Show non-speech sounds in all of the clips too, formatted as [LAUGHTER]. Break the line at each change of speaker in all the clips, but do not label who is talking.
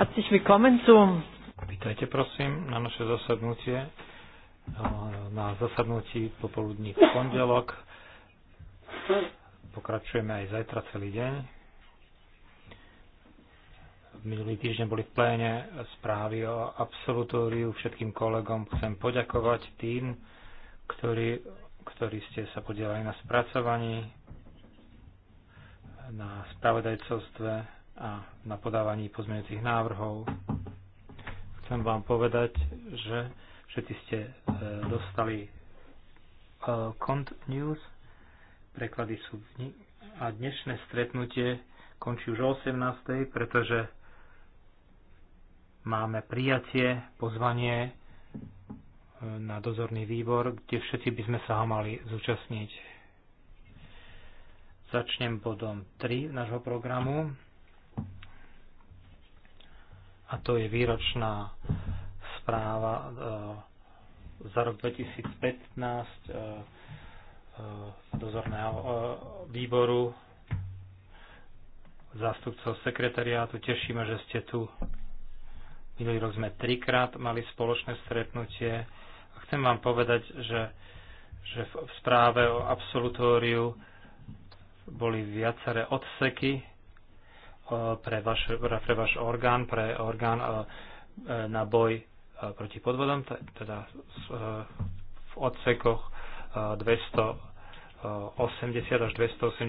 Herzlich willkommen zu... Vítajte
prosím na naše zasadnutie, na zasadnutí popoludní v pondelok. Pokračujeme aj zajtra celý deň. Minulý týždeň boli v pléne správy o absolutóriu. Všetkým kolegom chcem poďakovať tým, ktorí, ktorí ste sa podielali na spracovaní, na spravodajcovstve a na podávaní pozmeňujúcich návrhov. Chcem vám povedať, že všetci ste e, dostali kont e, News, preklady sú v a dnešné stretnutie končí už o 18.00, pretože máme prijatie, pozvanie e, na dozorný výbor, kde všetci by sme sa ho mali zúčastniť. Začnem bodom 3 nášho programu a to je výročná správa e, za rok 2015 e, e, dozorného výboru zástupcov sekretariátu. Tešíme, že ste tu. Minulý rok sme trikrát mali spoločné stretnutie a chcem vám povedať, že, že v správe o absolutóriu boli viaceré odseky, E, pre, vaš, pre váš orgán, pre orgán e, e, na boj proti podvodom, teda v odsekoch 280 až 287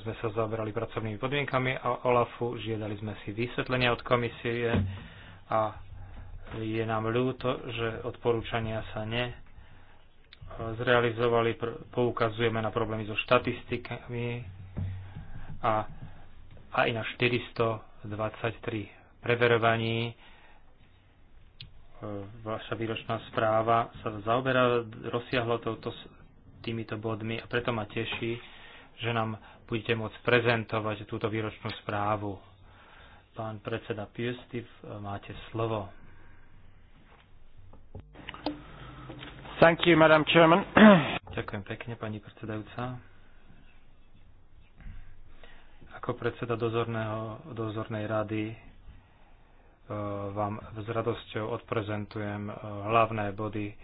sme sa zaoberali pracovnými podmienkami a OLAFu žiadali sme si vysvetlenia od komisie a je nám ľúto, že odporúčania sa ne zrealizovali, poukazujeme na problémy so štatistikami a aj na 423 preverovaní. E, vaša výročná správa sa zaoberá rozsiahlo touto, týmito bodmi a preto ma teší, že nám budete môcť prezentovať túto výročnú správu. Pán predseda Piustiv, máte slovo. Thank you, Madam Chairman. Ďakujem pekne, pani predsedajúca. Ako predseda dozorného, dozornej rady e, vám s radosťou odprezentujem e, hlavné body e,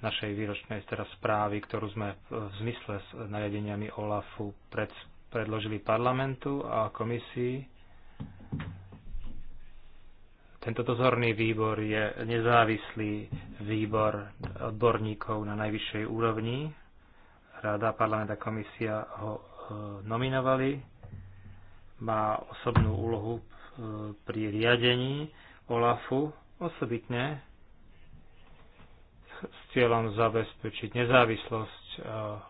našej výročnej teraz správy, ktorú sme v zmysle s nariadeniami OLAFu pred, predložili parlamentu a komisii. Tento dozorný výbor je nezávislý výbor odborníkov na najvyššej úrovni. Rada, parlament a komisia ho E, nominovali. Má osobnú úlohu e, pri riadení OLAFu osobitne s cieľom zabezpečiť nezávislosť e,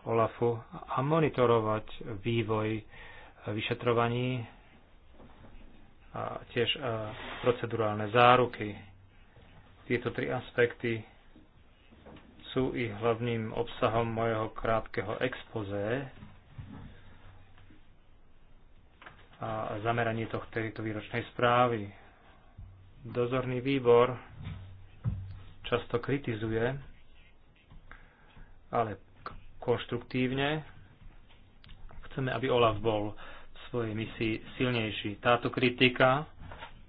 OLAFu a monitorovať vývoj vyšetrovaní a tiež procedurálne záruky. Tieto tri aspekty sú i hlavným obsahom mojho krátkeho expozé, a zameranie tohto tejto výročnej správy. Dozorný výbor často kritizuje, ale konštruktívne. Chceme, aby Olaf bol v svojej misii silnejší. Táto kritika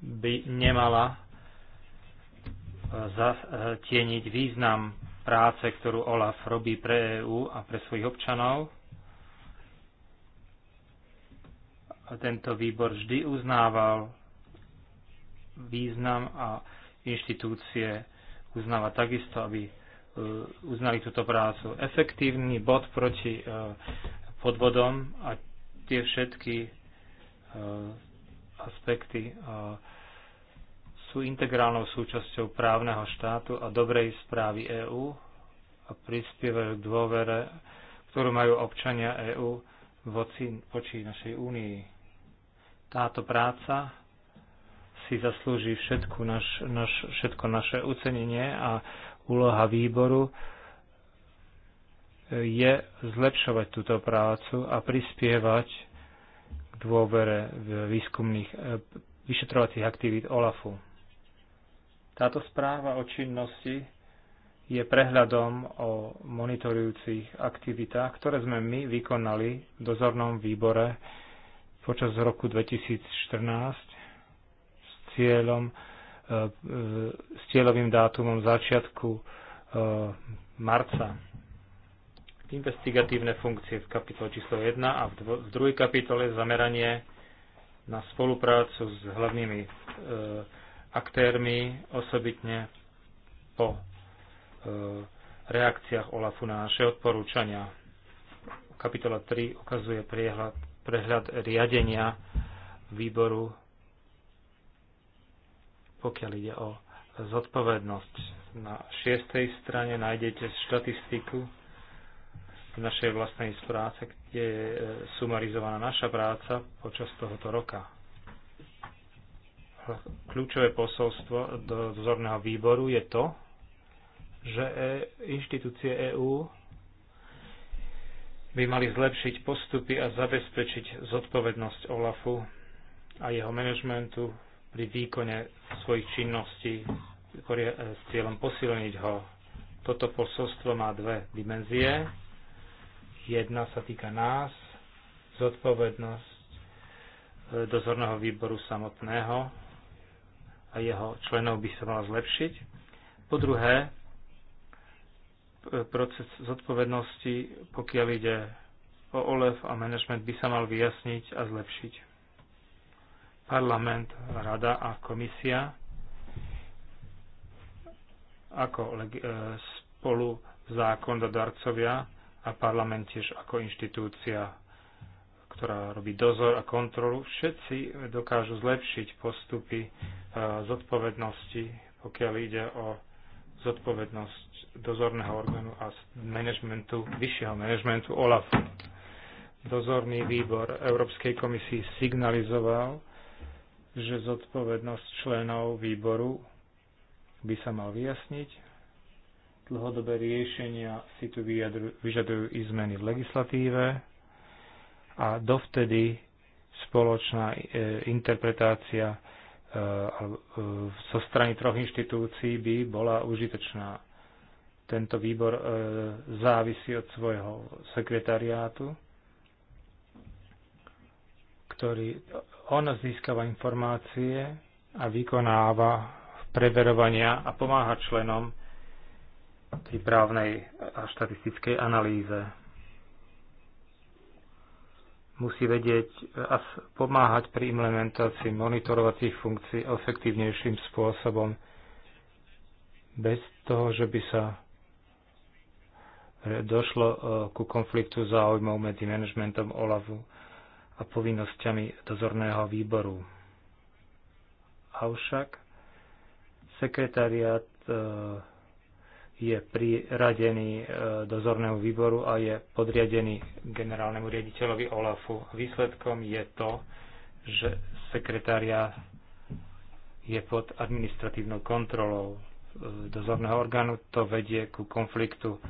by nemala e, zatieniť význam práce, ktorú Olaf robí pre EÚ a pre svojich občanov a tento výbor vždy uznával význam a inštitúcie uznáva takisto, aby e, uznali túto prácu. Efektívny bod proti e, podvodom a tie všetky e, aspekty sú integrálnou súčasťou právneho štátu a dobrej správy EÚ a prispievajú k dôvere, ktorú majú občania EÚ voči našej únii. Táto práca si zaslúži všetko, naš, naš, všetko naše ocenenie a úloha výboru je zlepšovať túto prácu a prispievať k dôvere v výskumných e, vyšetrovacích aktivít OLAFu. Táto správa o činnosti je prehľadom o monitorujúcich aktivitách, ktoré sme my vykonali v dozornom výbore počas roku 2014 s cieľom e, e, s cieľovým dátumom začiatku e, marca. Investigatívne funkcie v kapitole číslo 1 a v druhej kapitole zameranie na spoluprácu s hlavnými aktérmi, osobitne po reakciách OLAFu na naše odporúčania. Kapitola 3 ukazuje priehľad prehľad riadenia výboru, pokiaľ ide o zodpovednosť. Na šiestej strane nájdete štatistiku z našej vlastnej správce, kde je e, sumarizovaná naša práca počas tohoto roka. Kľúčové posolstvo do dozorného výboru je to, že e, inštitúcie EÚ by mali zlepšiť postupy a zabezpečiť zodpovednosť OLAFu a jeho manažmentu pri výkone svojich činností e, s cieľom posilniť ho. Toto posolstvo má dve dimenzie. Jedna sa týka nás, zodpovednosť e, dozorného výboru samotného a jeho členov by sa mala zlepšiť. Po druhé, proces zodpovednosti, pokiaľ ide o OLEF a management by sa mal vyjasniť a zlepšiť. Parlament, rada a komisia ako e, spolu darcovia a parlament tiež ako inštitúcia, ktorá robí dozor a kontrolu, všetci dokážu zlepšiť postupy e, zodpovednosti, pokiaľ ide o zodpovednosť dozorného orgánu a manažmentu, vyššieho manažmentu OLAF. Dozorný výbor Európskej komisii signalizoval, že zodpovednosť členov výboru by sa mal vyjasniť. Dlhodobé riešenia si tu vyžadujú i zmeny v legislatíve a dovtedy spoločná e, interpretácia e, e, zo strany troch inštitúcií by bola užitočná tento výbor e, závisí od svojho sekretariátu, ktorý on získava informácie a vykonáva preverovania a pomáha členom pri právnej a štatistickej analýze. Musí vedieť a pomáhať pri implementácii monitorovacích funkcií efektívnejším spôsobom, bez toho, že by sa došlo e, ku konfliktu záujmov medzi manažmentom OLAVu a povinnosťami dozorného výboru. Avšak sekretariat e, je priradený e, dozornému výboru a je podriadený generálnemu riaditeľovi OLAFu. Výsledkom je to, že sekretariat je pod administratívnou kontrolou dozorného orgánu. To vedie ku konfliktu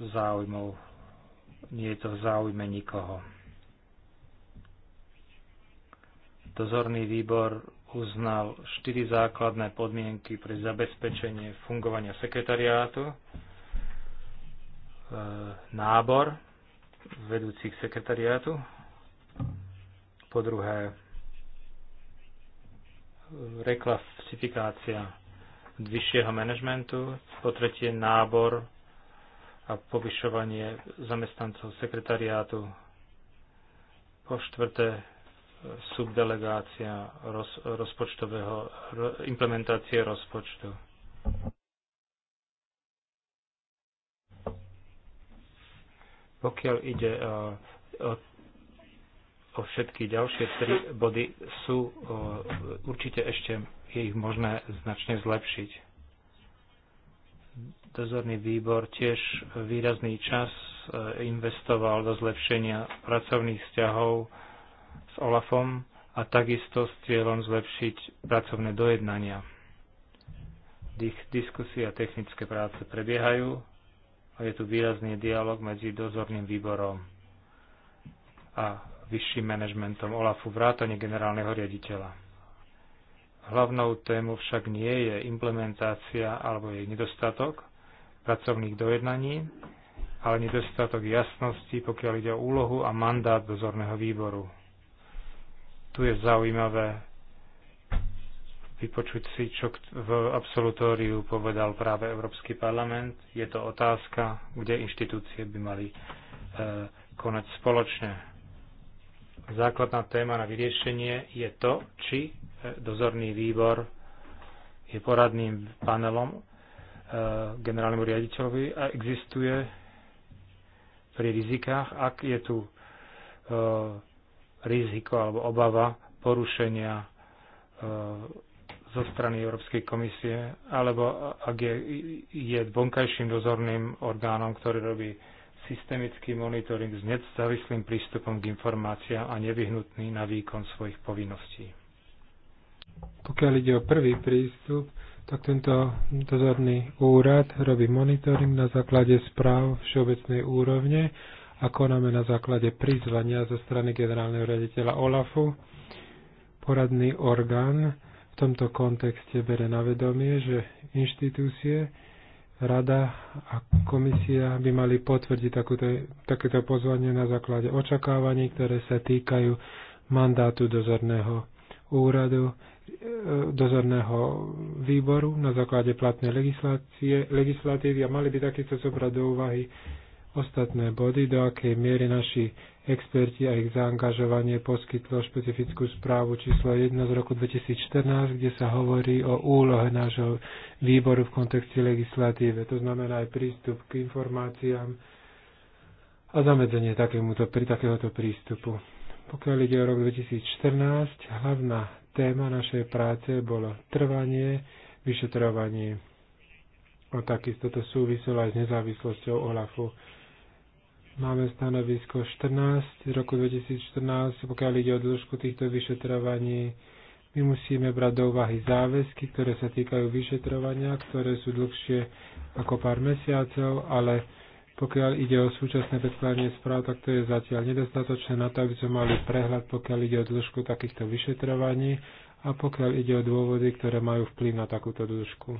záujmov. Nie je to v záujme nikoho. Dozorný výbor uznal štyri základné podmienky pre zabezpečenie fungovania sekretariátu, e, nábor vedúcich sekretariátu, po druhé reklasifikácia vyššieho manažmentu, po tretie nábor a povyšovanie zamestnancov sekretariátu. Po štvrté, e, subdelegácia roz, rozpočtového, implementácie rozpočtu. Pokiaľ ide o, e, o, o všetky ďalšie tri body, sú o, e, určite ešte je ich možné značne zlepšiť dozorný výbor tiež výrazný čas e, investoval do zlepšenia pracovných vzťahov s OLAFom a takisto s cieľom zlepšiť pracovné dojednania. Dých diskusie a technické práce prebiehajú a je tu výrazný dialog medzi dozorným výborom a vyšším manažmentom OLAFu vrátane generálneho riaditeľa. Hlavnou tému však nie je implementácia alebo jej nedostatok, pracovných dojednaní, ale nedostatok jasnosti, pokiaľ ide o úlohu a mandát dozorného výboru. Tu je zaujímavé vypočuť si, čo v absolutóriu povedal práve Európsky parlament. Je to otázka, kde inštitúcie by mali e, konať spoločne. Základná téma na vyriešenie je to, či e, dozorný výbor je poradným panelom Eh, generálnemu riaditeľovi a existuje pri rizikách, ak je tu eh, riziko alebo obava porušenia eh, zo strany Európskej komisie, alebo ak je, je vonkajším dozorným orgánom, ktorý robí systemický monitoring s nezávislým prístupom k informáciám a nevyhnutný na výkon svojich povinností.
Pokiaľ ide o prvý prístup, tak tento dozorný úrad robí monitoring na základe správ všeobecnej úrovne a konáme na základe prizvania zo strany generálneho riaditeľa OLAFu. Poradný orgán v tomto kontexte bere na vedomie, že inštitúcie, rada a komisia by mali potvrdiť takúto, takéto pozvanie na základe očakávaní, ktoré sa týkajú mandátu dozorného úradu, dozorného výboru na základe platnej legislatívy a mali by takisto zobrať do úvahy ostatné body, do akej miery naši experti a ich zaangažovanie poskytlo špecifickú správu číslo 1 z roku 2014, kde sa hovorí o úlohe nášho výboru v kontexte legislatíve. To znamená aj prístup k informáciám a zamedzenie takémuto, pri takéhoto prístupu. Pokiaľ ide o rok 2014, hlavná Téma našej práce bolo trvanie, vyšetrovanie. A takisto to súviselo aj s nezávislosťou OLAFu. Máme stanovisko 14 z roku 2014, pokiaľ ide o dĺžku týchto vyšetrovaní. My musíme brať do úvahy záväzky, ktoré sa týkajú vyšetrovania, ktoré sú dlhšie ako pár mesiacov, ale pokiaľ ide o súčasné predkladanie správ, tak to je zatiaľ nedostatočné na to, aby sme mali prehľad, pokiaľ ide o dĺžku takýchto vyšetrovaní a pokiaľ ide o dôvody, ktoré majú vplyv na takúto dĺžku.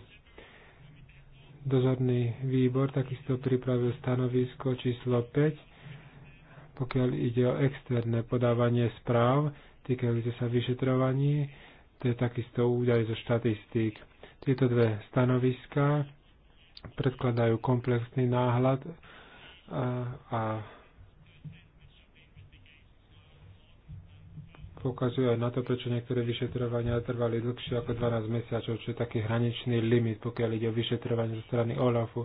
Dozorný výbor takisto pripravil stanovisko číslo 5, pokiaľ ide o externé podávanie správ týkajúce sa vyšetrovaní, to je takisto údaj zo štatistík. Tieto dve stanoviská predkladajú komplexný náhľad e, a poukazujú aj na to, prečo niektoré vyšetrovania trvali dlhšie ako 12 mesiacov, čo je taký hraničný limit, pokiaľ ide o vyšetrovanie zo strany OLAFu.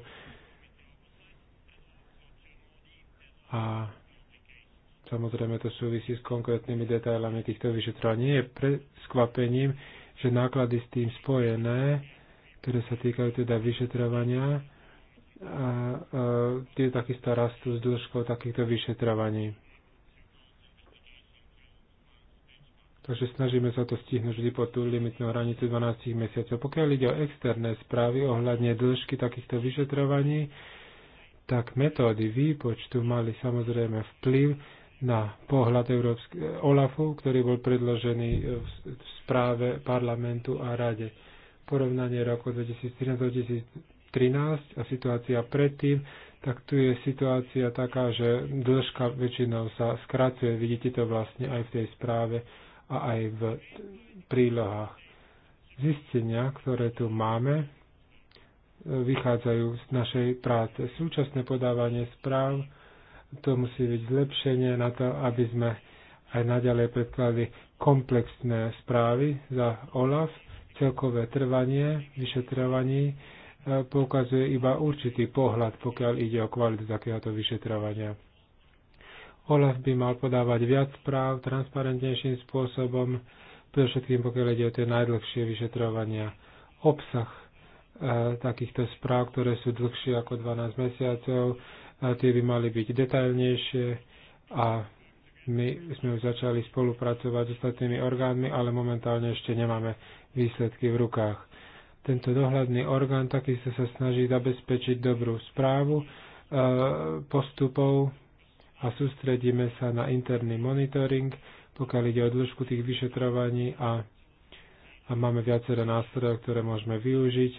A samozrejme to súvisí s konkrétnymi detailami týchto vyšetrovaní. Nie je preskvapením, že náklady s tým spojené ktoré sa týkajú teda vyšetrovania a, a tie takisto rastú s dĺžkou takýchto vyšetrovaní. Takže snažíme sa to stihnúť vždy pod tú limitnú hranicu 12 mesiacov. Pokiaľ ide o externé správy ohľadne dĺžky takýchto vyšetrovaní, tak metódy výpočtu mali samozrejme vplyv na pohľad Európsky, OLAFu, ktorý bol predložený v správe parlamentu a rade porovnanie roku 2013-2013 a situácia predtým, tak tu je situácia taká, že dĺžka väčšinou sa skracuje, vidíte to vlastne aj v tej správe a aj v prílohách. Zistenia, ktoré tu máme, vychádzajú z našej práce. Súčasné podávanie správ, to musí byť zlepšenie na to, aby sme aj naďalej predkladali komplexné správy za OLAF, celkové trvanie vyšetrovaní e, poukazuje iba určitý pohľad, pokiaľ ide o kvalitu takéhoto vyšetrovania. OLAF by mal podávať viac správ transparentnejším spôsobom, pre všetkým pokiaľ ide o tie najdlhšie vyšetrovania. Obsah e, takýchto správ, ktoré sú dlhšie ako 12 mesiacov, e, tie by mali byť detailnejšie a my sme už začali spolupracovať s ostatnými orgánmi, ale momentálne ešte nemáme výsledky v rukách. Tento dohľadný orgán takisto sa snaží zabezpečiť dobrú správu e, postupov a sústredíme sa na interný monitoring, pokiaľ ide o dĺžku tých vyšetrovaní a, a máme viaceré nástroje, ktoré môžeme využiť,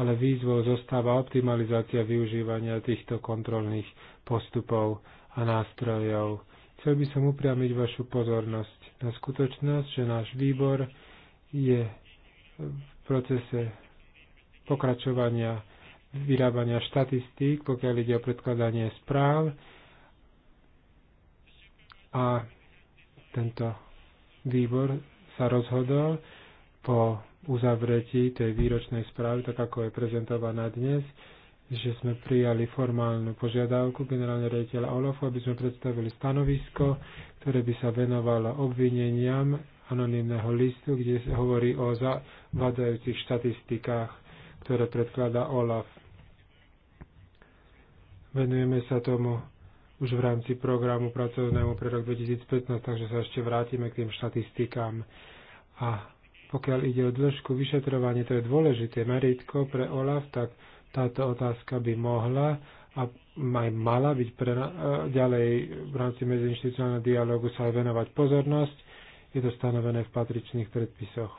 ale výzvou zostáva optimalizácia využívania týchto kontrolných postupov a nástrojov Chcel by som upriamiť vašu pozornosť na skutočnosť, že náš výbor je v procese pokračovania vyrábania štatistík, pokiaľ ide o predkladanie správ. A tento výbor sa rozhodol po uzavretí tej výročnej správy, tak ako je prezentovaná dnes, že sme prijali formálnu požiadavku generálneho rejiteľa Olofu, aby sme predstavili stanovisko, ktoré by sa venovalo obvineniam anonimného listu, kde sa hovorí o zavádzajúcich štatistikách, ktoré predkladá Olaf. Venujeme sa tomu už v rámci programu pracovnému pre rok 2015, takže sa ešte vrátime k tým štatistikám. A pokiaľ ide o dĺžku vyšetrovania, to je dôležité meritko pre OLAF, tak táto otázka by mohla a aj mala byť pre, e, ďalej v rámci medziinstitucionálneho dialogu sa aj venovať pozornosť. Je to stanovené v patričných predpisoch.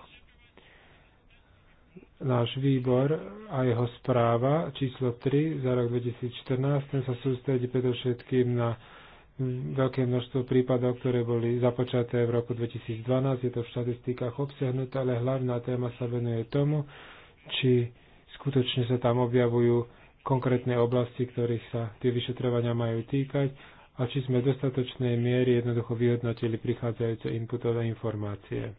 Náš výbor a jeho správa číslo 3 za rok 2014 ten sa sústredí predovšetkým na veľké množstvo prípadov, ktoré boli započaté v roku 2012. Je to v štatistikách obsiahnuté, ale hlavná téma sa venuje tomu, či Skutočne sa tam objavujú konkrétne oblasti, ktorých sa tie vyšetrovania majú týkať a či sme v dostatočnej miery jednoducho vyhodnotili prichádzajúce inputové informácie.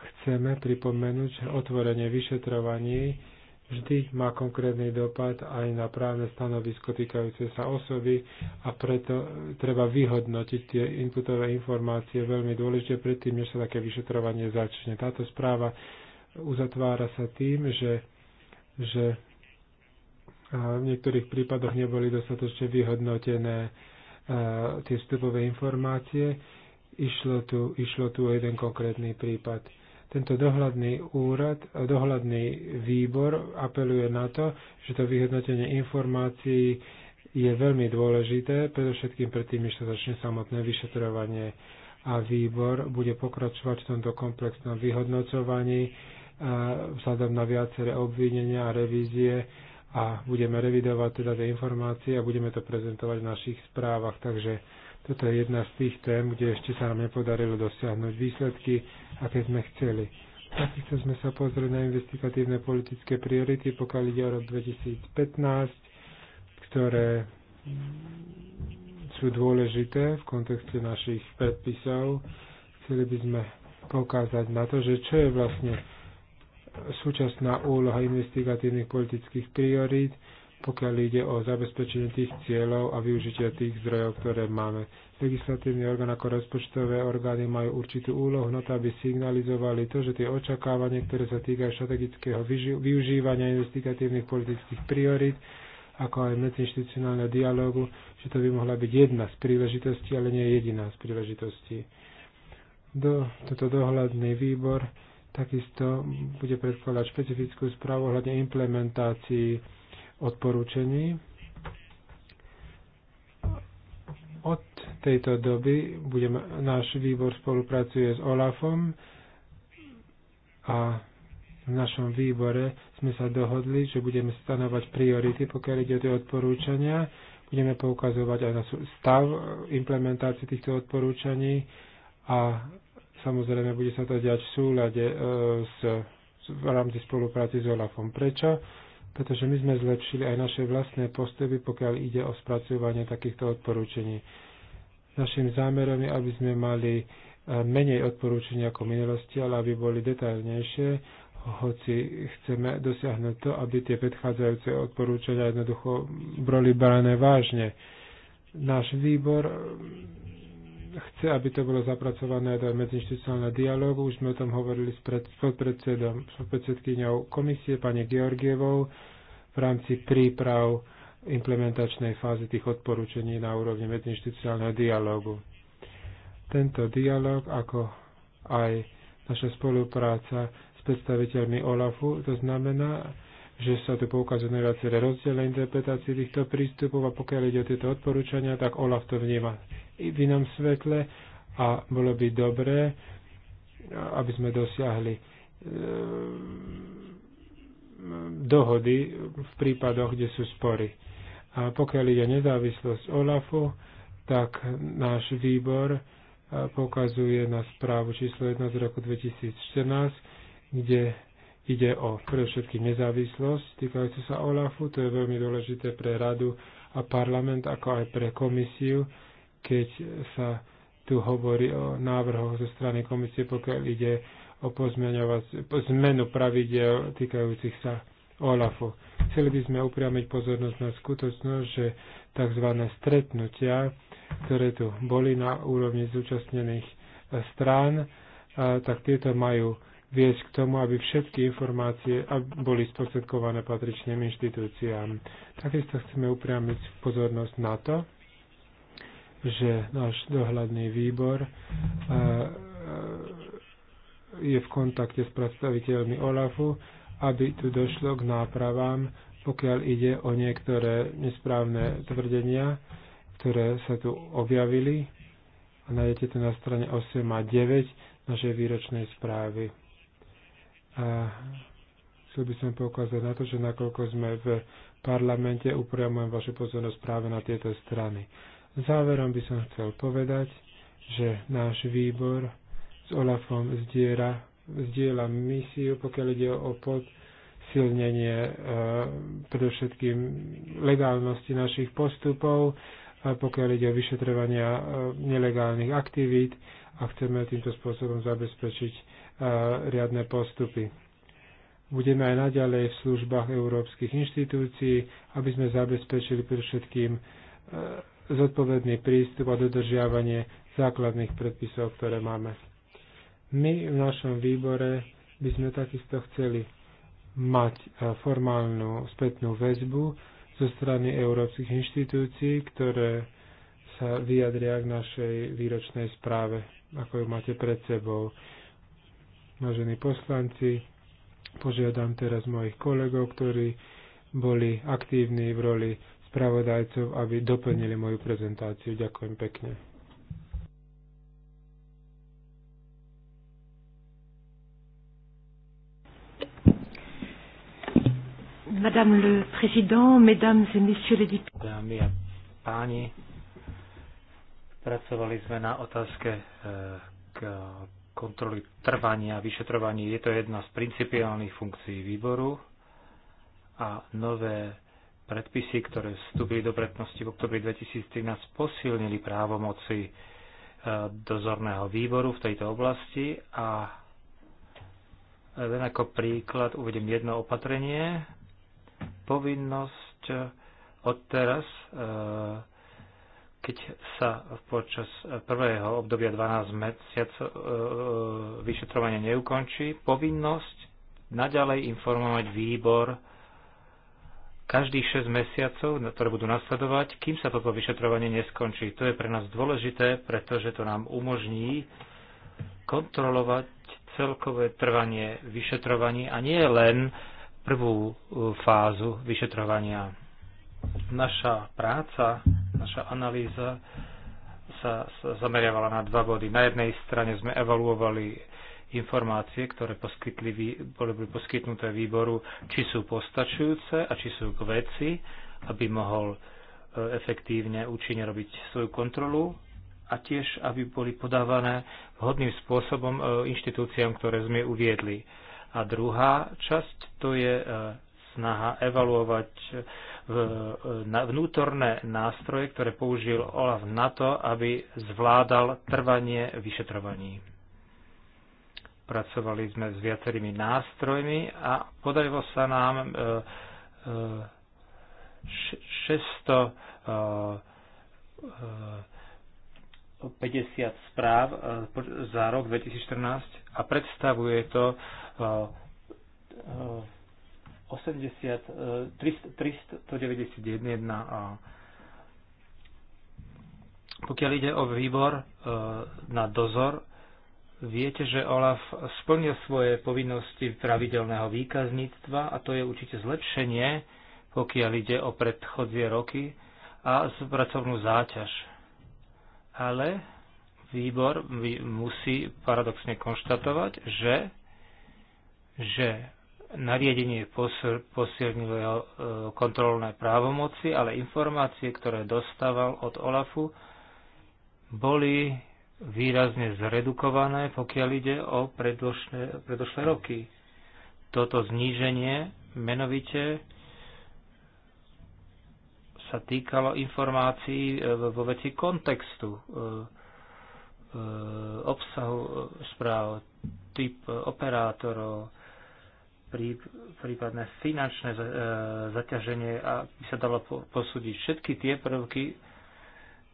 Chceme pripomenúť, že otvorenie vyšetrovaní vždy má konkrétny dopad aj na právne stanovisko týkajúce sa osoby a preto treba vyhodnotiť tie inputové informácie veľmi dôležite predtým, než sa také vyšetrovanie začne. Táto správa uzatvára sa tým, že že v niektorých prípadoch neboli dostatočne vyhodnotené tie vstupové informácie. Išlo tu, išlo tu o jeden konkrétny prípad. Tento dohľadný úrad, dohľadný výbor apeluje na to, že to vyhodnotenie informácií je veľmi dôležité, predovšetkým predtým, než sa začne samotné vyšetrovanie a výbor bude pokračovať v tomto komplexnom vyhodnocovaní vzhľadom na viaceré obvinenia a revízie a budeme revidovať teda tie informácie a budeme to prezentovať v našich správach. Takže toto je jedna z tých tém, kde ešte sa nám nepodarilo dosiahnuť výsledky, aké sme chceli. Takisto sme sa pozreli na investigatívne politické priority, pokiaľ ide o rok 2015, ktoré sú dôležité v kontexte našich predpisov. Chceli by sme poukázať na to, že čo je vlastne súčasná úloha investigatívnych politických priorít, pokiaľ ide o zabezpečenie tých cieľov a využitia tých zdrojov, ktoré máme. Legislatívny orgán ako rozpočtové orgány majú určitú úlohu na to, aby signalizovali to, že tie očakávania, ktoré sa týkajú strategického využívania investigatívnych politických priorít, ako aj medzinstitucionálneho dialógu, že to by mohla byť jedna z príležitostí, ale nie jediná z príležitostí. Do, toto dohľadný výbor Takisto bude predkladať špecifickú správu ohľadne implementácií odporúčení. Od tejto doby budem, náš výbor spolupracuje s OLAFom a v našom výbore sme sa dohodli, že budeme stanovať priority, pokiaľ ide o tie odporúčania. Budeme poukazovať aj na stav implementácie týchto odporúčaní a Samozrejme, bude sa to diať v súľade e, s, v rámci spolupráci s OLAFom. Prečo? Pretože my sme zlepšili aj naše vlastné postupy, pokiaľ ide o spracovanie takýchto odporúčení. Našim zámerom je, aby sme mali e, menej odporúčení ako minulosti, ale aby boli detailnejšie, hoci chceme dosiahnuť to, aby tie predchádzajúce odporúčania jednoducho broli brané vážne. Náš výbor chce, aby to bolo zapracované do medzinstitucionálneho dialógu. Už sme o tom hovorili s, pred, s podpredsedom, s podpredsedkyňou komisie, pani Georgievou, v rámci príprav implementačnej fázy tých odporúčení na úrovni medzinstitucionálneho dialógu. Tento dialóg, ako aj naša spolupráca s predstaviteľmi OLAFu, to znamená, že sa tu poukazujú na viaceré rozdielne interpretácií týchto prístupov a pokiaľ ide o tieto odporúčania, tak OLAF to vníma v inom svetle a bolo by dobré, aby sme dosiahli e, dohody v prípadoch, kde sú spory. A pokiaľ ide nezávislosť OLAFu, tak náš výbor e, pokazuje na správu číslo 1 z roku 2014, kde ide o všetky nezávislosť týkajúcu sa OLAFu. To je veľmi dôležité pre radu a parlament, ako aj pre komisiu keď sa tu hovorí o návrhoch zo strany komisie, pokiaľ ide o zmenu pravidel týkajúcich sa OLAFu. Chceli by sme upriamiť pozornosť na skutočnosť, že tzv. stretnutia, ktoré tu boli na úrovni zúčastnených strán, tak tieto majú viesť k tomu, aby všetky informácie boli sprostredkované patričným inštitúciám. Takisto chceme upriamiť pozornosť na to, že náš dohľadný výbor eh, eh, je v kontakte s predstaviteľmi OLAFu, aby tu došlo k nápravám, pokiaľ ide o niektoré nesprávne tvrdenia, ktoré sa tu objavili. A nájdete to na strane 8 a 9 našej výročnej správy. A chcel by som poukázať na to, že nakoľko sme v parlamente, upriamujem vašu pozornosť práve na tieto strany. Záverom by som chcel povedať, že náš výbor s Olafom zdieľa, zdieľa misiu, pokiaľ ide o podsilnenie e, predovšetkým legálnosti našich postupov, a pokiaľ ide o vyšetrovania e, nelegálnych aktivít a chceme týmto spôsobom zabezpečiť e, riadne postupy. Budeme aj naďalej v službách európskych inštitúcií, aby sme zabezpečili predovšetkým e, zodpovedný prístup a dodržiavanie základných predpisov, ktoré máme. My v našom výbore by sme takisto chceli mať e, formálnu spätnú väzbu zo strany európskych inštitúcií, ktoré sa vyjadria k našej výročnej správe, ako ju máte pred sebou. Vážení poslanci, požiadam teraz mojich kolegov, ktorí boli aktívni v roli spravodajcov, aby doplnili moju prezentáciu. Ďakujem pekne.
Madame le Président, Mesdames et Messieurs les députés. Dámy a páni, pracovali sme na otázke eh, k kontroly trvania a vyšetrovaní. Je to jedna z principiálnych funkcií výboru a nové predpisy, ktoré vstúpili do prednosti v oktobri 2013, posilnili právomoci e, dozorného výboru v tejto oblasti a e, len ako príklad uvedem jedno opatrenie. Povinnosť e, odteraz, keď sa počas prvého obdobia 12 mesiacov vyšetrovanie neukončí, povinnosť naďalej informovať výbor každých 6 mesiacov, ktoré budú nasledovať, kým sa toto vyšetrovanie neskončí. To je pre nás dôležité, pretože to nám umožní kontrolovať celkové trvanie vyšetrovaní a nie len prvú e, fázu vyšetrovania. Naša práca, naša analýza sa zameriavala na dva body. Na jednej strane sme evaluovali informácie, ktoré poskytli, boli poskytnuté výboru, či sú postačujúce a či sú k veci, aby mohol e, efektívne účinne robiť svoju kontrolu a tiež, aby boli podávané vhodným spôsobom e, inštitúciám, ktoré sme uviedli. A druhá časť to je e, snaha evaluovať vnútorné nástroje, ktoré použil Olaf na to, aby zvládal trvanie vyšetrovaní pracovali sme s viacerými nástrojmi a podarilo sa nám 600 e,
50
e, e, správ za rok 2014 a predstavuje to 80, 391 pokiaľ ide o výbor na dozor, Viete, že OLAF splnil svoje povinnosti pravidelného výkazníctva a to je určite zlepšenie, pokiaľ ide o predchodzie roky a pracovnú záťaž. Ale výbor musí paradoxne konštatovať, že, že nariadenie posilnilo jeho kontrolné právomoci, ale informácie, ktoré dostával od OLAFu, boli výrazne zredukované, pokiaľ ide o predložné, predložné roky. Toto zníženie menovite sa týkalo informácií e, vo veci kontextu, e, e, obsahu správ, typ operátorov, prípadné finančné zaťaženie a by sa dalo posúdiť všetky tie prvky,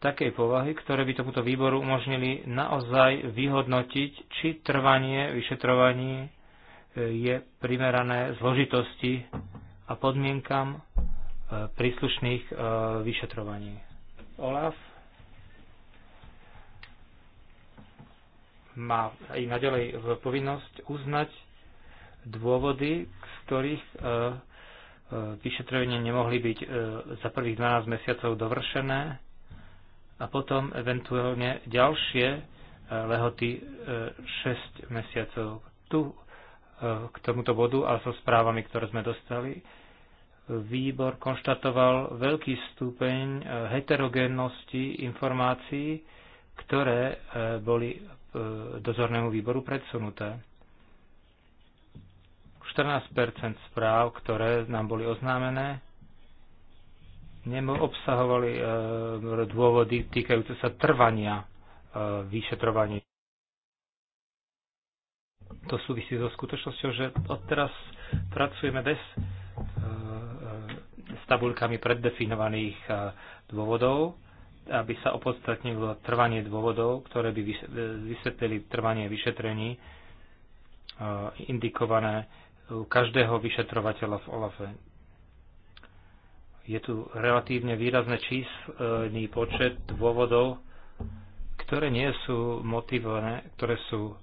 takej povahy, ktoré by tomuto výboru umožnili naozaj vyhodnotiť, či trvanie vyšetrovaní e, je primerané zložitosti a podmienkam e, príslušných e, vyšetrovaní. Olaf má aj naďalej povinnosť uznať dôvody, z ktorých vyšetrovanie nemohli byť za prvých 12 mesiacov dovršené a potom eventuálne ďalšie e, lehoty 6 e, mesiacov. Tu e, k tomuto bodu a so správami, ktoré sme dostali, výbor konštatoval veľký stupeň heterogénnosti informácií, ktoré boli dozornému výboru predsunuté. 14 správ, ktoré nám boli oznámené, neobsahovali eh, dôvody týkajúce sa trvania eh, vyšetrovania. To súvisí so skutočnosťou, že odteraz pracujeme bez eh, s tabulkami preddefinovaných dôvodov, aby sa opodstatnilo trvanie dôvodov, ktoré by vysvetlili trvanie vyšetrení indikované u každého vyšetrovateľa v OLAFe je tu relatívne výrazne číslný počet dôvodov, ktoré nie sú motivované, ktoré sú e,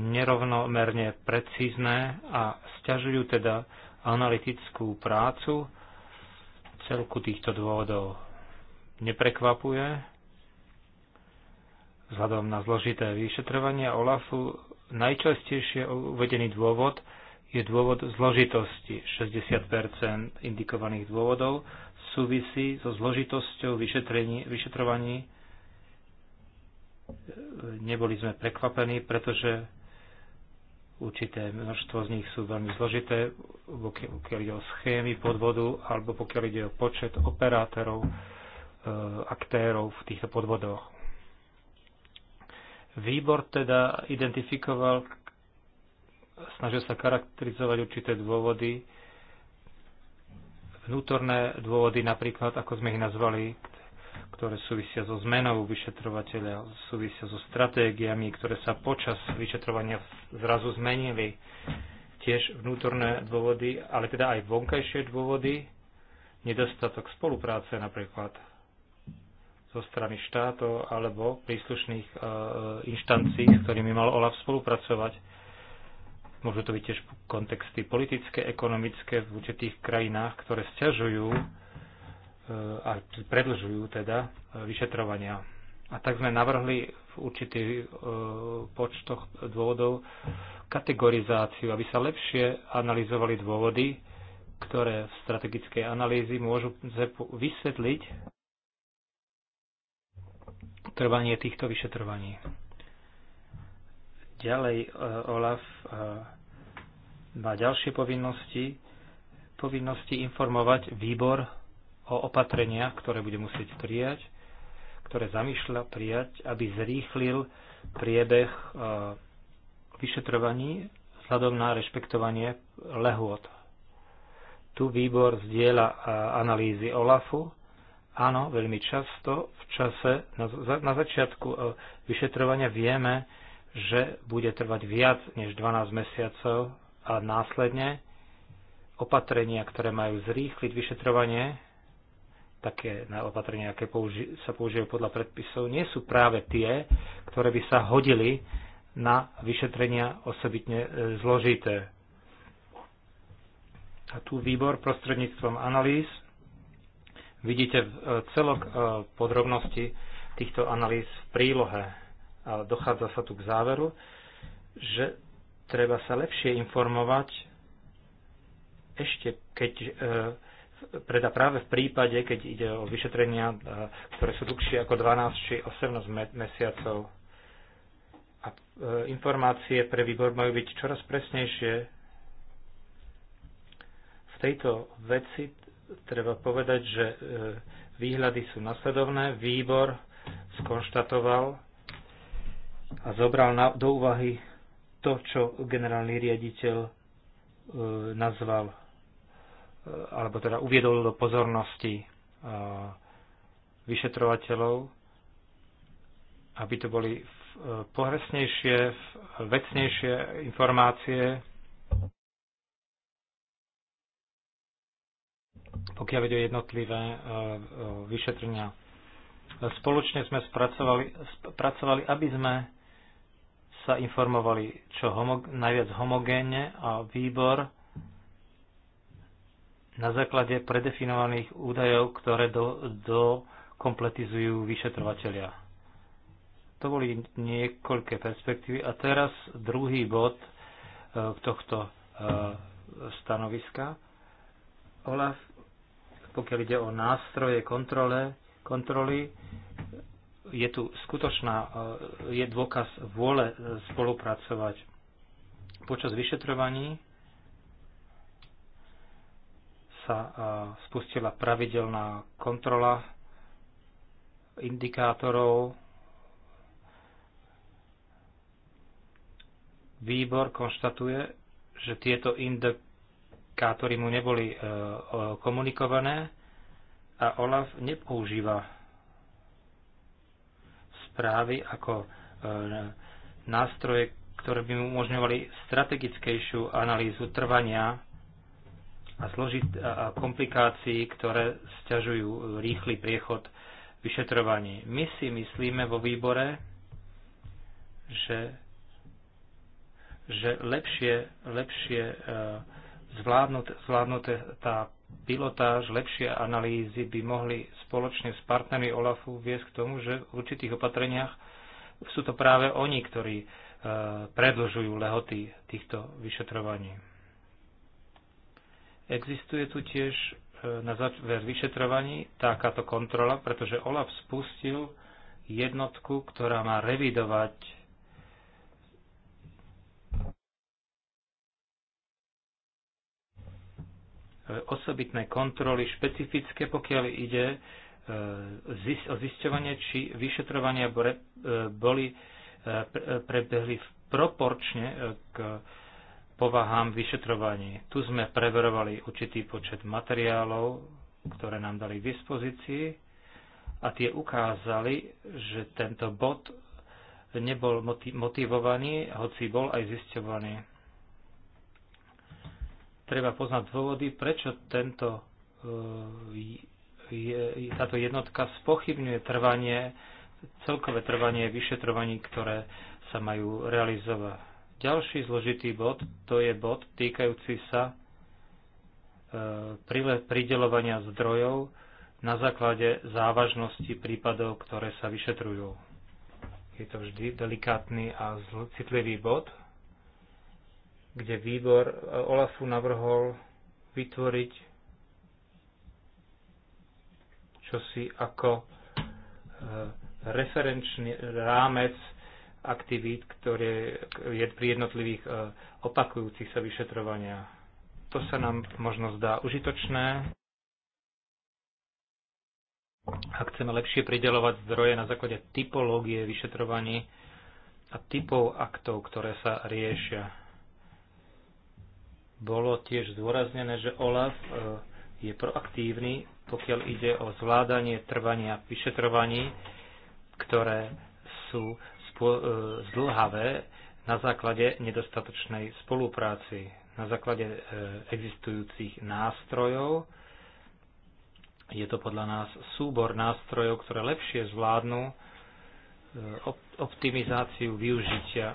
nerovnomerne precízne a sťažujú teda analytickú prácu celku týchto dôvodov. Neprekvapuje, vzhľadom na zložité vyšetrovanie OLAFu, najčastejšie uvedený dôvod je dôvod zložitosti. 60 indikovaných dôvodov súvisí so zložitosťou vyšetrovaní. Neboli sme prekvapení, pretože určité množstvo z nich sú veľmi zložité, pokiaľ ide o schémy podvodu alebo pokiaľ ide o počet operátorov, e, aktérov v týchto podvodoch. Výbor teda identifikoval snažil sa charakterizovať určité dôvody, vnútorné dôvody napríklad, ako sme ich nazvali, ktoré súvisia so zmenou vyšetrovateľa, súvisia so stratégiami, ktoré sa počas vyšetrovania zrazu zmenili. Tiež vnútorné dôvody, ale teda aj vonkajšie dôvody, nedostatok spolupráce napríklad zo strany štátov alebo príslušných e, e, inštancií, s ktorými mal OLAF spolupracovať Môžu to byť tiež kontexty politické, ekonomické v určitých krajinách, ktoré sťažujú e, a predlžujú teda e, vyšetrovania. A tak sme navrhli v určitých e, počtoch dôvodov kategorizáciu, aby sa lepšie analyzovali dôvody, ktoré v strategickej analýzy môžu vysvetliť trvanie týchto vyšetrovaní. Ďalej eh, OLAF eh, má ďalšie povinnosti, povinnosti informovať výbor o opatreniach, ktoré bude musieť prijať, ktoré zamýšľa prijať, aby zrýchlil priebeh eh, vyšetrovaní vzhľadom na rešpektovanie lehôd. Tu výbor zdieľa analýzy OLAFu, áno, veľmi často v čase na, na začiatku vyšetrovania vieme, že bude trvať viac než 12 mesiacov a následne opatrenia, ktoré majú zrýchliť vyšetrovanie, také opatrenia, aké použi- sa použijú podľa predpisov, nie sú práve tie, ktoré by sa hodili na vyšetrenia osobitne e, zložité. A tu výbor prostredníctvom analýz vidíte e, celok e, podrobnosti týchto analýz v prílohe a dochádza sa tu k záveru, že treba sa lepšie informovať ešte keď e, preda práve v prípade, keď ide o vyšetrenia, e, ktoré sú dlhšie ako 12 či 18 mesiacov. A e, informácie pre výbor majú byť čoraz presnejšie. V tejto veci treba povedať, že e, výhľady sú nasledovné. Výbor skonštatoval, a zobral na, do úvahy to, čo generálny riaditeľ e, nazval, e, alebo teda uviedol do pozornosti e, vyšetrovateľov, aby to boli e, pohresnejšie, vecnejšie informácie, pokiaľ ide o jednotlivé e, e, vyšetrenia. Spoločne sme spracovali, spracovali aby sme sa informovali čo homo- najviac homogénne a výbor na základe predefinovaných údajov, ktoré do, do kompletizujú vyšetrovateľia. To boli niekoľké perspektívy. A teraz druhý bod e, tohto e, stanoviska. OLAF, pokiaľ ide o nástroje kontrole, kontroly, je tu skutočná, e, je dôkaz vôle e, spolupracovať. Počas vyšetrovaní sa e, spustila pravidelná kontrola indikátorov. Výbor konštatuje, že tieto indikátory mu neboli komunikované a OLAF nepoužíva správy ako e, nástroje, ktoré by mu umožňovali strategickejšiu analýzu trvania a, zložit, a komplikácií, ktoré stiažujú rýchly priechod vyšetrovaní. My si myslíme vo výbore, že, že lepšie, lepšie e, zvládnuté tá pilotáž, lepšie analýzy by mohli spoločne s partnermi OLAFu viesť k tomu, že v určitých opatreniach sú to práve oni, ktorí e, predlžujú lehoty týchto vyšetrovaní. Existuje tu tiež e, na záver vyšetrovaní takáto kontrola, pretože OLAF spustil jednotku, ktorá má revidovať osobitné kontroly špecifické, pokiaľ ide e, o zisťovanie, či vyšetrovania e, boli e, prebehli proporčne k povahám vyšetrovaní. Tu sme preverovali určitý počet materiálov, ktoré nám dali k dispozícii a tie ukázali, že tento bod nebol motivovaný, hoci bol aj zisťovaný treba poznať dôvody, prečo tento, e, je, táto jednotka spochybňuje trvanie, celkové trvanie vyšetrovaní, ktoré sa majú realizovať. Ďalší zložitý bod, to je bod týkajúci sa e, pridelovania zdrojov na základe závažnosti prípadov, ktoré sa vyšetrujú. Je to vždy delikátny a citlivý bod, kde výbor e, OLAFu navrhol vytvoriť čosi ako e, referenčný rámec aktivít, ktoré je pri jednotlivých e, opakujúcich sa vyšetrovania. To sa nám možno zdá užitočné. Ak chceme lepšie pridelovať zdroje na základe typológie vyšetrovaní a typov aktov, ktoré sa riešia bolo tiež zdôraznené, že OLAF e, je proaktívny, pokiaľ ide o zvládanie trvania vyšetrovaní, ktoré sú e, zdlhavé na základe nedostatočnej spolupráci, na základe e, existujúcich nástrojov. Je to podľa nás súbor nástrojov, ktoré lepšie zvládnu optimizáciu využitia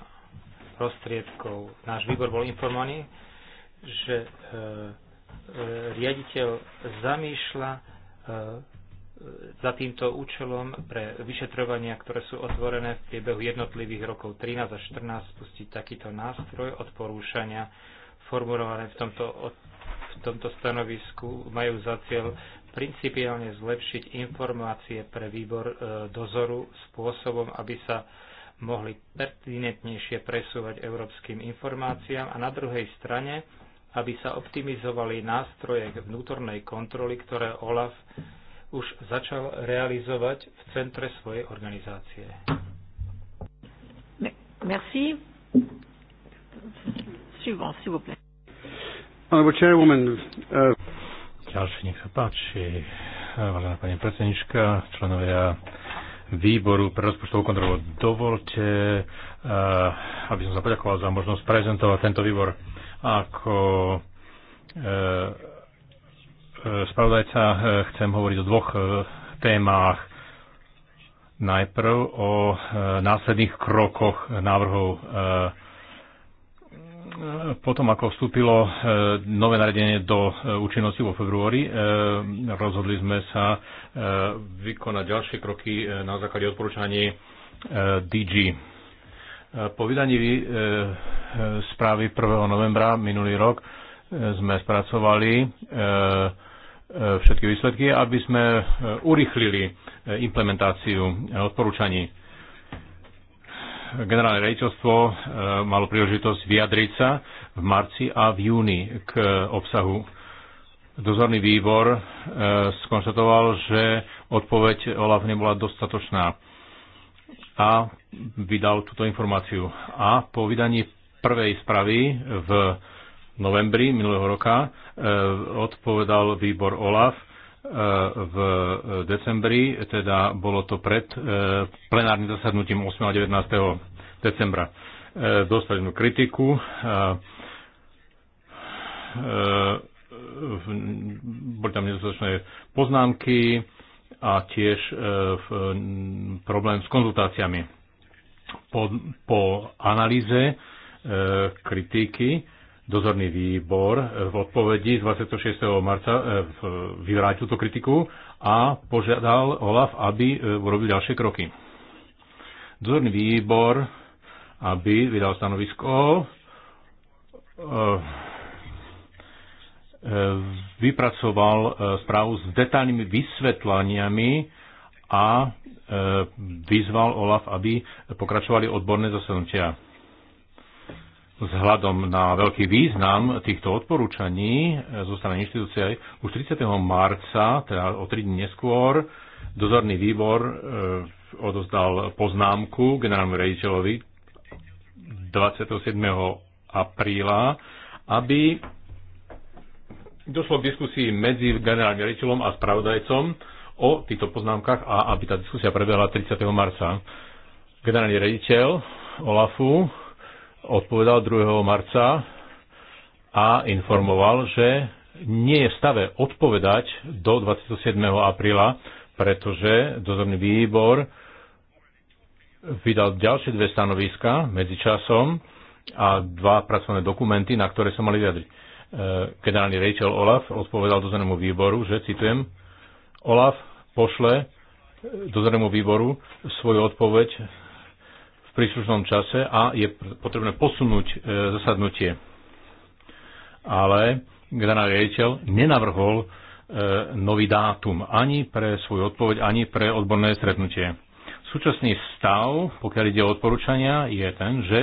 prostriedkov. Náš výbor bol informovaný, že e, e, riaditeľ zamýšľa e, za týmto účelom pre vyšetrovania, ktoré sú otvorené v priebehu jednotlivých rokov 13 a 14 spustiť takýto nástroj odporúšania formulované v tomto, v tomto stanovisku majú za cieľ principiálne zlepšiť informácie pre výbor e, dozoru spôsobom, aby sa mohli pertinentnejšie presúvať európskym informáciám a na druhej strane aby sa optimizovali nástroje vnútornej kontroly, ktoré OLAF už začal realizovať v centre svojej organizácie. Merci.
Suivant, s'il vous plaît. Honorable Chairwoman. Uh, Ďalšie, nech sa páči. Vážená pani predsednička, členovia výboru pre rozpočtovú kontrolu, dovolte, uh, aby som sa poďakoval za možnosť prezentovať tento výbor ako e, e, spravodajca e, chcem hovoriť o dvoch témach. Najprv o následných krokoch návrhov potom, ako vstúpilo nové nariadenie do účinnosti vo februári, rozhodli sme sa vykonať ďalšie kroky na základe odporúčaní DG E, po vydaní e, e, správy 1. novembra minulý rok sme spracovali všetky výsledky, aby sme urychlili implementáciu odporúčaní. Generálne rejiteľstvo malo príležitosť vyjadriť sa v marci a v júni k obsahu. Dozorný výbor skonštatoval, že odpoveď OLAF nebola dostatočná a vydal túto informáciu. A po vydaní prvej správy v novembri minulého roka e, odpovedal výbor OLAF e, v decembri, teda bolo to pred e, plenárnym zasadnutím 8. a 19. decembra. Dostali sme kritiku boli tam nedostatočné poznámky, a tiež e, v, problém s konzultáciami. Po, po analýze e, kritiky dozorný výbor v odpovedi z 26. marca e, vyvrátil túto kritiku a požiadal OLAF, aby e, urobil ďalšie kroky. Dozorný výbor, aby vydal stanovisko vypracoval e, správu s detailnými vysvetlaniami a e, vyzval OLAF, aby pokračovali odborné zasadnutia. Vzhľadom na veľký význam týchto odporúčaní e, zo strany inštitúcie už 30. marca, teda o 3 dní neskôr, dozorný výbor odozdal poznámku generálnemu rejiteľovi 27. apríla, aby došlo k diskusii medzi generálnym riaditeľom a spravodajcom o týchto poznámkach a aby tá diskusia prebehla 30. marca. Generálny riaditeľ OLAFu odpovedal 2. marca a informoval, že nie je v stave odpovedať do 27. apríla, pretože dozorný výbor vydal ďalšie dve stanoviska medzi časom a dva pracovné dokumenty, na ktoré sa mali vyjadriť E, generálny rejiteľ Olaf odpovedal dozornému výboru, že, citujem, Olaf pošle dozornému výboru svoju odpoveď v príslušnom čase a je potrebné posunúť e, zasadnutie. Ale generálny riaditeľ nenavrhol e, nový dátum ani pre svoju odpoveď, ani pre odborné stretnutie. Súčasný stav, pokiaľ ide o odporúčania, je ten, že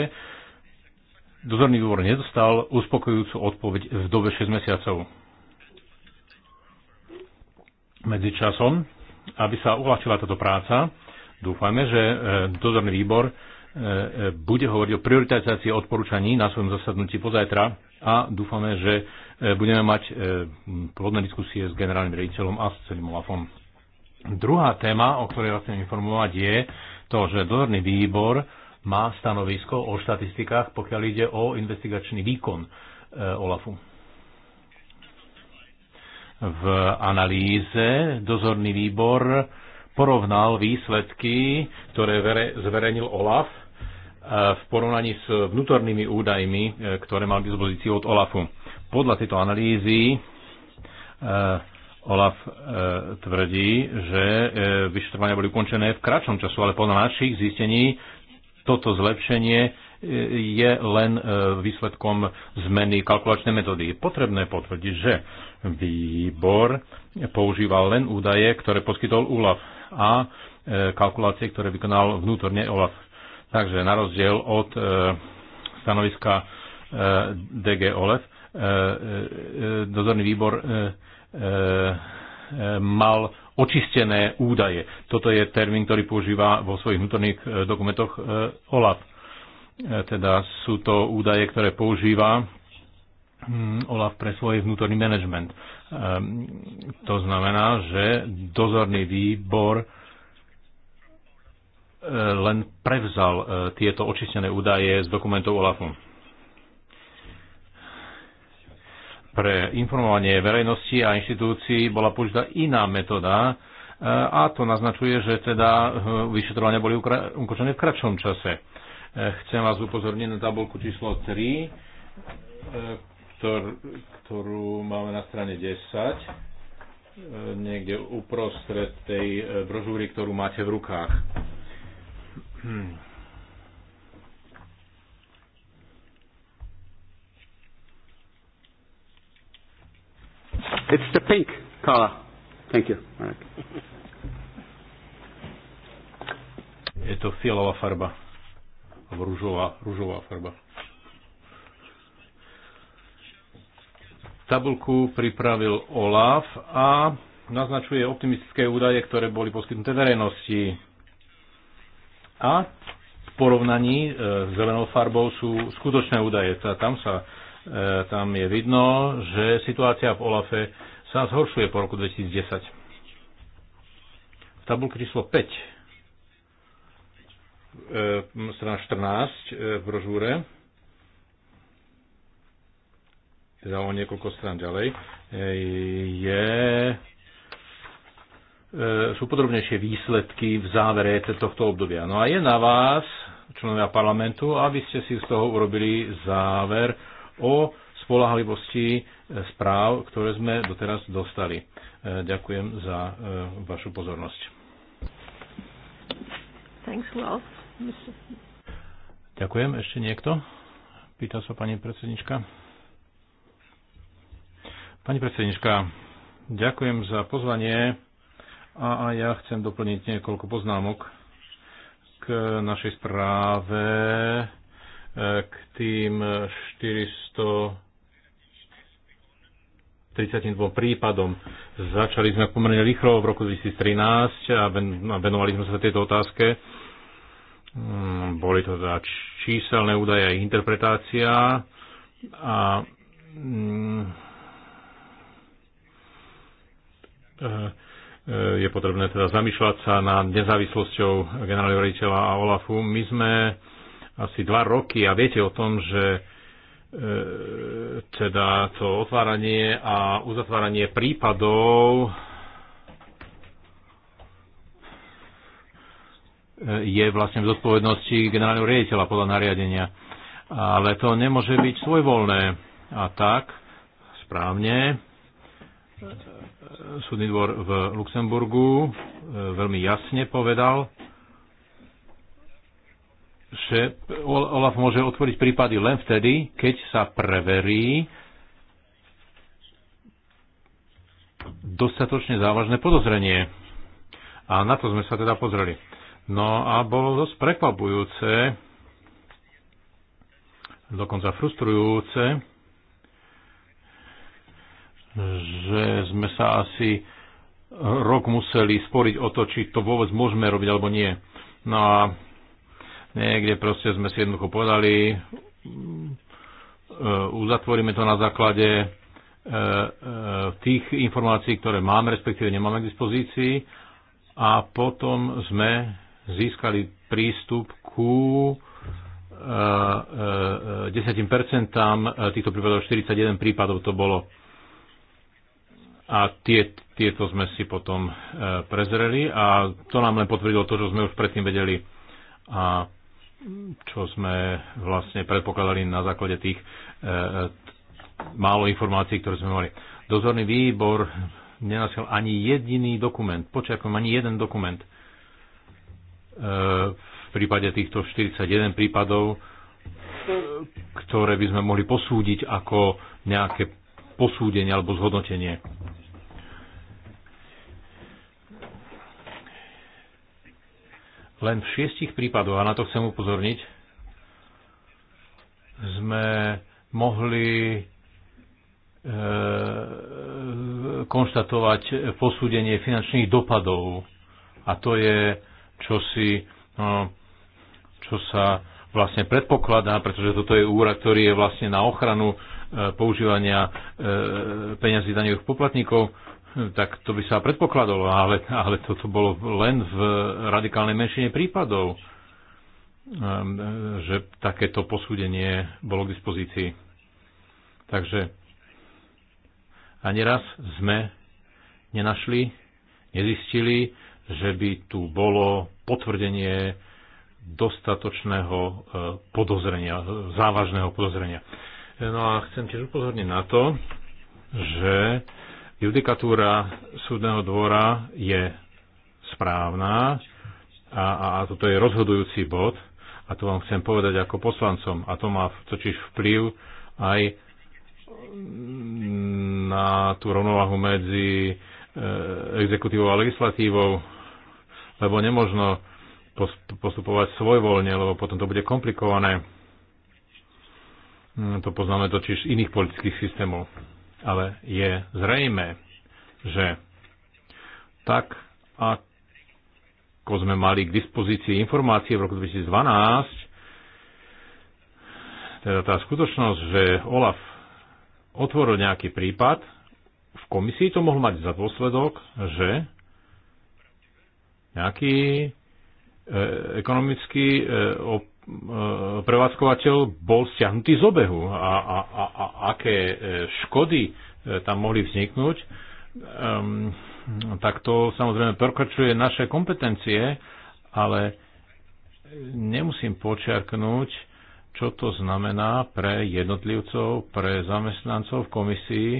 dozorný dvor nedostal uspokojujúcu odpoveď v dobe 6 mesiacov. Medzičasom, aby sa uľahčila táto práca, Dúfame, že e, dozorný výbor e, e, bude hovoriť o prioritizácii odporúčaní na svojom zasadnutí pozajtra a dúfame, že budeme mať plodné diskusie s generálnym riaditeľom a s celým Olafom. Druhá téma, o ktorej vás chcem informovať, je to, že dozorný výbor má stanovisko o štatistikách, pokiaľ ide o investigačný výkon e, OLAFu. V analýze dozorný výbor porovnal výsledky, ktoré zverejnil OLAF e, v porovnaní s vnútornými údajmi, e, ktoré mal k dispozícii od OLAFu. Podľa tejto analýzy Olaf e, tvrdí, že e, vyšetrovania boli ukončené v kratšom času, ale podľa našich zistení toto zlepšenie e, je len e, výsledkom zmeny kalkulačnej metódy. Je potrebné potvrdiť, že výbor používal len údaje, ktoré poskytol ULAF a e, kalkulácie, ktoré vykonal vnútorne OLAF. Takže na rozdiel od stanoviska DG OLAF, dozorný výbor mal očistené údaje. Toto je termín, ktorý používa vo svojich vnútorných e, dokumentoch e, OLAF. E, teda sú to údaje, ktoré používa hm, OLAF pre svoj vnútorný management. To znamená, že dozorný výbor len prevzal tieto očistené údaje z dokumentov OLAFu. Pre informovanie verejnosti a inštitúcií bola použitá iná metóda e, a to naznačuje, že teda e, vyšetrovania boli ukončené v kratšom čase. E, chcem vás upozorniť na tabulku číslo 3, ktor, ktorú máme na strane 10, niekde uprostred tej brožúry, ktorú máte v rukách. [CLEARS THROAT] It's the pink color. Thank you. All right. Je to fialová farba. Alebo rúžová, rúžová farba. Tabulku pripravil Olaf a naznačuje optimistické údaje, ktoré boli poskytnuté verejnosti. A v porovnaní e, s zelenou farbou sú skutočné údaje. tam sa E, tam je vidno, že situácia v OLAFe sa zhoršuje po roku 2010. V tabulke číslo 5, e, strana 14 e, v brožúre, teda o niekoľko stran ďalej, je, sú podrobnejšie výsledky v závere tohto obdobia. No a je na vás, členovia parlamentu, aby ste si z toho urobili záver, o spolahlivosti e, správ, ktoré sme doteraz dostali. E, ďakujem za e, vašu pozornosť. Thanks, Ralph. Ďakujem. Ešte niekto? Pýta sa pani predsednička. Pani predsednička, ďakujem za pozvanie a, a ja chcem doplniť niekoľko poznámok k našej správe k tým 432 prípadom. Začali sme pomerne rýchlo v roku 2013 a venovali sme sa tejto otázke. Mm, boli to teda číselné údaje a ich interpretácia a mm, e, e, je potrebné teda zamýšľať sa nad nezávislosťou generálneho riaditeľa a OLAFu. My sme asi dva roky a viete o tom, že e, teda to otváranie a uzatváranie prípadov e, je vlastne v zodpovednosti generálneho riaditeľa podľa nariadenia. Ale to nemôže byť svojvoľné. A tak, správne, súdny dvor v Luxemburgu e, veľmi jasne povedal, že OLAF môže otvoriť prípady len vtedy, keď sa preverí dostatočne závažné podozrenie. A na to sme sa teda pozreli. No a bolo dosť prekvapujúce, dokonca frustrujúce, že sme sa asi rok museli sporiť o to, či to vôbec môžeme robiť alebo nie. No a Niekde proste sme si jednoducho povedali, e, uzatvoríme to na základe e, e, tých informácií, ktoré máme, respektíve nemáme k dispozícii a potom sme získali prístup ku 10% týchto prípadov, 41 prípadov to bolo. A tie, tieto sme si potom prezreli a to nám len potvrdilo to, čo sme už predtým vedeli. A čo sme vlastne predpokladali na základe tých e, e málo informácií, ktoré sme mali. Dozorný výbor nenasiel ani jediný dokument, počiakom ani jeden dokument. E, v prípade týchto 41 prípadov, e, ktoré by sme mohli posúdiť ako nejaké posúdenie alebo zhodnotenie. Len v šiestich prípadoch, a na to chcem upozorniť, sme mohli e, konštatovať posúdenie finančných dopadov. A to je čosi, no, čo sa vlastne predpokladá, pretože toto je úrad, ktorý je vlastne na ochranu e, používania e, peňazí daňových poplatníkov tak to by sa predpokladalo, ale, ale toto bolo len v radikálnej menšine prípadov, um, že takéto posúdenie bolo k dispozícii. Takže ani raz sme nenašli, nezistili, že by tu bolo potvrdenie dostatočného uh, podozrenia, závažného podozrenia. No a chcem tiež upozorniť na to, že Judikatúra súdneho dvora je správna a, a, a toto je rozhodujúci bod a to vám chcem povedať ako poslancom a to má totiž vplyv aj na tú rovnováhu medzi e, exekutívou a legislatívou, lebo nemožno postupovať svojvoľne, lebo potom to bude komplikované. Mm, to poznáme totiž iných politických systémov ale je zrejme, že tak, ako sme mali k dispozícii informácie v roku 2012, teda tá skutočnosť, že Olaf otvoril nejaký prípad, v komisii to mohol mať za dôsledok, že nejaký e, ekonomický e, op- E, prevádzkovateľ bol stiahnutý z obehu a, a, a, a aké e, škody e, tam mohli vzniknúť, um, tak to samozrejme prekračuje naše kompetencie, ale nemusím počiarknúť, čo to znamená pre jednotlivcov, pre zamestnancov v komisii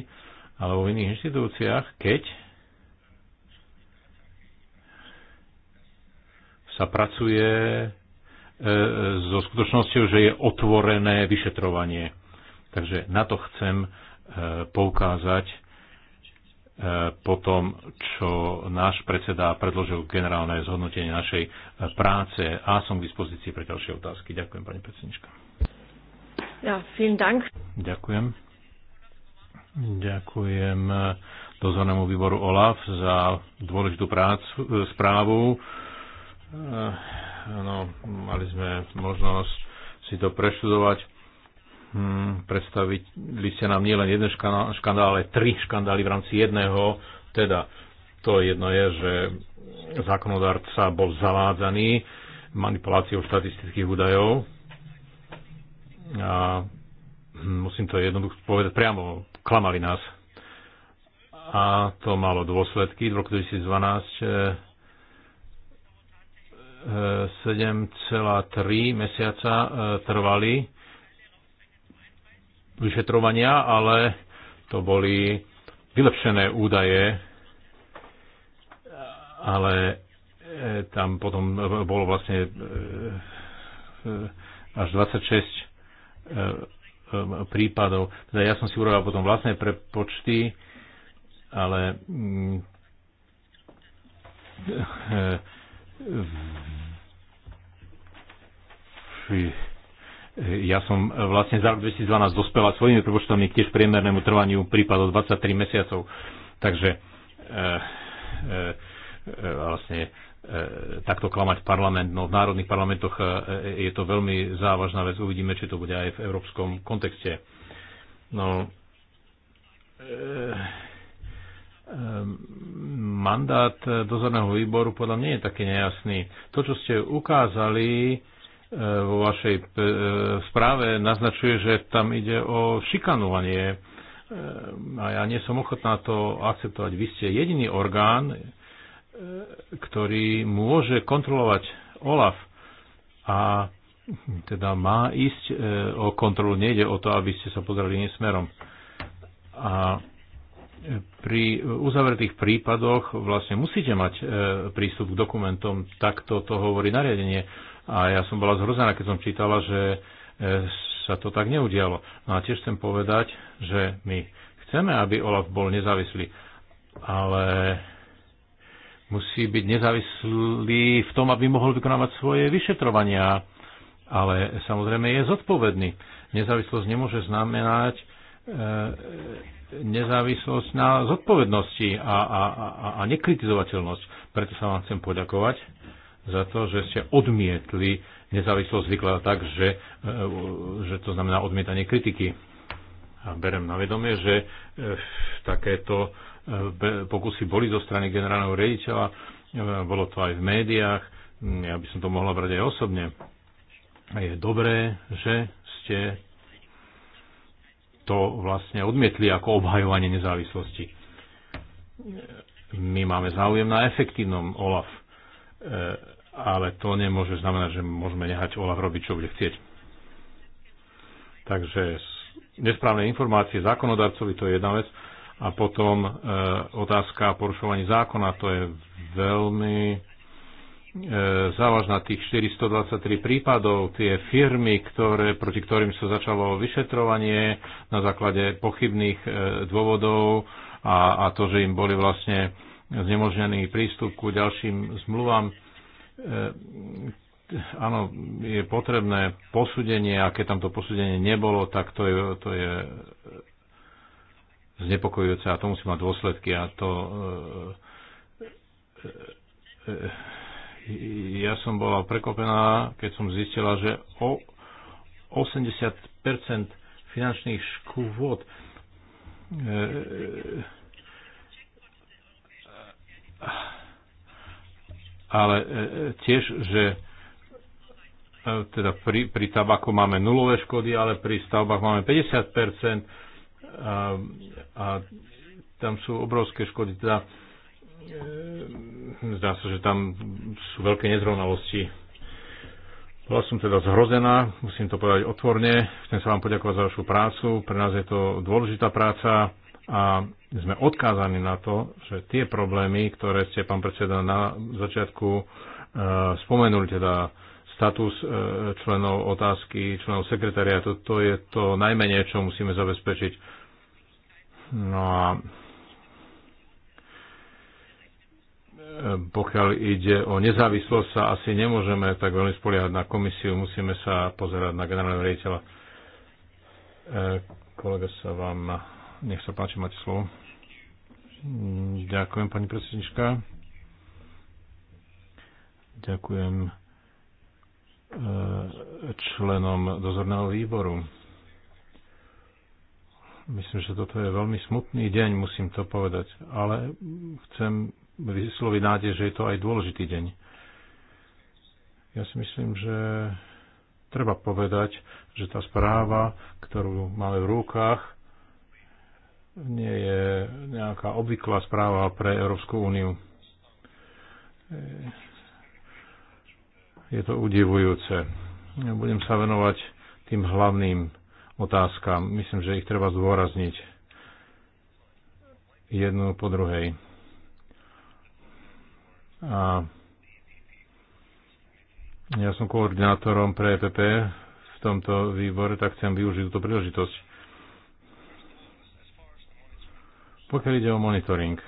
alebo v iných inštitúciách, keď sa pracuje E, so skutočnosťou, že je otvorené vyšetrovanie. Takže na to chcem e, poukázať e, po tom, čo náš predseda predložil generálne zhodnotenie našej práce a som k dispozícii pre ďalšie otázky. Ďakujem, pani predsednička. Ja, vielen Dank. Ďakujem. Ďakujem dozornému výboru OLAF za dôležitú prácu, správu no, mali sme možnosť si to preštudovať. Hmm, predstavili ste nám nielen jeden škandál, ale tri škandály v rámci jedného. Teda to jedno je, že zákonodárca bol zavádzaný manipuláciou štatistických údajov. A hm, musím to jednoducho povedať priamo, klamali nás. A to malo dôsledky. V roku 2012 7,3 mesiaca e, trvali vyšetrovania, ale to boli vylepšené údaje, ale e, tam potom bolo vlastne e, až 26 prípadov. Teda ja som si urobil potom vlastné prepočty, ale mm, Hm. Hm. E, ja som e, vlastne za rok 2012 dospela svojimi prepočtami k tiež priemernému trvaniu prípadov 23 mesiacov. Takže e, e, e vlastne e, takto klamať parlament. No v národných parlamentoch je to veľmi závažná vec. Uvidíme, či to bude aj v európskom kontexte. No, e, Ehm, mandát dozorného výboru podľa mňa je taký nejasný. To, čo ste ukázali ehm, vo vašej e, správe, naznačuje, že tam ide o šikanovanie ehm, a ja nie som ochotná to akceptovať. Vy ste jediný orgán, e, ktorý môže kontrolovať OLAF a teda má ísť e, o kontrolu. Nejde o to, aby ste sa pozreli nesmerom. A pri uzavretých prípadoch vlastne musíte mať e, prístup k dokumentom, takto to hovorí nariadenie. A ja som bola zhrozená, keď som čítala, že e, sa to tak neudialo. No a tiež chcem povedať, že my chceme, aby Olaf bol nezávislý, ale musí byť nezávislý v tom, aby mohol vykonávať svoje vyšetrovania. Ale samozrejme je zodpovedný. Nezávislosť nemôže znamenať, e, nezávislosť na zodpovednosti a, a, a, a nekritizovateľnosť. Preto sa vám chcem poďakovať za to, že ste odmietli nezávislosť vykladať tak, že, e, že to znamená odmietanie kritiky. A berem na vedomie, že e, takéto e, pokusy boli zo strany generálneho riaditeľa, bolo to aj v médiách, ja by som to mohla brať aj osobne. A je dobré, že ste to vlastne odmietli ako obhajovanie nezávislosti. My máme záujem na efektívnom OLAF, e, ale to nemôže znamenať, že môžeme nehať OLAF robiť, čo bude chcieť. Takže nesprávne informácie zákonodarcovi, to je jedna vec, a potom e, otázka porušovaní zákona, to je veľmi E, závažná tých 423 prípadov, tie firmy, ktoré, proti ktorým sa začalo vyšetrovanie na základe pochybných e, dôvodov a, a to, že im boli vlastne znemožnený prístup ku ďalším zmluvám. E, áno, je potrebné posúdenie a keď tam to posúdenie nebolo, tak to je, to je znepokojujúce a to musí mať dôsledky a to ja som bola prekopená, keď som zistila, že o 80% finančných škôd e, ale e, tiež, že e, teda pri, pri tabaku máme nulové škody, ale pri stavbách máme 50% a, a tam sú obrovské škody. Teda Ehm, zdá sa, že tam sú veľké nezrovnalosti. Bola som teda zhrozená, musím to povedať otvorne. Chcem sa vám poďakovať za vašu prácu. Pre nás je to dôležitá práca a sme odkázaní na to, že tie problémy, ktoré ste, pán predseda, na začiatku e, spomenuli, teda status e, členov otázky, členov sekretariátu, to je to najmenej, čo musíme zabezpečiť. No a pokiaľ ide o nezávislosť, sa asi nemôžeme tak veľmi spoliehať na komisiu, musíme sa pozerať na generálneho riaditeľa. E, kolega sa vám, nech sa páči, máte slovo. Ďakujem, pani predsednička. Ďakujem e, členom dozorného výboru. Myslím, že toto je veľmi smutný deň, musím to povedať, ale chcem vysloviť nádej, že je to aj dôležitý deň. Ja si myslím, že treba povedať, že tá správa, ktorú máme v rukách, nie je nejaká obvyklá správa pre Európsku úniu. Je to udivujúce. Budem sa venovať tým hlavným otázkam. Myslím, že ich treba zdôrazniť jednu po druhej. A ja som koordinátorom pre EPP v tomto výbore, tak chcem využiť túto príležitosť. Pokiaľ ide o monitoring,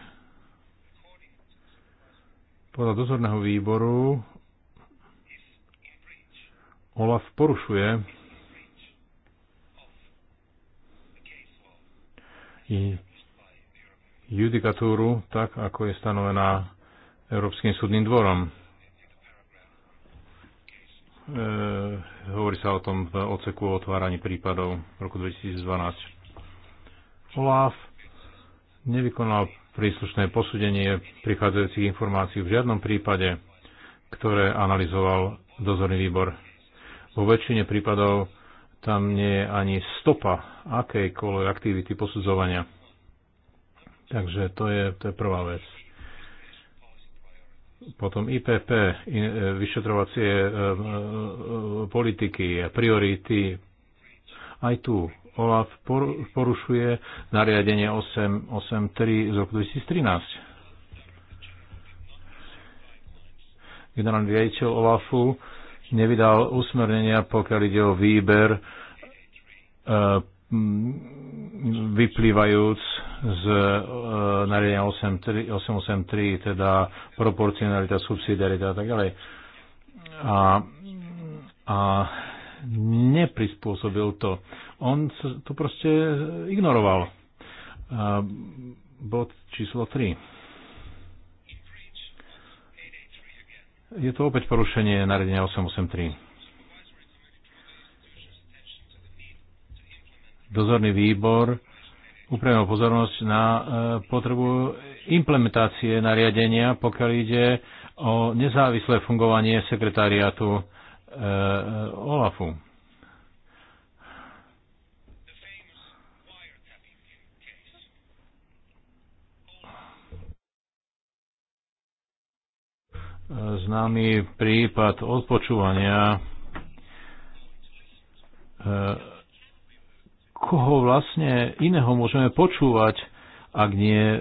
podľa dozorného výboru OLAF porušuje judikatúru tak, ako je stanovená Európskym súdnym dvorom. E, hovorí sa o tom v oceku o otváraní prípadov v roku 2012. OLAF nevykonal príslušné posúdenie prichádzajúcich informácií v žiadnom prípade, ktoré analyzoval dozorný výbor. Vo väčšine prípadov tam nie je ani stopa akejkoľvek aktivity posudzovania. Takže to je, to je prvá vec. Potom IPP, e, vyšetrovacie e, e, politiky a priority. Aj tu OLAF porušuje nariadenie 883 z roku 2013. generálny riaditeľ OLAFu nevydal usmernenia, pokiaľ ide o výber vyplývajúc z e, nariadenia 883, teda proporcionalita, subsidiarita a tak ďalej. A, a neprispôsobil to. On to proste ignoroval. A, e, bod číslo 3. Je to opäť porušenie nariadenia 883. Dozorný výbor upriamil pozornosť na e, potrebu implementácie nariadenia, pokiaľ ide o nezávislé fungovanie sekretariátu e, e, OLAFu. Známy prípad odpočúvania koho vlastne iného môžeme počúvať, ak nie e, e,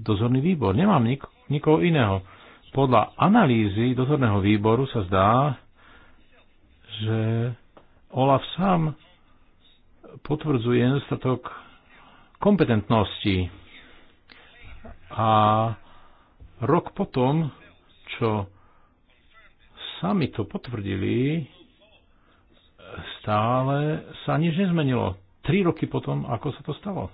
dozorný výbor. Nemám nik- nikoho iného. Podľa analýzy dozorného výboru sa zdá, že Olaf sám potvrdzuje nedostatok kompetentnosti. A rok potom, čo sami to potvrdili, stále sa nič nezmenilo. Tri roky potom, ako sa to stalo.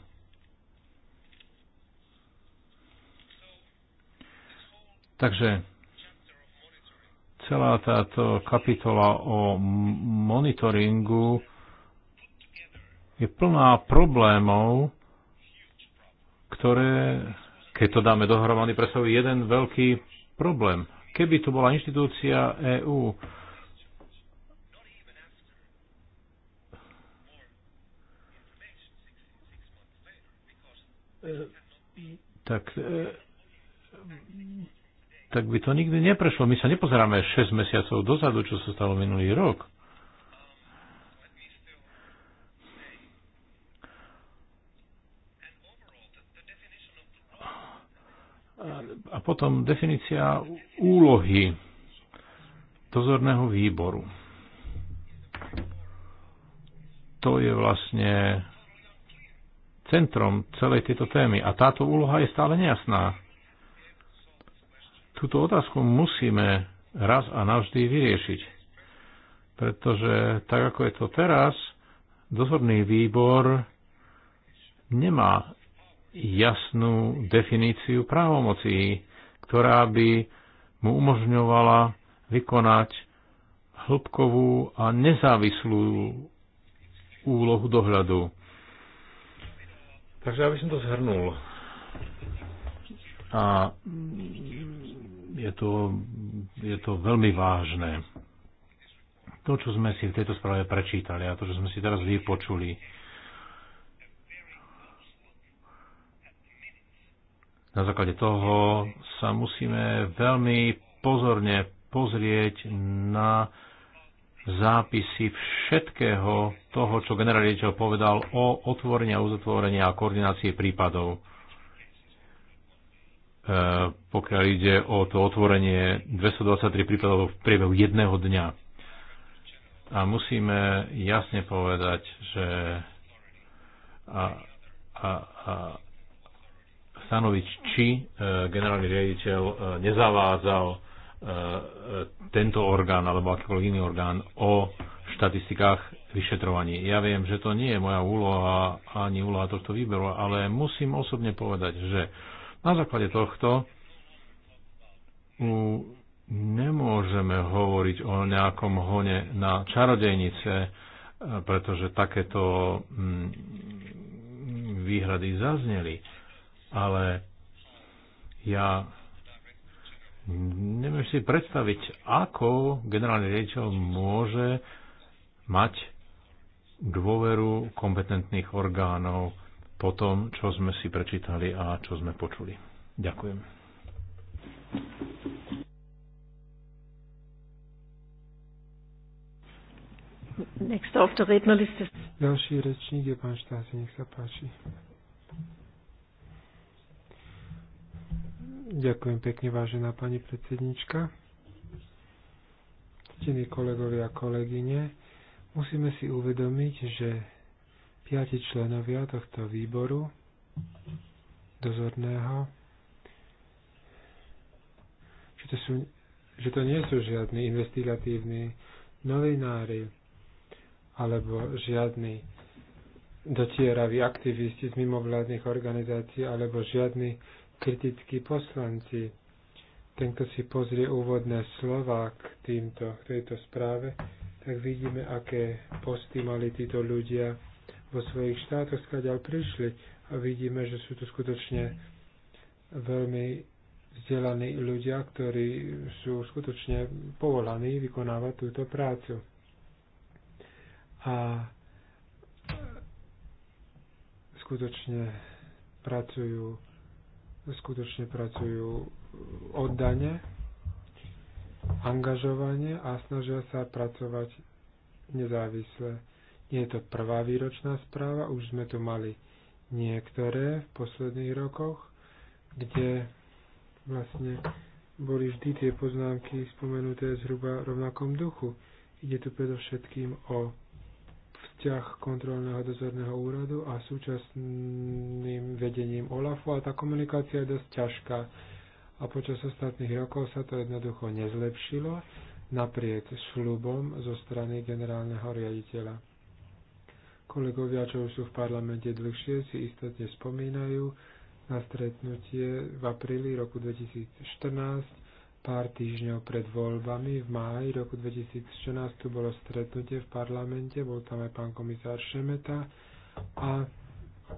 Takže celá táto kapitola o monitoringu je plná problémov, ktoré, keď to dáme dohromady, predstavujú jeden veľký problém. Keby tu bola inštitúcia EÚ, tak, e, tak by to nikdy neprešlo. My sa nepozeráme 6 mesiacov dozadu, čo sa stalo minulý rok. A potom definícia úlohy dozorného výboru. To je vlastne centrom celej tejto témy a táto úloha je stále nejasná. Túto otázku musíme raz a navždy vyriešiť. Pretože tak ako je to teraz, dozorný výbor nemá jasnú definíciu právomocí, ktorá by mu umožňovala vykonať hĺbkovú a nezávislú úlohu dohľadu. Takže aby som to zhrnul. A je to, je to veľmi vážne. To, čo sme si v tejto správe prečítali a to, čo sme si teraz vypočuli, na základe toho sa musíme veľmi pozorne pozrieť na zápisy všetkého toho, čo generál povedal o otvorení a uzatvorení a koordinácii prípadov e, pokiaľ ide o to otvorenie 223 prípadov v priebehu jedného dňa. A musíme jasne povedať, že a, a, a stanoviť, či e, generálny riaditeľ e, nezavádzal E, tento orgán alebo akýkoľvek iný orgán o štatistikách vyšetrovaní. Ja viem, že to nie je moja úloha ani úloha tohto výberu, ale musím osobne povedať, že na základe tohto nemôžeme hovoriť o nejakom hone na čarodejnice, e, pretože takéto mm, výhrady zazneli. Ale ja Neviem si predstaviť, ako generálny riaditeľ môže mať dôveru kompetentných orgánov po tom, čo sme si prečítali a čo sme počuli. Ďakujem.
Ďalší rečník je pán Štáci, nech sa páči. Ďakujem pekne, vážená pani predsednička. Ctení kolegovia a kolegyne, musíme si uvedomiť, že piati členovia tohto výboru dozorného, že to, sú, že to nie sú žiadni investigatívni novinári alebo žiadni dotieraví aktivisti z mimovládnych organizácií alebo žiadni kritickí poslanci. Ten, kto si pozrie úvodné slova k týmto, tejto správe, tak vidíme, aké posty mali títo ľudia vo svojich štátoch, skáďal prišli a vidíme, že sú to skutočne veľmi vzdelaní ľudia, ktorí sú skutočne povolaní vykonávať túto prácu. A skutočne pracujú skutočne pracujú eh, oddane, angažovanie a snažia sa pracovať nezávisle. Nie je to prvá výročná správa, už sme tu mali niektoré v posledných rokoch, kde vlastne boli vždy tie poznámky spomenuté zhruba rovnakom duchu. Ide tu predovšetkým o vzťah kontrolného dozorného úradu a súčasným vedením OLAFu a tá komunikácia je dosť ťažká a počas ostatných rokov sa to jednoducho nezlepšilo napriek slubom zo strany generálneho riaditeľa. Kolegovia, čo už sú v parlamente dlhšie, si istotne spomínajú na stretnutie v apríli roku 2014 pár týždňov pred voľbami v máji roku 2014 tu bolo stretnutie v parlamente, bol tam aj pán komisár Šemeta a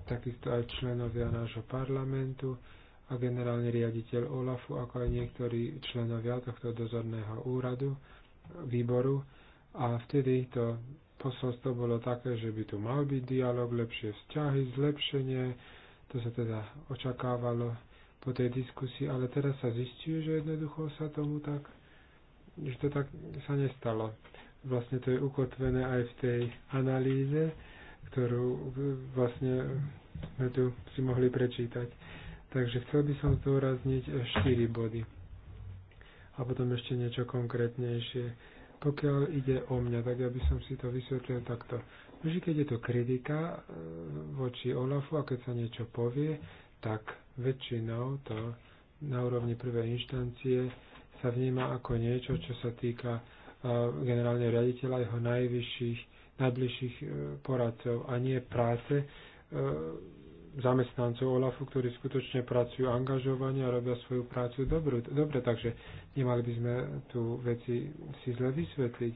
takisto aj členovia nášho parlamentu a generálny riaditeľ OLAFu, ako aj niektorí členovia tohto dozorného úradu, výboru. A vtedy to posolstvo bolo také, že by tu mal byť dialog, lepšie vzťahy, zlepšenie, to sa teda očakávalo po tej diskusii, ale teraz sa zistí, že jednoducho sa tomu tak, že to tak sa nestalo. Vlastne to je ukotvené aj v tej analýze, ktorú vlastne sme tu si mohli prečítať. Takže chcel by som zdôrazniť 4 body. A potom ešte niečo konkrétnejšie. Pokiaľ ide o mňa, tak ja by som si to vysvetlil takto. Vždy, keď je to kritika eh, voči Olafu a keď sa niečo povie, tak väčšinou to na úrovni prvej inštancie sa vníma ako niečo, čo sa týka generálneho riaditeľa, jeho najvyšších, najbližších e, poradcov a nie práce e, zamestnancov OLAFu, ktorí skutočne pracujú angažovane a robia svoju prácu dobrú, dobre, takže nemali by sme tu veci si zle vysvetliť.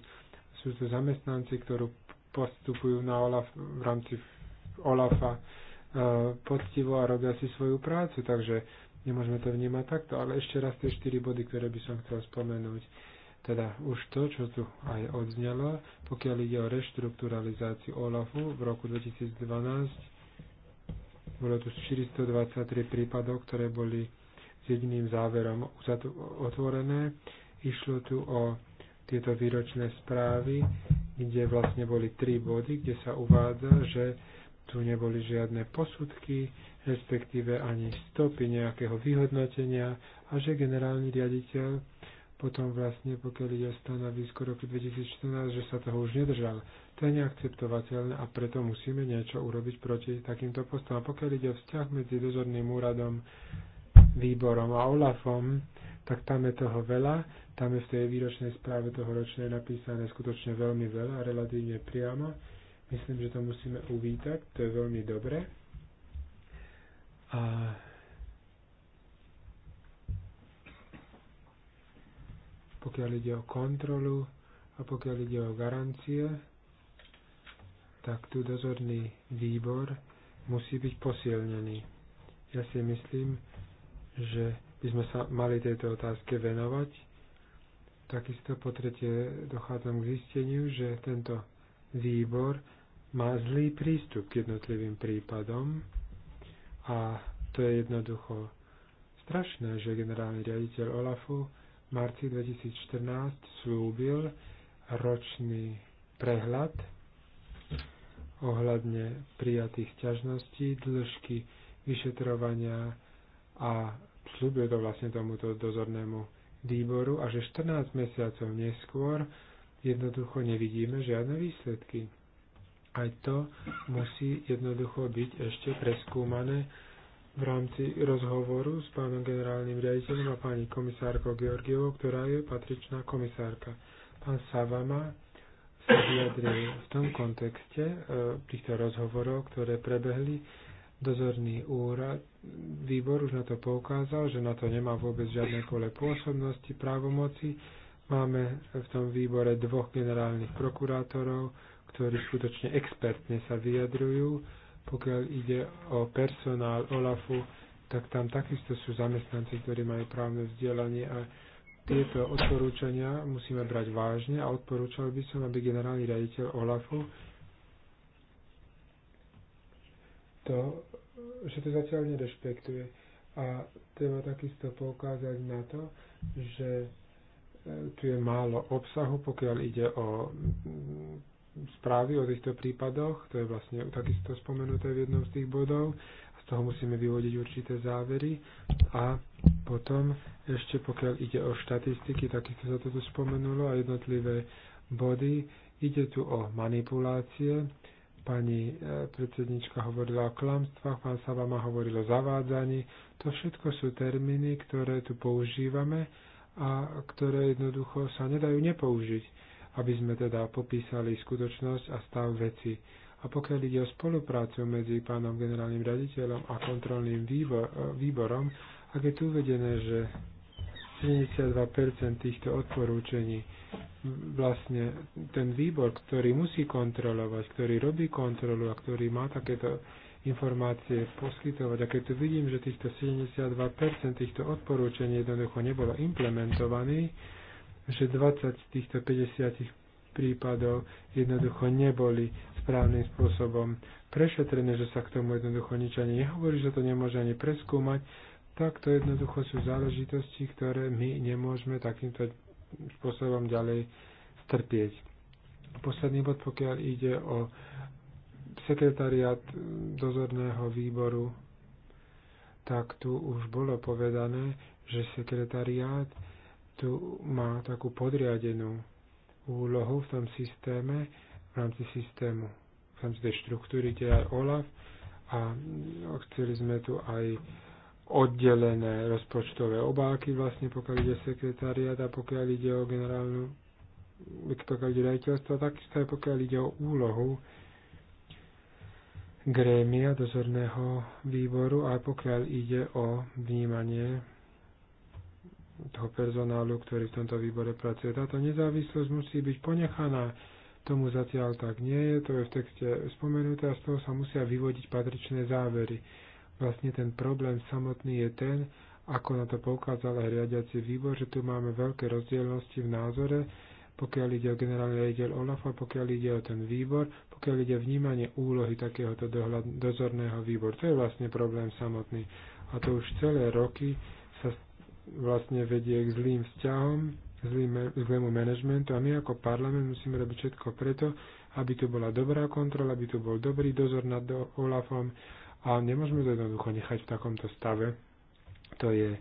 Sú tu zamestnanci, ktorú postupujú na OLAF v rámci OLAFa, poctivo a robia si svoju prácu, takže nemôžeme to vnímať takto. Ale ešte raz tie štyri body, ktoré by som chcel spomenúť. Teda už to, čo tu aj odznelo, pokiaľ ide o reštrukturalizáciu OLAFu v roku 2012, bolo tu 423 prípadov, ktoré boli s jediným záverom otvorené. Išlo tu o tieto výročné správy, kde vlastne boli tri body, kde sa uvádza, že tu neboli žiadne posudky, respektíve ani stopy nejakého vyhodnotenia a že generálny riaditeľ potom vlastne, pokiaľ ide stanovisko roku 2014, že sa toho už nedržal. To je neakceptovateľné a preto musíme niečo urobiť proti takýmto postom. A pokiaľ ide o vzťah medzi dozorným úradom, výborom a OLAFom, tak tam je toho veľa. Tam je v tej výročnej správe toho ročnej napísané skutočne veľmi veľa, relatívne priamo Myslím, že to musíme uvítať, to je veľmi dobré. A pokiaľ ide o kontrolu a pokiaľ ide o garancie, tak tu dozorný výbor musí byť posilnený. Ja si myslím, že by sme sa mali tejto otázke venovať. Takisto po tretie dochádzam k zisteniu, že tento výbor má zlý prístup k jednotlivým prípadom a to je jednoducho strašné, že generálny riaditeľ Olafu v marci 2014 slúbil ročný prehľad ohľadne prijatých ťažností, dĺžky vyšetrovania a slúbil to vlastne tomuto dozornému výboru a že 14 mesiacov neskôr jednoducho nevidíme žiadne výsledky. Aj to musí jednoducho byť ešte preskúmané v rámci rozhovoru s pánom generálnym riaditeľom a pani komisárkou Georgievou, ktorá je patričná komisárka. Pán Savama sa vyjadril v tom kontexte e, týchto rozhovorov, ktoré prebehli, dozorný úrad, výbor už na to poukázal, že na to nemá vôbec žiadne kole pôsobnosti, právomoci. Máme v tom výbore dvoch generálnych prokurátorov, ktorí skutočne expertne sa vyjadrujú. Pokiaľ ide o personál OLAFu, tak tam takisto sú zamestnanci, ktorí majú právne vzdelanie a tieto odporúčania musíme brať vážne a odporúčal by som, aby generálny riaditeľ OLAFu to, že to zatiaľ nerešpektuje. A treba takisto poukázať na to, že e, tu je málo obsahu, pokiaľ ide o správy o týchto prípadoch, to je vlastne takisto spomenuté v jednom z tých bodov, a z toho musíme vyvodiť určité závery a potom ešte pokiaľ ide o štatistiky, takisto sa to tu spomenulo a jednotlivé body, ide tu o manipulácie, pani e, predsednička hovorila o klamstvách, pán Savama hovoril o zavádzaní. To všetko sú termíny, ktoré tu používame a ktoré jednoducho sa nedajú nepoužiť aby sme teda popísali skutočnosť a stav veci. A pokiaľ ide o spoluprácu medzi pánom generálnym raditeľom a kontrolným e, výborom, ak je tu uvedené, že 72% týchto odporúčení vlastne ten výbor, ktorý musí kontrolovať, ktorý robí kontrolu a ktorý má takéto informácie poskytovať. A keď tu vidím, že týchto 72% týchto odporúčení jednoducho nebolo implementovaných, že 20 z týchto 50 prípadov jednoducho neboli správnym spôsobom prešetrené, že sa k tomu jednoducho nič ani nehovorí, že to nemôže ani preskúmať, tak to jednoducho sú záležitosti, ktoré my nemôžeme takýmto spôsobom ďalej trpieť. Posledný bod, pokiaľ ide o sekretariat dozorného výboru, tak tu už bolo povedané, že sekretariát tu má takú podriadenú úlohu v tom systéme, v rámci systému, v rámci tej štruktúry, kde aj OLAF a no, chceli sme tu aj oddelené rozpočtové obálky, vlastne pokiaľ ide sekretariat a pokiaľ ide o generálnu, pokiaľ ide rejiteľstvo, takisto aj pokiaľ ide o úlohu grémia dozorného výboru, aj pokiaľ ide o vnímanie toho personálu, ktorý v tomto výbore pracuje. Táto nezávislosť musí byť ponechaná. Tomu zatiaľ tak nie je, to je v texte spomenuté a z toho sa musia vyvodiť patričné závery. Vlastne ten problém samotný je ten, ako na to poukázal aj riadiaci výbor, že tu máme veľké rozdielnosti v názore, pokiaľ ide o generálny riaditeľ Olafa, pokiaľ ide o ten výbor, pokiaľ ide o vnímanie úlohy takéhoto dohľad, dozorného výboru. To je vlastne problém samotný. A to už celé roky sa vlastne vedie k zlým vzťahom, zlým, zlému manažmentu a my ako parlament musíme robiť všetko preto, aby tu bola dobrá kontrola, aby tu bol dobrý dozor nad OLAFom a nemôžeme to jednoducho nechať v takomto stave. To je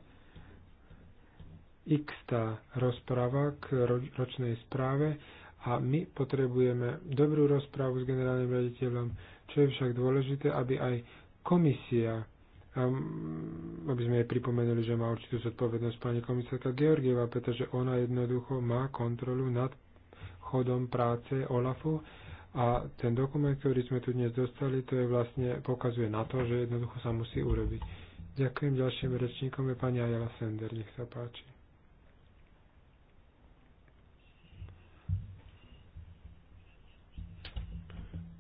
x tá rozpráva k ročnej správe a my potrebujeme dobrú rozprávu s generálnym raditeľom, čo je však dôležité, aby aj komisia aby sme jej pripomenuli, že má určitú zodpovednosť pani komisárka Georgieva, pretože ona jednoducho má kontrolu nad chodom práce OLAFu a ten dokument, ktorý sme tu dnes dostali, to je vlastne, pokazuje na to, že jednoducho sa musí urobiť. Ďakujem ďalším rečníkom, je pani Ajala Sender, nech sa páči.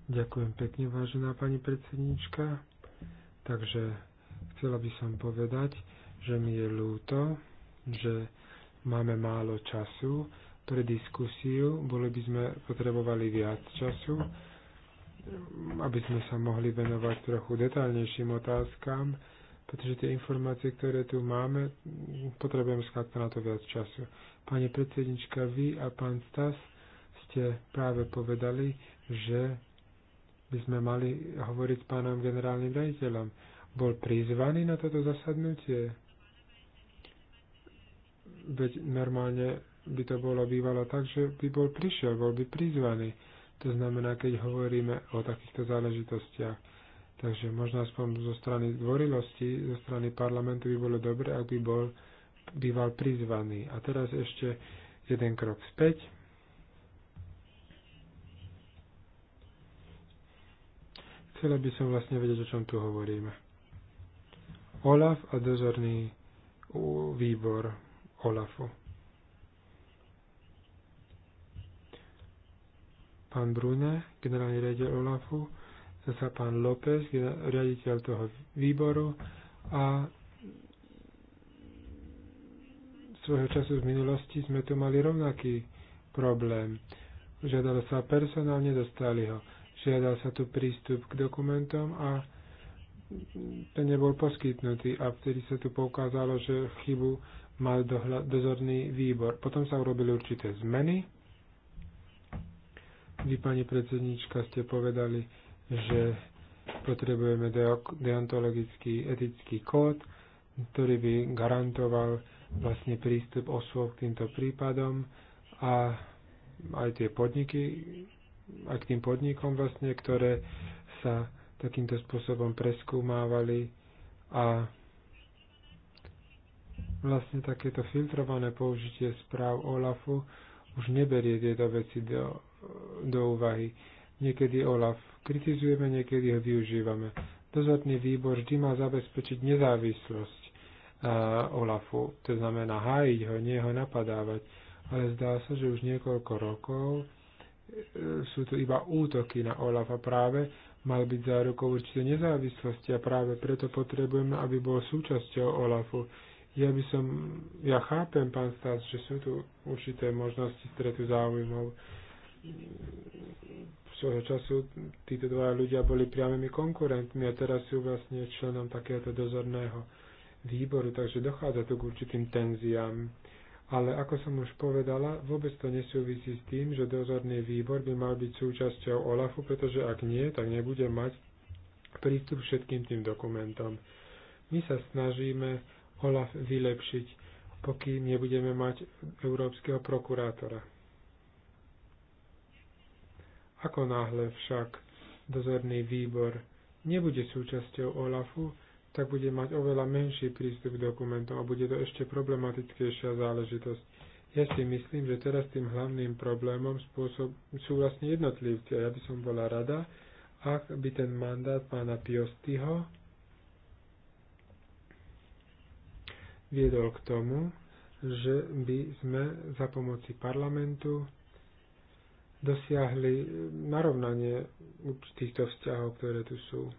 Ďakujem pekne, vážená pani predsednička. Takže Chcela by som povedať, že mi je ľúto, že máme málo času pre diskusiu. Boli by sme potrebovali viac času, aby sme sa mohli venovať trochu detálnejším otázkam, pretože tie informácie, ktoré tu máme, potrebujem skladka na to viac času. Pani predsednička, vy a pán Stas ste práve povedali, že by sme mali hovoriť s pánom generálnym rejiteľom bol prizvaný na toto zasadnutie? Veď normálne by to bolo bývalo tak, že by bol prišiel, bol by prizvaný. To znamená, keď hovoríme o takýchto záležitostiach. Takže možno aspoň zo strany dvorilosti, zo strany parlamentu by bolo dobre, ak by bol býval prizvaný. A teraz ešte jeden krok späť. Chcela by som vlastne vedieť, o čom tu hovoríme. OLAF a dozorný výbor OLAFu. Pán Brune, generálny riaditeľ OLAFu, Zase pán López, riaditeľ toho výboru a svojho času v minulosti sme tu mali rovnaký problém. Žiadalo sa personálne, nedostali ho. Žiadal sa tu prístup k dokumentom a ten nebol poskytnutý a vtedy sa tu poukázalo, že chybu mal dohľad, dozorný výbor. Potom sa urobili určité zmeny. Vy, pani predsednička, ste povedali, že potrebujeme deontologický etický kód, ktorý by garantoval vlastne prístup osôb k týmto prípadom a aj tie podniky, aj k tým podnikom vlastne, ktoré sa takýmto spôsobom preskúmávali a vlastne takéto filtrované použitie správ OLAFu už neberie tieto veci do, do úvahy. Niekedy OLAF kritizujeme, niekedy ho využívame. Dozorný výbor vždy má zabezpečiť nezávislosť uh, OLAFu, to znamená hájiť ho, nie ho napadávať. Ale zdá sa, že už niekoľko rokov e, sú tu iba útoky na OLAFa práve mal byť zárukou určite nezávislosti a práve preto potrebujeme, aby bol súčasťou OLAFu. Ja by som, ja chápem, pán Stas, že sú tu určité možnosti stretu záujmov. V svojho času títo dva ľudia boli priamými konkurentmi a teraz sú vlastne členom takéhoto dozorného výboru, takže dochádza tu k určitým tenziám. Ale ako som už povedala, vôbec to nesúvisí s tým, že dozorný výbor by mal byť súčasťou OLAFu, pretože ak nie, tak nebude mať prístup všetkým tým dokumentom. My sa snažíme OLAF vylepšiť, pokým nebudeme mať európskeho prokurátora. Ako náhle však dozorný výbor nebude súčasťou OLAFu, tak bude mať oveľa menší prístup k dokumentom a bude to ešte problematickejšia záležitosť. Ja si myslím, že teraz tým hlavným problémom spôsob, sú vlastne jednotlivci a ja by som bola rada, ak by ten mandát pána Piostyho viedol k tomu, že by sme za pomoci parlamentu dosiahli narovnanie týchto vzťahov, ktoré tu sú.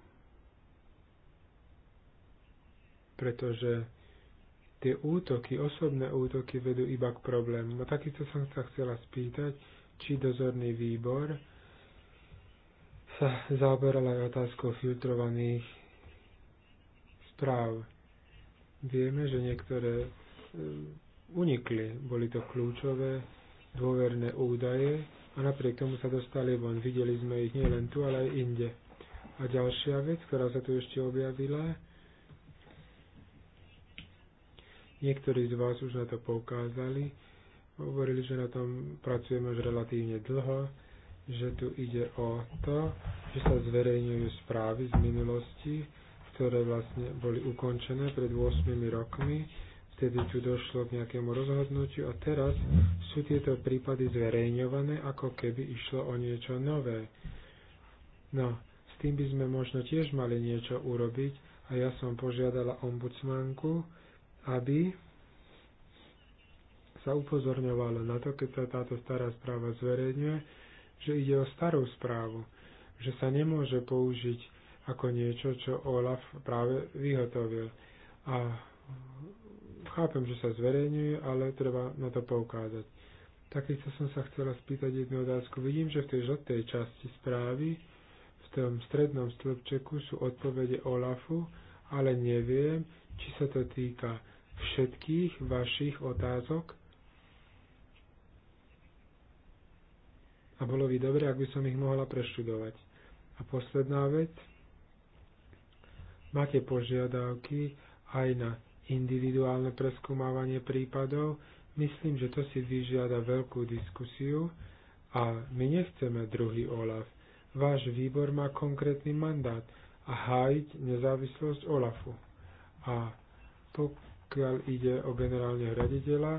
pretože tie útoky, osobné útoky vedú iba k problému. No takisto som sa chcela spýtať, či dozorný výbor sa zaoberal aj otázkou filtrovaných správ. Vieme, že niektoré e, unikli, boli to kľúčové dôverné údaje a napriek tomu sa dostali von. Videli sme ich nielen tu, ale aj inde. A ďalšia vec, ktorá sa tu ešte objavila, Niektorí z vás už na to poukázali. Hovorili, že na tom pracujeme už relatívne dlho, že tu ide o to, že sa zverejňujú správy z minulosti, ktoré vlastne boli ukončené pred 8 rokmi. Vtedy tu došlo k nejakému rozhodnutiu a teraz sú tieto prípady zverejňované, ako keby išlo o niečo nové. No, s tým by sme možno tiež mali niečo urobiť a ja som požiadala ombudsmanku, aby sa upozorňovalo na to, keď sa táto stará správa zverejňuje, že ide o starú správu, že sa nemôže použiť ako niečo, čo Olaf práve vyhotovil. A chápem, že sa zverejňuje, ale treba na to poukázať. Takisto som sa chcela spýtať jednu otázku. Vidím, že v tej žltej časti správy, v tom strednom stĺpčeku sú odpovede Olafu, ale neviem, či sa to týka všetkých vašich otázok. A bolo by dobre, ak by som ich mohla preštudovať. A posledná vec. Máte požiadavky aj na individuálne preskúmávanie prípadov. Myslím, že to si vyžiada veľkú diskusiu a my nechceme druhý OLAF. Váš výbor má konkrétny mandát a hájiť nezávislosť OLAFu. A pok- pokiaľ ide o generálne riaditeľa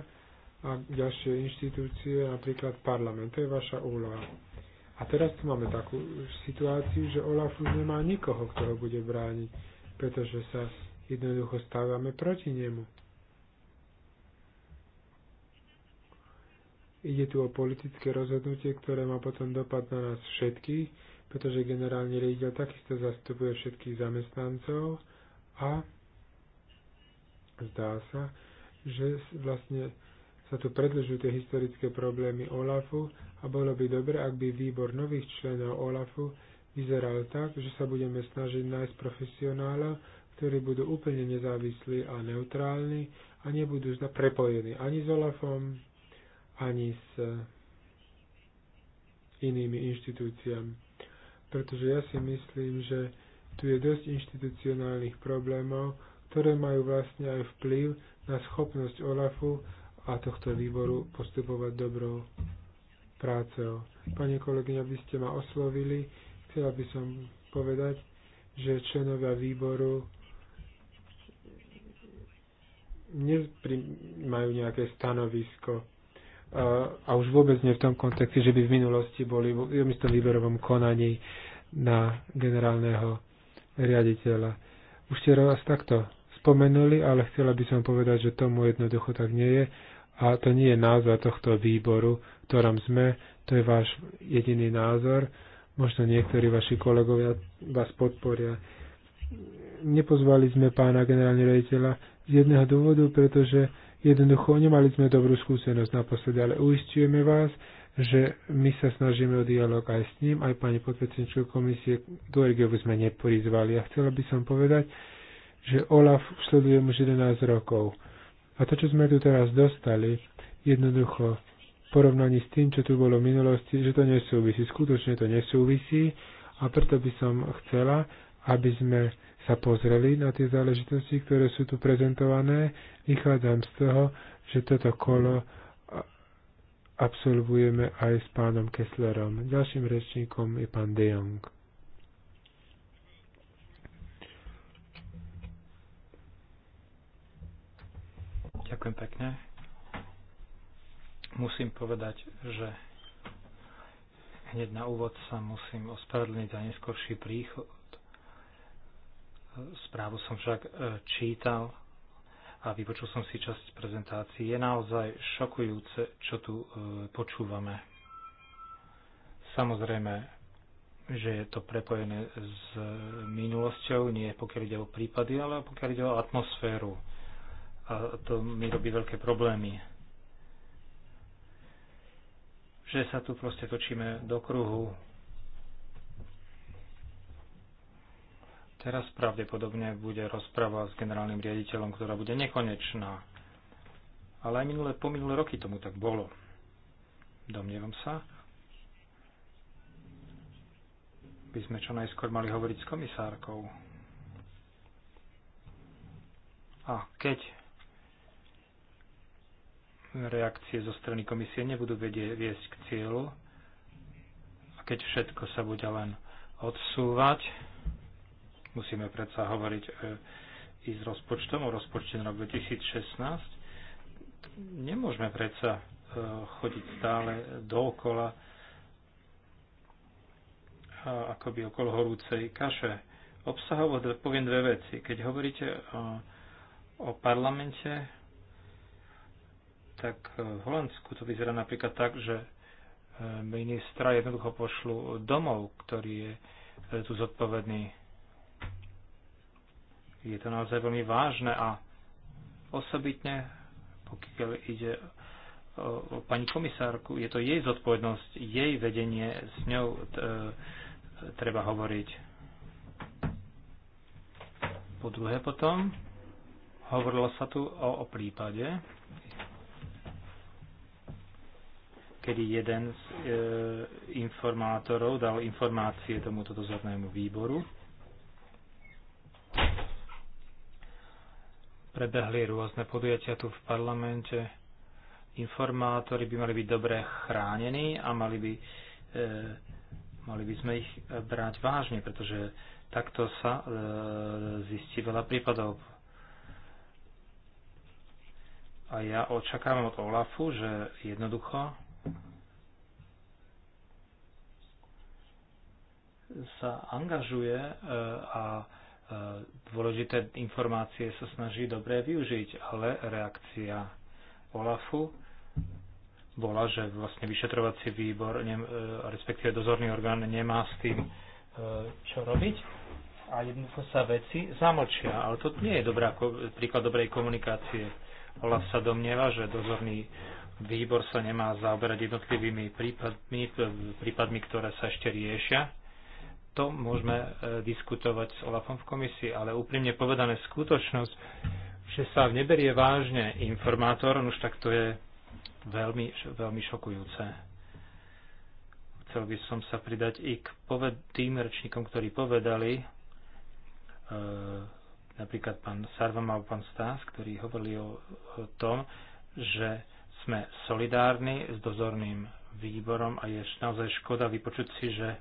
a ďalšie inštitúcie, napríklad parlament. To je vaša úloha. A teraz tu máme takú situáciu, že Olaf už nemá nikoho, kto ho bude brániť, pretože sa jednoducho stávame proti nemu. Ide tu o politické rozhodnutie, ktoré má potom dopad na nás všetkých, pretože generálny riaditeľ takisto zastupuje všetkých zamestnancov a Zdá sa, že vlastne sa tu predlžujú tie historické problémy OLAFu a bolo by dobre, ak by výbor nových členov OLAFu vyzeral tak, že sa budeme snažiť nájsť profesionálov, ktorí budú úplne nezávislí a neutrálni a nebudú prepojení ani s OLAFom, ani s eh, inými inštitúciami. Pretože ja si myslím, že tu je dosť inštitucionálnych problémov, ktoré majú vlastne aj vplyv na schopnosť OLAFu a tohto výboru postupovať dobrou prácou. Pani kolegyňa, vy ste ma oslovili. Chcela by som povedať, že členovia výboru majú nejaké stanovisko a už vôbec nie v tom kontexte, že by v minulosti boli v istom výberovom konaní na generálneho riaditeľa. Už ste raz takto spomenuli, ale chcela by som povedať, že tomu jednoducho tak nie je. A to nie je názor tohto výboru, ktorom sme, to je váš jediný názor. Možno niektorí vaši kolegovia vás podporia. Nepozvali sme pána generálneho rejiteľa z jedného dôvodu, pretože jednoducho nemali sme dobrú skúsenosť naposledy, ale uistujeme vás, že my sa snažíme o dialog aj s ním, aj pani podpredsedničku komisie Gorgiovu sme neprizvali. A chcela by som povedať, že Olaf sleduje už 11 rokov. A to, čo sme tu teraz dostali, jednoducho v porovnaní s tým, čo tu bolo v minulosti, že to nesúvisí. Skutočne to nesúvisí a preto by som chcela, aby sme sa pozreli na tie záležitosti, ktoré sú tu prezentované. Vychádzam z toho, že toto kolo absolvujeme aj s pánom Kesslerom. Ďalším rečníkom je pán De Jong. Ďakujem pekne.
Musím povedať, že hneď na úvod sa musím ospravedlniť za neskorší príchod. Správu som však e, čítal a vypočul som si časť prezentácií. Je naozaj šokujúce, čo tu e, počúvame. Samozrejme, že je to prepojené s e, minulosťou, nie pokiaľ ide o prípady, ale pokiaľ ide o atmosféru. A to mi robí veľké problémy. Že sa tu proste točíme do kruhu, Teraz pravdepodobne bude rozprava s generálnym riaditeľom, ktorá bude nekonečná. Ale aj minulé, po minulé roky tomu tak bolo. Domnievam sa, by sme čo najskôr mali hovoriť s komisárkou. A keď reakcie zo strany komisie nebudú vedieť viesť k cieľu, a keď všetko sa bude len odsúvať, Musíme predsa hovoriť e, i s rozpočtom o rozpočte na rok 2016. Nemôžeme predsa e, chodiť stále dookola akoby okolo horúcej kaše. Obsahovo poviem dve veci. Keď hovoríte o, e, o parlamente, tak v Holandsku to vyzerá napríklad tak, že ministra jednoducho pošlu domov, ktorý je tu zodpovedný je to naozaj veľmi vážne a osobitne, pokiaľ ide o, o pani komisárku, je to jej zodpovednosť, jej vedenie, s ňou t, e, treba hovoriť. Po druhé potom, hovorilo sa tu o, o prípade, kedy jeden z e, informátorov dal informácie tomuto dozornému výboru Prebehli rôzne podujatia tu v parlamente. Informátori by mali byť dobre chránení a mali by, e, mali by sme ich brať vážne, pretože takto sa e, zistí veľa prípadov. A ja očakávam od Olafu, že jednoducho sa angažuje e, a e, dôležité informácie sa snaží dobre využiť, ale reakcia OLAFu bola, že vlastne vyšetrovací výbor, ne, e, respektíve dozorný orgán nemá s tým e, čo robiť a jednoducho sa veci zamlčia. Ale to nie je dobrá, príklad dobrej komunikácie. OLAF sa domnieva, že dozorný výbor sa nemá zaoberať jednotlivými prípadmi, prípadmi, ktoré sa ešte riešia to môžeme e, diskutovať s Olafom v komisii, ale úprimne povedané skutočnosť, že sa neberie vážne informátor, no už tak to je veľmi, veľmi šokujúce. Chcel by som sa pridať i k poved- tým rečníkom, ktorí povedali, e, napríklad pán Sarvam alebo pán Stás, ktorí hovorili o, o tom, že sme solidárni s dozorným výborom a je naozaj škoda vypočuť si, že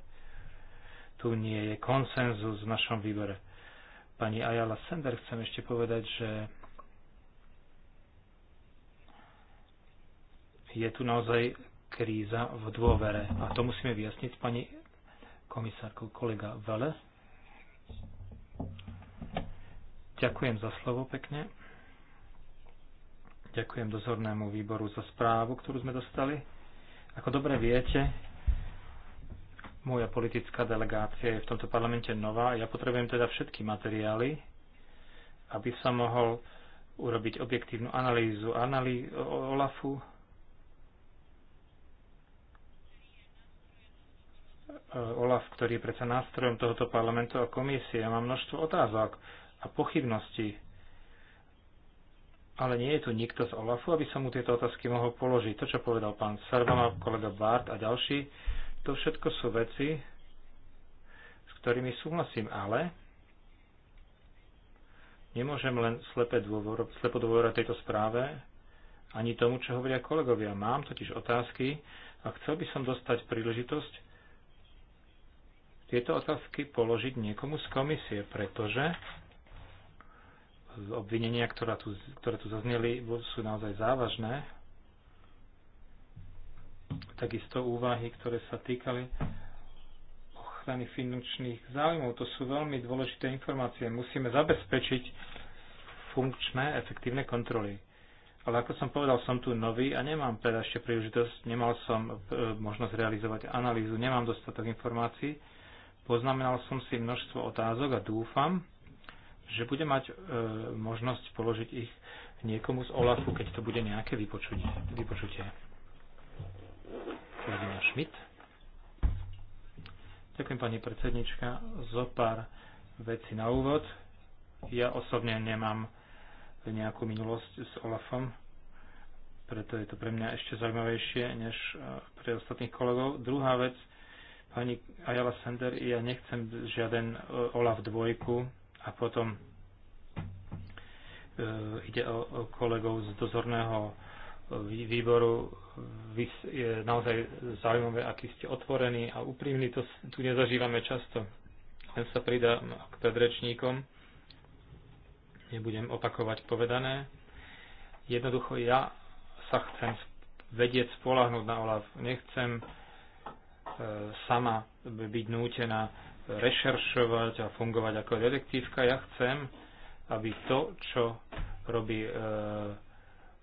tu nie je konsenzus v našom výbore. Pani Ayala Sender chcem ešte povedať, že je tu naozaj kríza v dôvere. A to musíme vyjasniť s pani komisárkou kolega Vele. Ďakujem za slovo pekne. Ďakujem dozornému výboru za správu, ktorú sme dostali. Ako dobre viete, moja politická delegácia je v tomto parlamente nová. Ja potrebujem teda všetky materiály, aby som mohol urobiť objektívnu analýzu analý- OLAFu. E, OLAF, ktorý je predsa nástrojom tohoto parlamentu a komisie. má množstvo otázok a pochybností. Ale nie je tu nikto z OLAFu, aby som mu tieto otázky mohol položiť. To, čo povedal pán Sarvama, kolega Bart a ďalší, to všetko sú veci, s ktorými súhlasím, ale nemôžem len slepe dôvor, slepo dôvorať tejto správe, ani tomu, čo hovoria kolegovia. Mám totiž otázky a chcel by som dostať príležitosť tieto otázky položiť niekomu z komisie, pretože obvinenia, tu, ktoré tu zazneli, sú naozaj závažné takisto úvahy, ktoré sa týkali ochrany finančných záujmov. To sú veľmi dôležité informácie. Musíme zabezpečiť funkčné, efektívne kontroly. Ale ako som povedal, som tu nový a nemám teda ešte príležitosť, nemal som e, možnosť realizovať analýzu, nemám dostatok informácií. Poznamenal som si množstvo otázok a dúfam, že budem mať e, možnosť položiť ich niekomu z OLAFu, keď to bude nejaké vypočutie. vypočutie kolegyňa Schmidt. Ďakujem, pani predsednička. Zo pár na úvod. Ja osobne nemám nejakú minulosť s Olafom, preto je to pre mňa ešte zaujímavejšie než e, pre ostatných kolegov. Druhá vec, pani Ayala Sender, ja nechcem žiaden e, Olaf dvojku a potom e, ide o kolegov z dozorného výboru vy, je naozaj zaujímavé, aký ste otvorení a úprimní. To tu nezažívame často. Len sa pridám k predrečníkom. Nebudem opakovať povedané. Jednoducho ja sa chcem vedieť spolahnúť na OLAF. Nechcem e, sama byť nútená rešeršovať a fungovať ako detektívka. Ja chcem, aby to, čo robí e,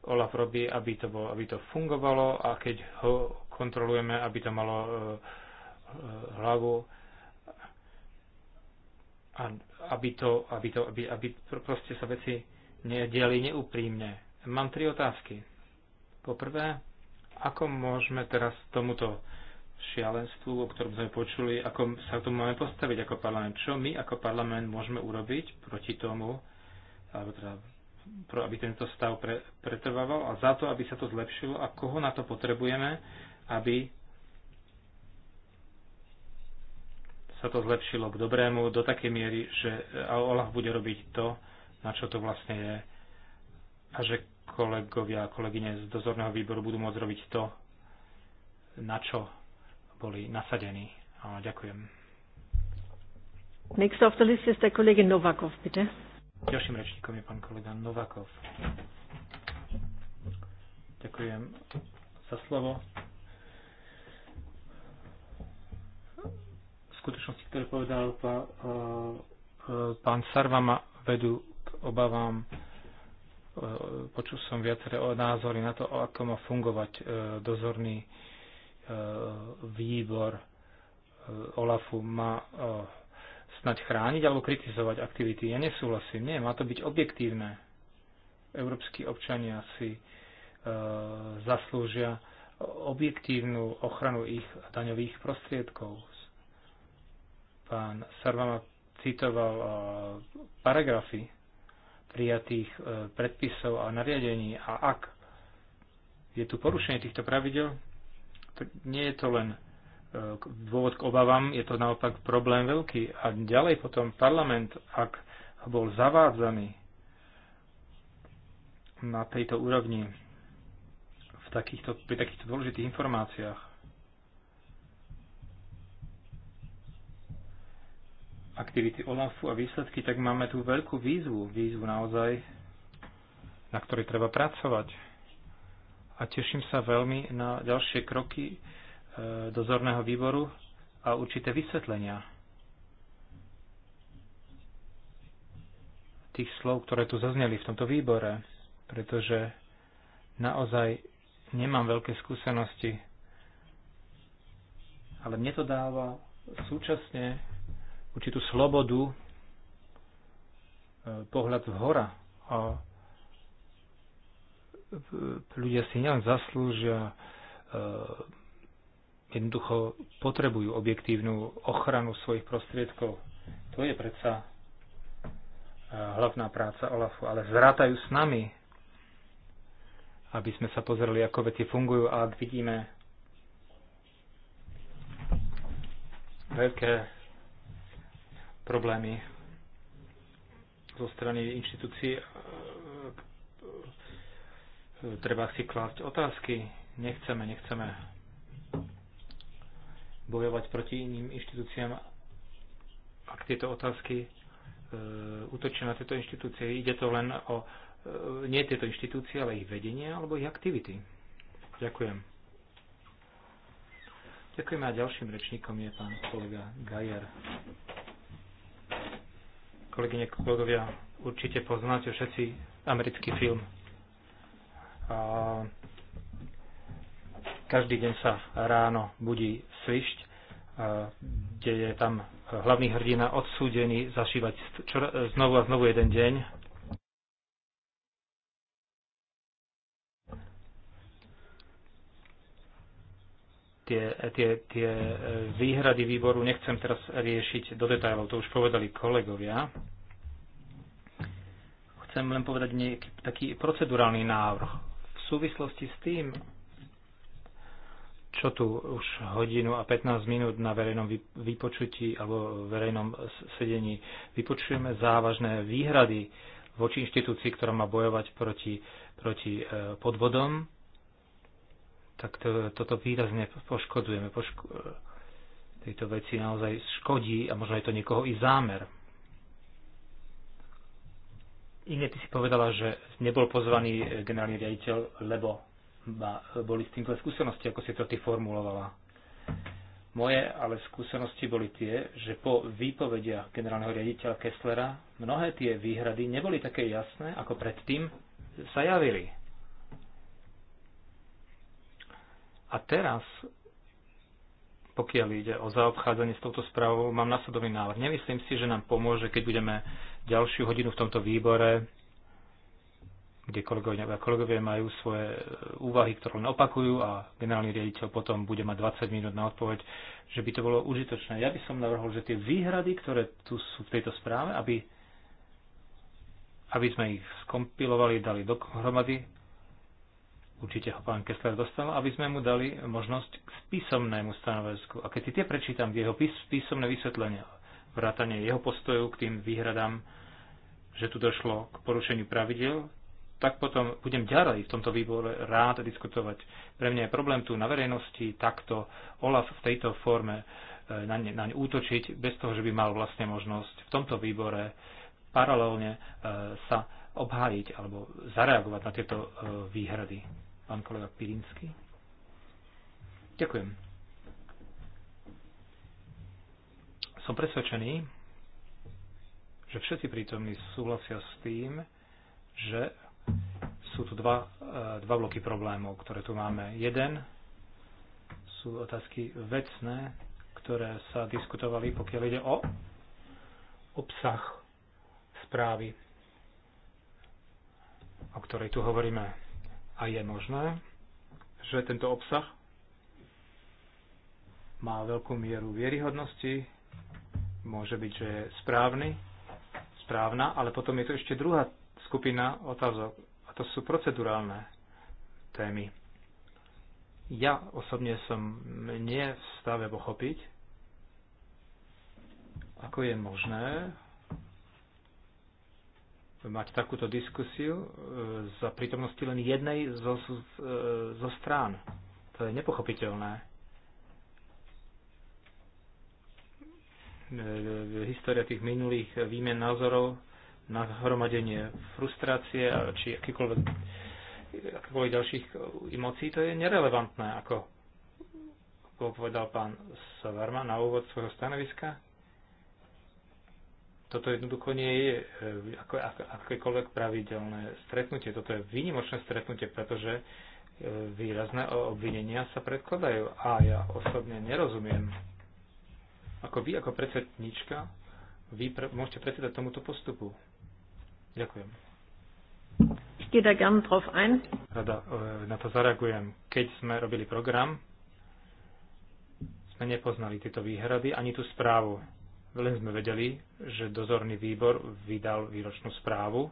Olaf robí, aby to, bolo, aby to fungovalo a keď ho kontrolujeme, aby to malo e, e hlavu a aby to, aby to, aby, aby proste sa veci nediali neúprimne. Mám tri otázky. Poprvé, ako môžeme teraz tomuto šialenstvu, o ktorom sme počuli, ako sa k tomu máme postaviť ako parlament. Čo my ako parlament môžeme urobiť proti tomu, alebo teda aby tento stav pre, pretrvával a za to, aby sa to zlepšilo a koho na to potrebujeme, aby sa to zlepšilo k dobrému do takej miery, že Allah bude robiť to, na čo to vlastne je a že kolegovia a kolegyne z dozorného výboru budú môcť robiť to, na čo boli nasadení. A ďakujem.
Next of the list is the Kollegin Novakov,
bitte. Ďalším rečníkom je pán kolega Novakov. Ďakujem za slovo.
Skutočnosti, ktoré povedal e, e,
pán Sarvama, vedú k obavám. E, počul som viaceré názory na to, ako má fungovať dozorný výbor OLAFu. Má snať chrániť alebo kritizovať aktivity. Ja nesúhlasím, nie, má to byť objektívne. Európsky občania si e, zaslúžia objektívnu ochranu ich daňových prostriedkov. Pán Sarvama citoval e, paragrafy prijatých e, predpisov a nariadení a ak je tu porušenie týchto pravidel, to nie je to len dôvod k obavám, je to naopak problém veľký. A ďalej potom parlament, ak bol zavádzaný na tejto úrovni v takýchto, pri takýchto dôležitých informáciách, aktivity OLAFu a výsledky, tak máme tu veľkú výzvu, výzvu naozaj, na ktorej treba pracovať. A teším sa veľmi na ďalšie kroky, E, dozorného výboru a určité vysvetlenia tých slov, ktoré tu zazneli v tomto výbore, pretože naozaj nemám veľké skúsenosti, ale mne to dáva súčasne určitú slobodu, e, pohľad z hora a ľudia si nielen zaslúžia e, jednoducho potrebujú objektívnu ochranu svojich prostriedkov. To je predsa eh, hlavná práca Olafu, ale zrátajú s nami, aby sme sa pozreli, ako veci fungujú a ak vidíme veľké problémy zo strany inštitúcií, eh, eh, treba si klásť otázky. Nechceme, nechceme bojovať proti iným inštitúciám, ak tieto otázky e, útočia na tieto inštitúcie. Ide to len o e, nie tieto inštitúcie, ale ich vedenie alebo ich aktivity. Ďakujem. Ďakujem a ďalším rečníkom je pán kolega Gajer. Kolegyne, kolegovia, určite poznáte všetci americký film. A každý deň sa ráno budí svišť, kde je tam hlavný hrdina odsúdený zašívať znovu a znovu jeden deň. Tie, tie, tie e, výhrady výboru nechcem teraz riešiť do detajlov, to už povedali kolegovia chcem len povedať nejaký taký procedurálny návrh. V súvislosti s tým, čo tu už hodinu a 15 minút na verejnom vypočutí alebo verejnom sedení vypočujeme závažné výhrady voči inštitúcii, ktorá má bojovať proti, proti e, podvodom, tak to, toto výrazne poškodujeme. Poško, tejto veci naozaj škodí a možno je to niekoho i zámer. Ine, ty si povedala, že nebol pozvaný e, generálny riaditeľ, lebo boli s týmto skúsenosti, ako si to ty formulovala. Moje ale skúsenosti boli tie, že po výpovediach generálneho riaditeľa Kesslera mnohé tie výhrady neboli také jasné, ako predtým sa javili. A teraz, pokiaľ ide o zaobchádzanie s touto správou, mám následovný návrh. Nemyslím si, že nám pomôže, keď budeme ďalšiu hodinu v tomto výbore kde kolegovia kolegovia majú svoje e, úvahy, ktoré len opakujú a generálny riaditeľ potom bude mať 20 minút na odpoveď, že by to bolo užitočné. Ja by som navrhol, že tie výhrady, ktoré tu sú v tejto správe, aby, aby sme ich skompilovali, dali dohromady, určite ho pán Kessler dostal, aby sme mu dali možnosť k písomnému stanovisku. A keď si tie prečítam, jeho písomné vysvetlenie, vrátanie jeho postojov k tým výhradám, že tu došlo k porušeniu pravidel, tak potom budem ďalej v tomto výbore rád diskutovať. Pre mňa je problém tu na verejnosti takto OLAF v tejto forme e, na ne, naň útočiť, bez toho, že by mal vlastne možnosť v tomto výbore paralelne e, sa obhájiť alebo zareagovať na tieto e, výhrady. Pán kolega Pirinsky. Ďakujem. Som presvedčený, že všetci prítomní súhlasia s tým, že sú tu dva, e, dva bloky problémov, ktoré tu máme. Jeden sú otázky vecné, ktoré sa diskutovali, pokiaľ ide o obsah správy, o ktorej tu hovoríme. A je možné, že tento obsah má veľkú mieru vieryhodnosti, môže byť, že je správny, správna, ale potom je to ešte druhá skupina otázok. A to sú procedurálne témy. Ja osobne som nie v stave pochopiť, ako je možné mať takúto diskusiu e, za prítomnosti len jednej zo, e, zo strán. To je nepochopiteľné. E, história tých minulých výmen názorov nahromadenie frustrácie či akýkoľvek, akýkoľvek ďalších emócií, to je nerelevantné, ako povedal pán Savarma na úvod svojho stanoviska. Toto jednoducho nie je eh, ako, ako, akékoľvek pravidelné stretnutie. Toto je výnimočné stretnutie, pretože eh, výrazné obvinenia sa predkladajú. A ja osobne nerozumiem, ako vy ako predsednička, vy pr- môžete predsedať tomuto postupu. Ďakujem. Rada e, na to zareagujem. Keď sme robili program, sme nepoznali tieto výhrady ani tú správu. Len sme vedeli, že dozorný výbor vydal výročnú správu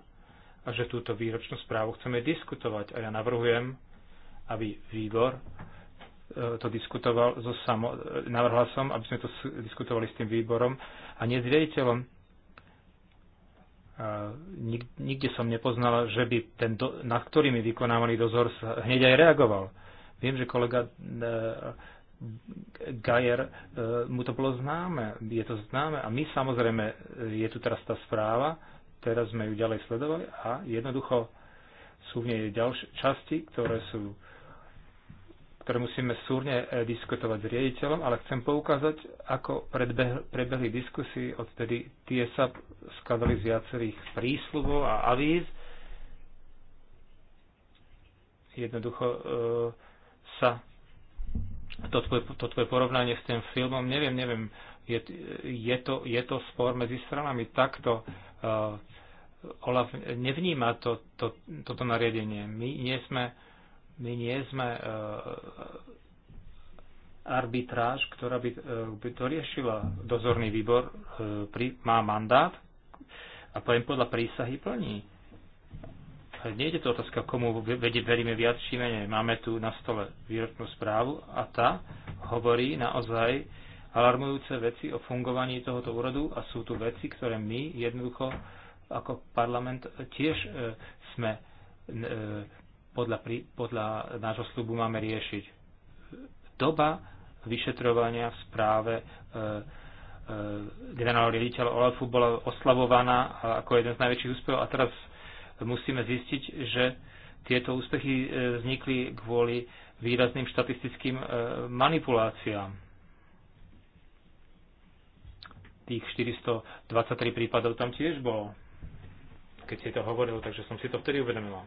a že túto výročnú správu chceme diskutovať. A ja navrhujem, aby výbor e, to diskutoval so samo, e, navrhla som, aby sme to diskutovali s tým výborom a nie s riaditeľom nikde som nepoznal, že by ten, do, nad ktorými vykonávaný dozor sa hneď aj reagoval. Viem, že kolega e, Gajer, e, mu to bolo známe, je to známe a my samozrejme, je tu teraz tá správa, teraz sme ju ďalej sledovali a jednoducho sú v nej ďalšie časti, ktoré sú ktoré musíme súrne e, diskutovať s riaditeľom, ale chcem poukázať, ako prebehli diskusie odtedy tie sa skladali z viacerých prísľubov a avíz. Jednoducho e, sa to tvoje, to tvoje porovnanie s tým filmom, neviem, neviem, je, je, to, je to spor medzi stranami takto. E, Olaf nevníma to, to, toto nariadenie. My nie sme my nie sme e, e, arbitráž, ktorá by, e, by to riešila. Dozorný výbor pri, má mandát a poviem podľa prísahy plní. Nie je to otázka, komu veríme viac či menej. Máme tu na stole výročnú správu a tá hovorí naozaj alarmujúce veci o fungovaní tohoto úradu a sú tu veci, ktoré my jednoducho ako parlament tiež sme podľa, podľa nášho slubu máme riešiť. Doba vyšetrovania v správe e, e, generálneho riaditeľa OLAFu bola oslavovaná ako jeden z najväčších úspechov a teraz musíme zistiť, že tieto úspechy e, vznikli kvôli výrazným štatistickým e, manipuláciám. Tých 423 prípadov tam tiež bolo, keď si to hovoril, takže som si to vtedy uvedomila.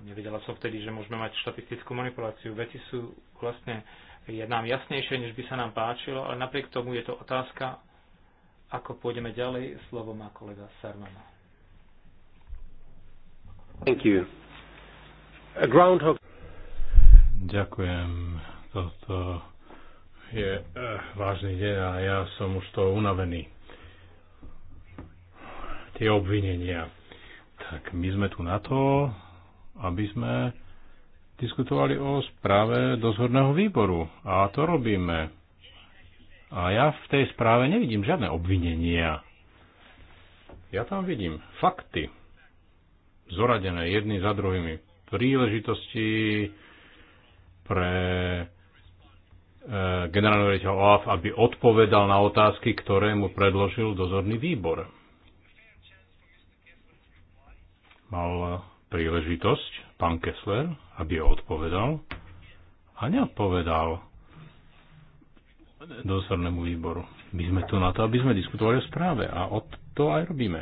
Nevedela som vtedy, že môžeme mať štatistickú manipuláciu. Veci sú vlastne je nám jasnejšie, než by sa nám páčilo, ale napriek tomu je to otázka, ako pôjdeme ďalej. Slovo má kolega Sarmana.
Thank you. A groundhog... Ďakujem. Toto je eh, vážny deň a ja som už to unavený. Tie obvinenia. Tak my sme tu na to, aby sme diskutovali o správe dozorného výboru. A to robíme. A ja v tej správe nevidím žiadne obvinenia. Ja tam vidím fakty, zoradené jedny za druhými, príležitosti pre e, generálneho riaditeľa OAF, aby odpovedal na otázky, ktoré mu predložil dozorný výbor. Mal príležitosť, pán Kessler, aby ho odpovedal a neodpovedal dozornému výboru. My sme tu na to, aby sme diskutovali o správe a od to aj robíme.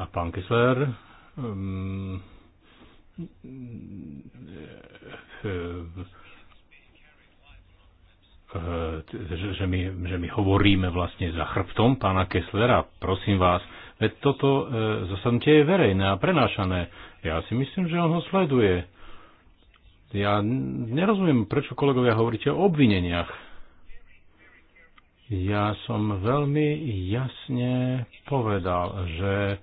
A pán Kessler um, E, že, my, že my hovoríme vlastne za chrbtom pána Kesslera. Prosím vás, veď toto e, zasadnutie je verejné a prenášané. Ja si myslím, že on ho sleduje. Ja nerozumiem, prečo kolegovia hovoríte o obvineniach. Ja som veľmi jasne povedal, že e,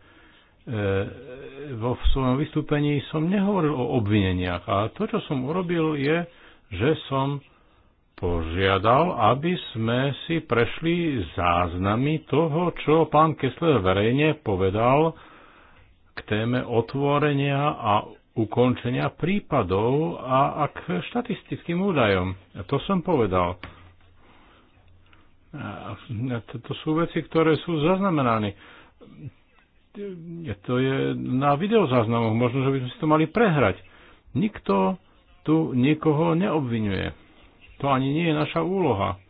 vo svojom vystúpení som nehovoril o obvineniach. A to, čo som urobil, je, že som požiadal, aby sme si prešli záznamy toho, čo pán Kessler verejne povedal k téme otvorenia a ukončenia prípadov a, a k štatistickým údajom. To som povedal. To sú veci, ktoré sú zaznamenané. To je na videozáznamoch, možno, že by sme si to mali prehrať. Nikto tu nikoho neobvinuje to ani nie je naša úloha.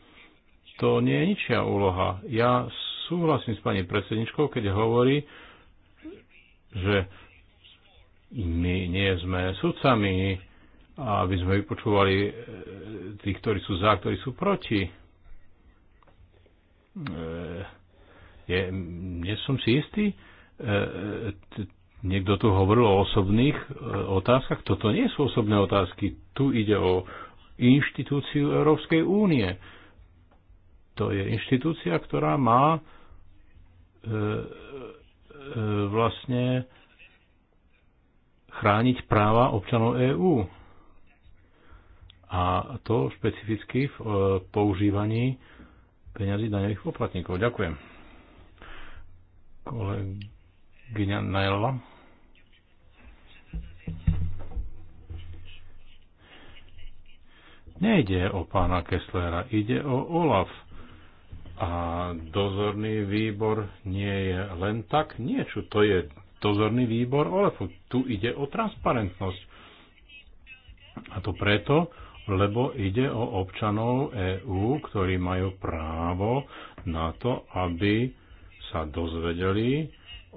To nie je ničia úloha. Ja súhlasím s pani predsedničkou, keď hovorí, že my nie sme sudcami, aby sme vypočúvali e, tých, ktorí sú za, ktorí sú proti. E, je, nie som si istý. E, niekto tu hovoril o osobných otázkach. Toto nie sú osobné otázky. Tu ide o inštitúciu Európskej únie. To je inštitúcia, ktorá má e, e, vlastne chrániť práva občanov EÚ. A to špecificky v e, používaní peňazí daňových poplatníkov. Ďakujem. Kolegyňa Najlova. Nejde o pána Kesslera, ide o Olaf. A dozorný výbor nie je len tak niečo. To je dozorný výbor Olafu. Tu ide o transparentnosť. A to preto, lebo ide o občanov EÚ, ktorí majú právo na to, aby sa dozvedeli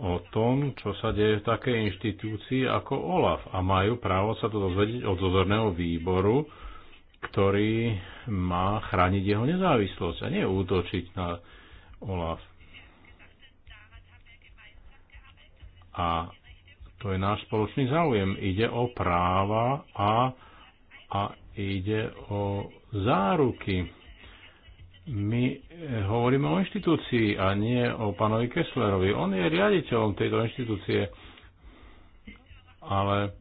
o tom, čo sa deje v takej inštitúcii ako OLAF a majú právo sa to dozvedieť od dozorného výboru ktorý má chrániť jeho nezávislosť a nie útočiť na Olaf. A to je náš spoločný záujem. Ide o práva a, a ide o záruky. My eh, hovoríme o inštitúcii a nie o pánovi Kesslerovi. On je riaditeľom tejto inštitúcie, ale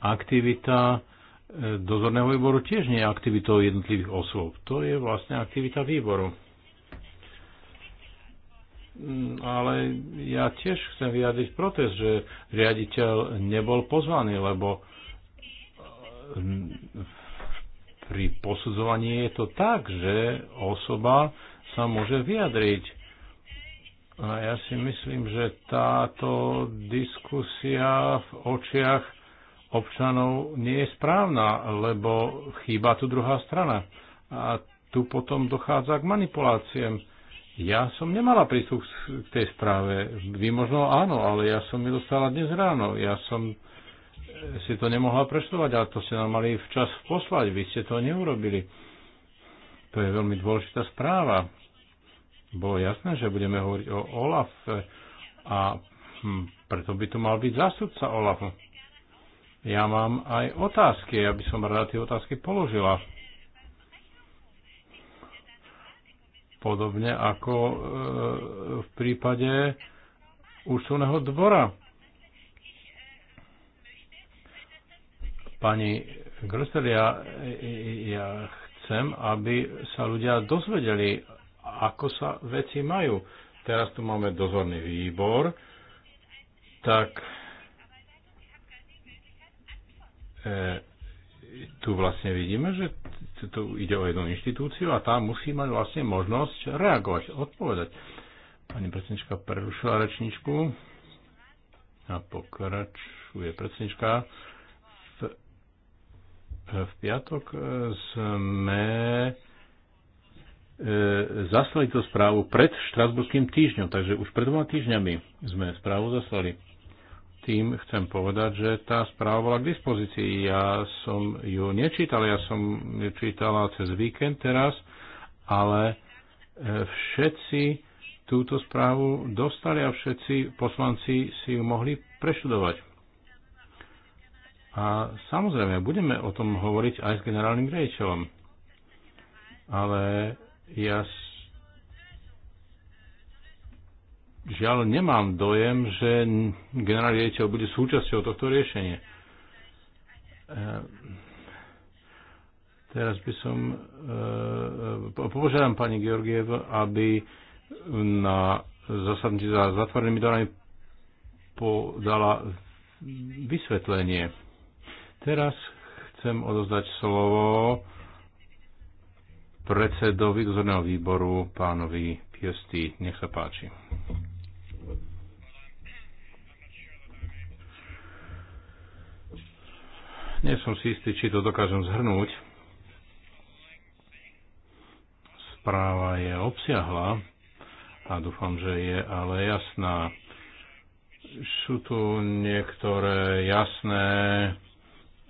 aktivita dozorného výboru tiež nie je aktivitou jednotlivých osôb. To je vlastne aktivita výboru. Mm, ale ja tiež chcem vyjadriť protest, že riaditeľ nebol pozvaný, lebo mm, pri posudzovaní je to tak, že osoba sa môže vyjadriť. A ja si myslím, že táto diskusia v očiach občanov nie je správna, lebo chýba tu druhá strana. A tu potom dochádza k manipuláciám. Ja som nemala prístup k tej správe. Vy možno áno, ale ja som ju dostala dnes ráno. Ja som eh, si to nemohla preštovať, ale to ste nám mali včas poslať. Vy ste to neurobili. To je veľmi dôležitá správa. Bolo jasné, že budeme hovoriť o Olaf a hm, preto by tu mal byť zástupca Olafu ja mám aj otázky, by som rád tie otázky položila. Podobne ako e, v prípade účtovného dvora. Pani Grosel, ja, ja chcem, aby sa ľudia dozvedeli, ako sa veci majú. Teraz tu máme dozorný výbor, tak E, tu vlastne vidíme, že tu ide o jednu inštitúciu a tá musí mať vlastne možnosť reagovať, odpovedať. Pani predsednička prerušila rečničku a pokračuje predsednička. V, e, v piatok e, sme zaslali tú správu pred Štrasburským týždňom, takže už pred dvoma týždňami sme správu zaslali tým chcem povedať, že tá správa bola k dispozícii. Ja som ju nečítal, ja som ju čítala cez víkend teraz, ale e, všetci túto správu dostali a všetci poslanci si ju mohli preštudovať. A samozrejme, budeme o tom hovoriť aj s generálnym rejčelom. Ale ja žiaľ nemám dojem, že generálny riaditeľ bude súčasťou tohto riešenia. Ehm, teraz by som ehm, požiadam pani Georgiev, aby na zasadnutí za zatvorenými dverami podala vysvetlenie. Teraz chcem odozdať slovo predsedovi dozorného výboru, pánovi Piesti. Nech sa páči. Nie som si istý, či to dokážem zhrnúť. Správa je obsiahla a dúfam, že je ale jasná. Sú tu niektoré jasné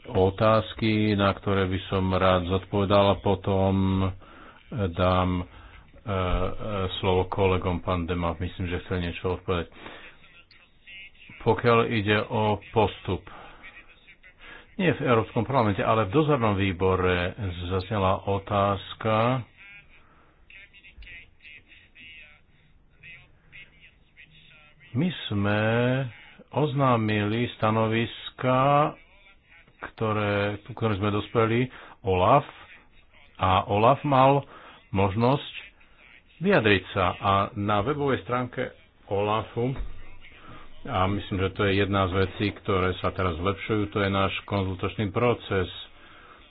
otázky, na ktoré by som rád zodpovedal a potom dám e, e, slovo kolegom pán Dema. Myslím, že chcel niečo odpovedať. Pokiaľ ide o postup, nie v Európskom parlamente, ale v dozornom výbore zaznela otázka, My sme oznámili stanoviska, ktoré, ktoré sme dospeli OLAF a OLAF mal možnosť vyjadriť sa a na webovej stránke OLAFu a myslím, že to je jedna z vecí, ktoré sa teraz zlepšujú, to je náš konzultačný proces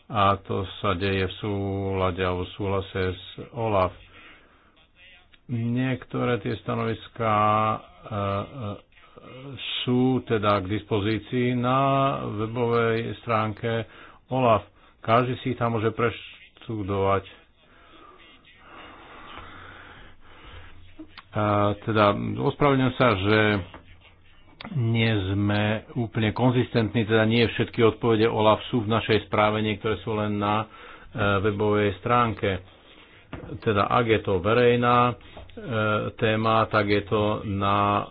a to sa deje v súlade alebo v súhlase s OLAF. Niektoré tie stanoviská e, e, sú teda k dispozícii na webovej stránke OLAF. Každý si ich tam môže preštudovať. A teda ospravedlňujem sa, že nie sme úplne konzistentní, teda nie všetky odpovede OLAF sú v našej správe, niektoré sú len na e, webovej stránke. Teda ak je to verejná e, téma, tak je to na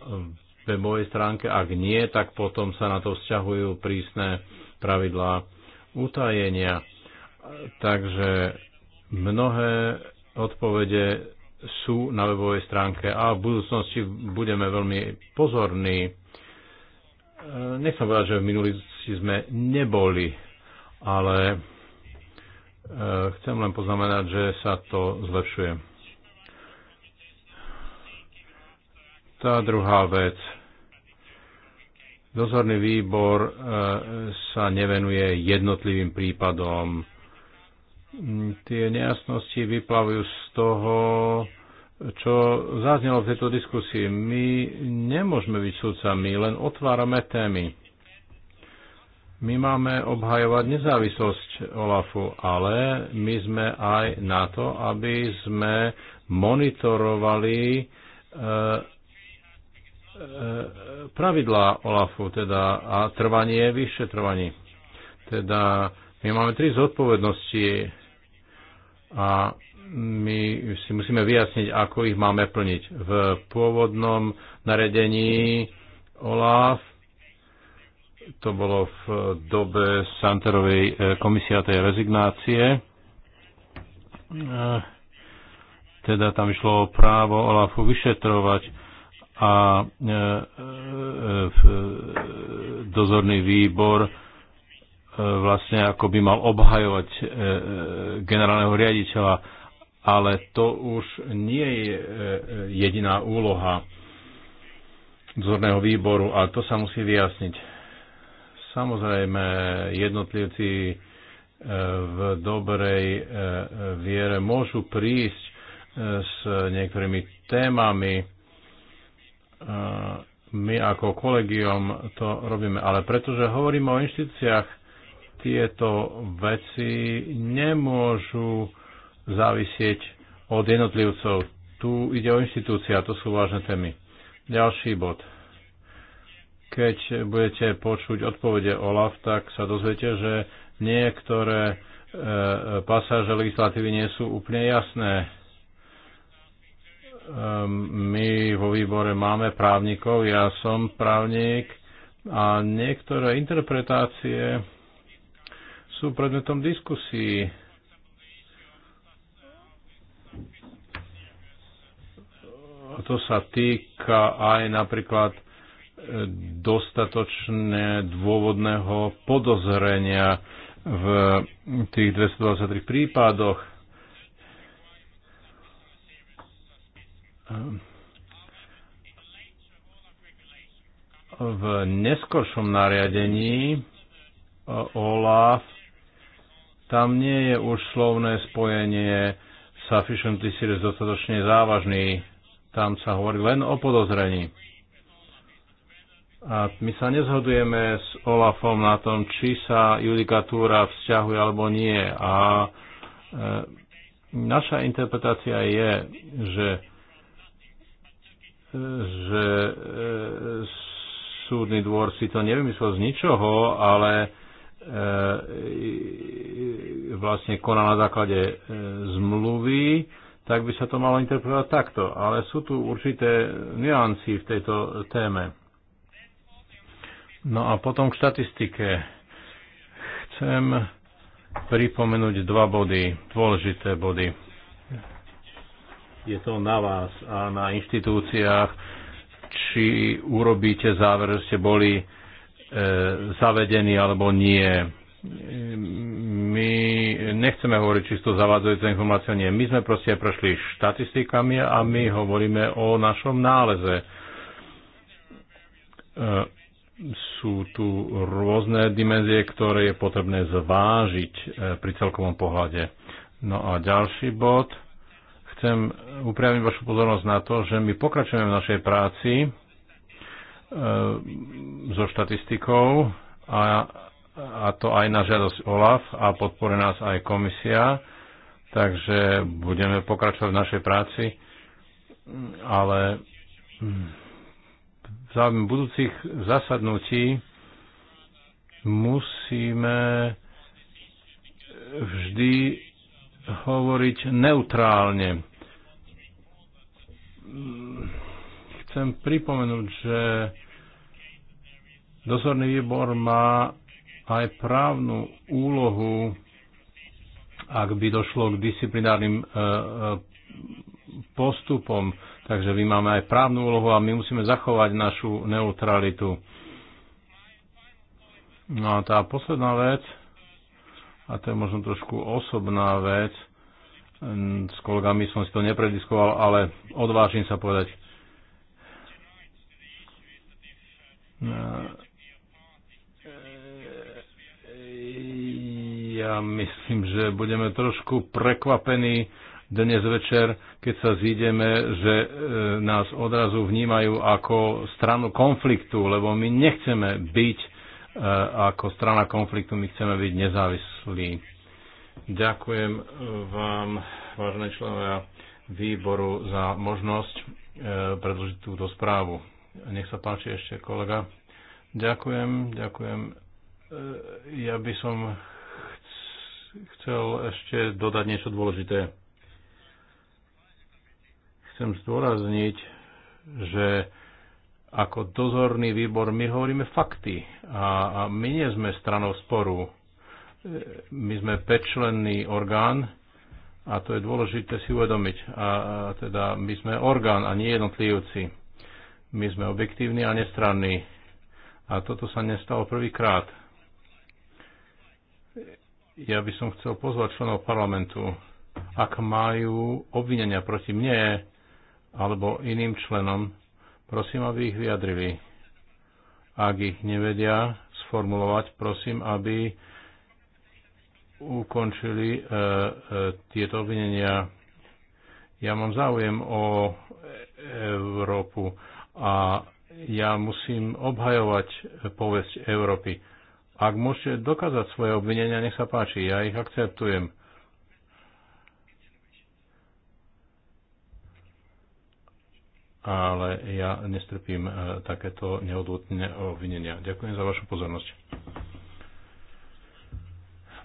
webovej stránke, ak nie, tak potom sa na to vzťahujú prísne pravidlá utajenia. Takže mnohé odpovede sú na webovej stránke a v budúcnosti budeme veľmi pozorní E, nechcem povedať, že v minulosti sme neboli, ale e, chcem len poznamenať, že sa to zlepšuje. Tá druhá vec. Dozorný výbor e, sa nevenuje jednotlivým prípadom. Tie nejasnosti vyplavujú z toho, čo zaznelo v tejto diskusii. My nemôžeme byť sudcami, len otvárame témy. My máme obhajovať nezávislosť OLAFu, ale my sme aj na to, aby sme monitorovali e, e, pravidlá OLAFu teda, a trvanie vyšetrovaní. Teda my máme tri zodpovednosti a my si musíme vyjasniť, ako ich máme plniť. V pôvodnom naredení OLAF to bolo v dobe Santerovej eh, komisie a tej rezignácie. Eh, teda tam išlo o právo OLAFu vyšetrovať a eh, dozorný výbor vlastne ako by mal obhajovať generálneho riaditeľa ale to už nie je e, e, jediná úloha dozorného výboru a to sa musí vyjasniť. Samozrejme, jednotlivci e, v dobrej viere môžu prísť s niektorými témami. My ako kolegium to robíme, ale pretože hovoríme o inštitúciách, tieto veci nemôžu závisieť od jednotlivcov. Tu ide o inštitúcia, to sú vážne témy. Ďalší bod. Keď budete počuť odpovede OLAF, tak sa dozviete, že niektoré e, pasáže legislatívy nie sú úplne jasné. E, my vo výbore máme právnikov, ja som právnik a niektoré interpretácie sú predmetom diskusí to sa týka aj napríklad e, dostatočne dôvodného podozrenia v tých 223 prípadoch. V neskoršom nariadení e, OLAF tam nie je už slovné spojenie sufficiently serious, dostatočne závažný tam sa hovorí len o podozrení. A my sa nezhodujeme s Olafom na tom, či sa judikatúra vzťahuje alebo nie. A e, naša interpretácia je, že, že e, súdny dvor si to nevymyslel z ničoho, ale e, e, e vlastne koná na základe e, zmluvy tak by sa to malo interpretovať takto. Ale sú tu určité nuancy v tejto téme. No a potom k štatistike. Chcem pripomenúť dva body, dôležité body. Je to na vás a na inštitúciách, či urobíte záver, že ste boli e, zavedení alebo nie my nechceme hovoriť čisto zavádzajúce informácie, nie. My sme proste prešli štatistikami a my hovoríme o našom náleze. E, sú tu rôzne dimenzie, ktoré je potrebné zvážiť e, pri celkovom pohľade. No a ďalší bod. Chcem upriamiť vašu pozornosť na to, že my pokračujeme v našej práci e, so štatistikou a a to aj na žiadosť OLAF a podporuje nás aj komisia, takže budeme pokračovať v našej práci, ale hm, v záujme budúcich zasadnutí musíme vždy hovoriť neutrálne. Chcem pripomenúť, že dozorný výbor má aj právnu úlohu, ak by došlo k disciplinárnym e, e, postupom. Takže my máme aj právnu úlohu a my musíme zachovať našu neutralitu. No a tá posledná vec, a to je možno trošku osobná vec, s kolegami som si to neprediskoval, ale odvážim sa povedať. E, Ja myslím, že budeme trošku prekvapení dnes večer, keď sa zídeme, že e, nás odrazu vnímajú ako stranu konfliktu, lebo my nechceme byť e, ako strana konfliktu, my chceme byť nezávislí. Ďakujem e, vám, vážne členovia výboru, za možnosť predložiť túto správu. Nech sa páči ešte kolega. Ďakujem, ďakujem. Ja by som chcel ešte dodať niečo dôležité. Chcem zdôrazniť, že ako dozorný výbor my hovoríme fakty a, a my nie sme stranou sporu. My sme pečlenný orgán a to je dôležité si uvedomiť. A, a teda my sme orgán a nie jednotlivci. My sme objektívni a nestranní. A toto sa nestalo prvýkrát ja by som chcel pozvať členov parlamentu, ak majú obvinenia proti mne alebo iným členom, prosím, aby ich vyjadrili. Ak ich nevedia sformulovať, prosím, aby ukončili e, e, tieto obvinenia. Ja mám záujem o Európu a ja musím obhajovať povesť Európy ak môžete dokázať svoje obvinenia, nech sa páči, ja ich akceptujem. ale ja nestrpím e, takéto neodôvodnené obvinenia. Ďakujem za vašu pozornosť.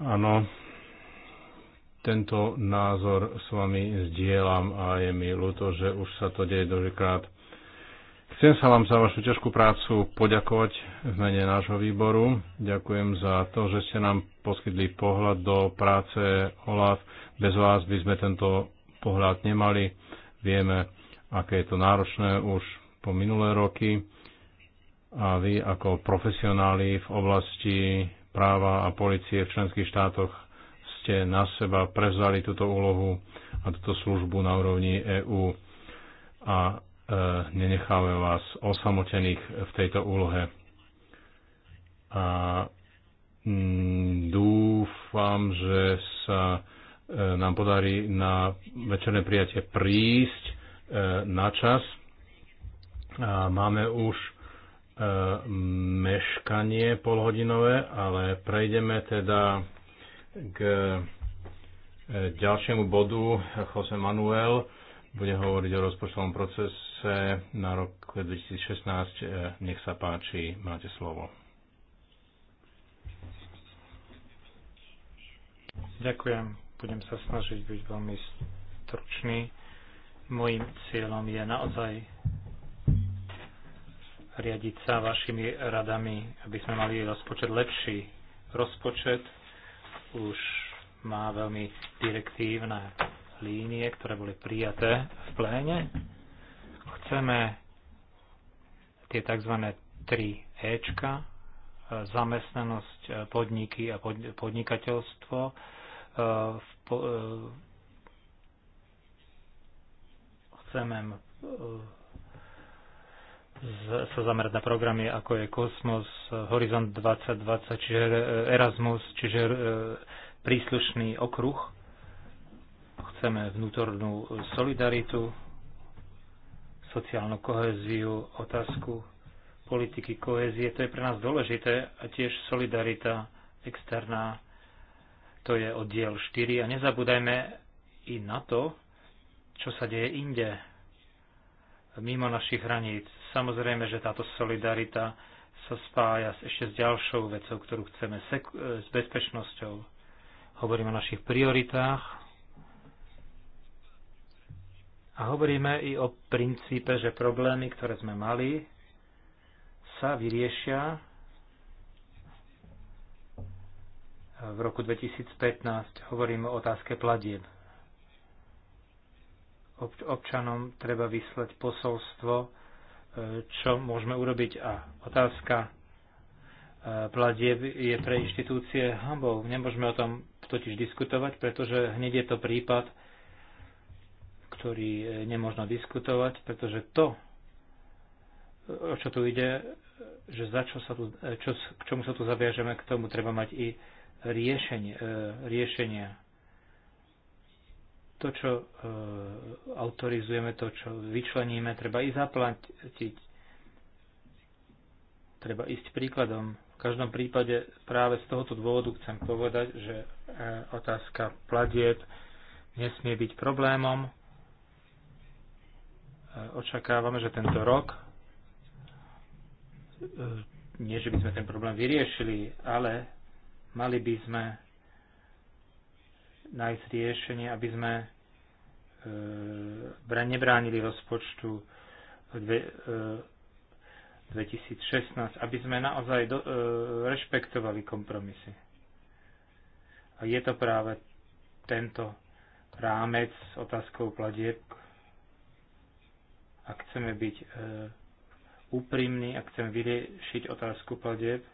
Áno, tento názor s vami zdieľam a je mi ľúto, že už sa to deje dožikrát. Chcem sa vám za vašu ťažkú prácu poďakovať v mene nášho výboru. Ďakujem za to, že ste nám poskytli pohľad do práce OLAF. Bez vás by sme tento pohľad nemali. Vieme, aké je to náročné už po minulé roky. A vy ako profesionáli v oblasti práva a policie v členských štátoch ste na seba prevzali túto úlohu a túto službu na úrovni EÚ. A E, nenecháme vás osamotených v tejto úlohe. A mm, dúfam, že sa e, nám podarí na večerné prijatie prísť e, na čas. A máme už meškanie polhodinové, ale prejdeme teda k ďalšiemu bodu. Jose Manuel bude hovoriť o rozpočtovom procese práce na rok 2016. E, nech
sa páči, máte slovo. Ďakujem. Budem sa snažiť byť veľmi stručný. Mojím cieľom je naozaj riadiť sa vašimi radami, aby sme mali rozpočet lepší. Rozpočet už má veľmi direktívne línie, ktoré boli prijaté v pléne Chceme tie tzv. 3 Ečka, e, zamestnanosť, e, podniky a podnikateľstvo, e, chceme sa zamerať na programy ako je Kosmos, Horizont 2020, čiže Erasmus, čiže príslušný okruh. Chceme vnútornú solidaritu, sociálnu koheziu, otázku politiky kohezie. To je pre nás dôležité a tiež solidarita externá. To je oddiel 4 a nezabúdajme i na to, čo sa deje inde, mimo našich hraníc. Samozrejme, že táto solidarita sa spája ešte s ďalšou vecou, ktorú chceme, s bezpečnosťou. Hovorím o našich prioritách, a hovoríme i o princípe, že problémy, ktoré sme mali, sa vyriešia v roku 2015. Hovoríme o otázke platieb. Občanom treba vyslať posolstvo, e, čo môžeme urobiť. A otázka e, platieb je pre inštitúcie hambou. Nemôžeme o tom totiž diskutovať, pretože hneď je to prípad, ktorý e, nemôžno diskutovať, pretože to, o čo tu ide, že za čo sa tu, e, čo, k čomu sa tu zaviažeme, k tomu treba mať i riešenie, e, riešenia. To, čo autorizujeme, to, čo vyčleníme, treba i zaplatiť. Treba ísť príkladom. V každom prípade práve z tohoto dôvodu chcem povedať, že otázka platieb nesmie byť problémom Očakávame, že tento rok, e, nie že by sme ten problém vyriešili, ale mali by sme nájsť riešenie, aby sme e, nebránili rozpočtu 2016, e, aby sme naozaj do, e, rešpektovali kompromisy. A je to práve tento rámec s otázkou platieb, ak chceme byť e, úprimní, ak chceme vyriešiť otázku platieb, e,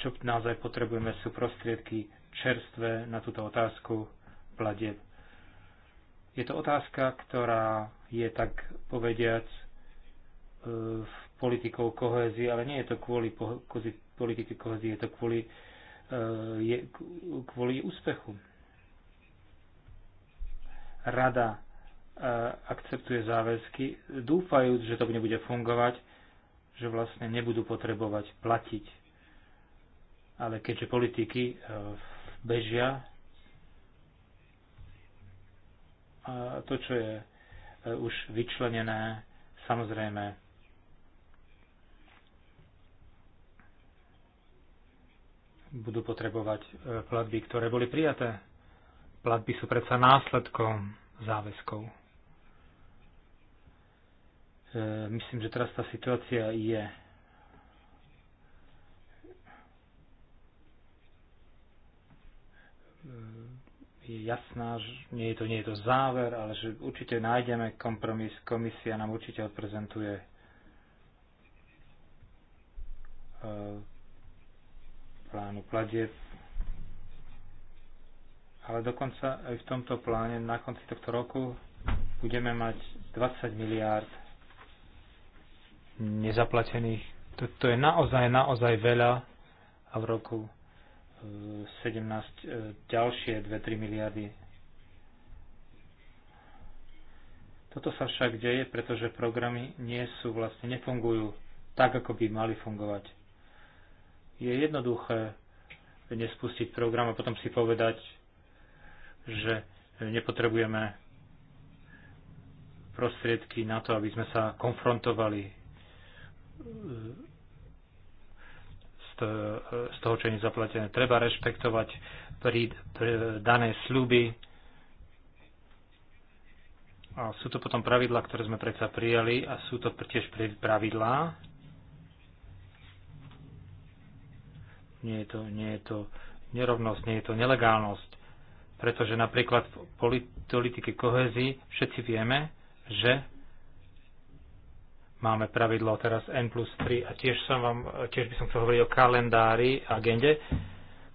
čo naozaj potrebujeme, sú prostriedky čerstvé na túto otázku pladeb. Je to otázka, ktorá je tak povediac e, v politikou kohézie, ale nie je to kvôli politike kohézie, je to kvôli Eh, je kvôli úspechu. Rada eh, akceptuje záväzky, dúfajúc, že to nebude fungovať, že vlastne nebudú potrebovať platiť. Ale keďže politiky eh, bežia, a to, čo je už vyčlenené, samozrejme budú potrebovať e, platby, ktoré boli prijaté. Platby sú predsa následkom záväzkov. E, myslím, že teraz tá situácia je je jasná, že nie je to, nie je to záver, ale že určite nájdeme kompromis, komisia nám určite odprezentuje e, plánu pladieb. ale dokonca aj v tomto pláne na konci tohto roku budeme mať 20 miliárd nezaplatených. To, to je naozaj, naozaj veľa a v roku 17 eh, eh, ďalšie 2-3 miliardy. Toto sa však deje, pretože programy nie sú vlastne, nefungujú tak, ako by mali fungovať je jednoduché nespustiť program a potom si povedať, že nepotrebujeme prostriedky na to, aby sme sa konfrontovali z toho, čo je nezaplatené. Treba rešpektovať pri, pri dané sľuby. A sú to potom pravidlá, ktoré sme predsa prijali a sú to tiež pravidlá, nie je to, nie je to nerovnosť, nie je to nelegálnosť. Pretože napríklad v politike kohezy všetci vieme, že máme pravidlo teraz N plus 3 a tiež, som vám, tiež by som chcel hovoriť o kalendári, agende.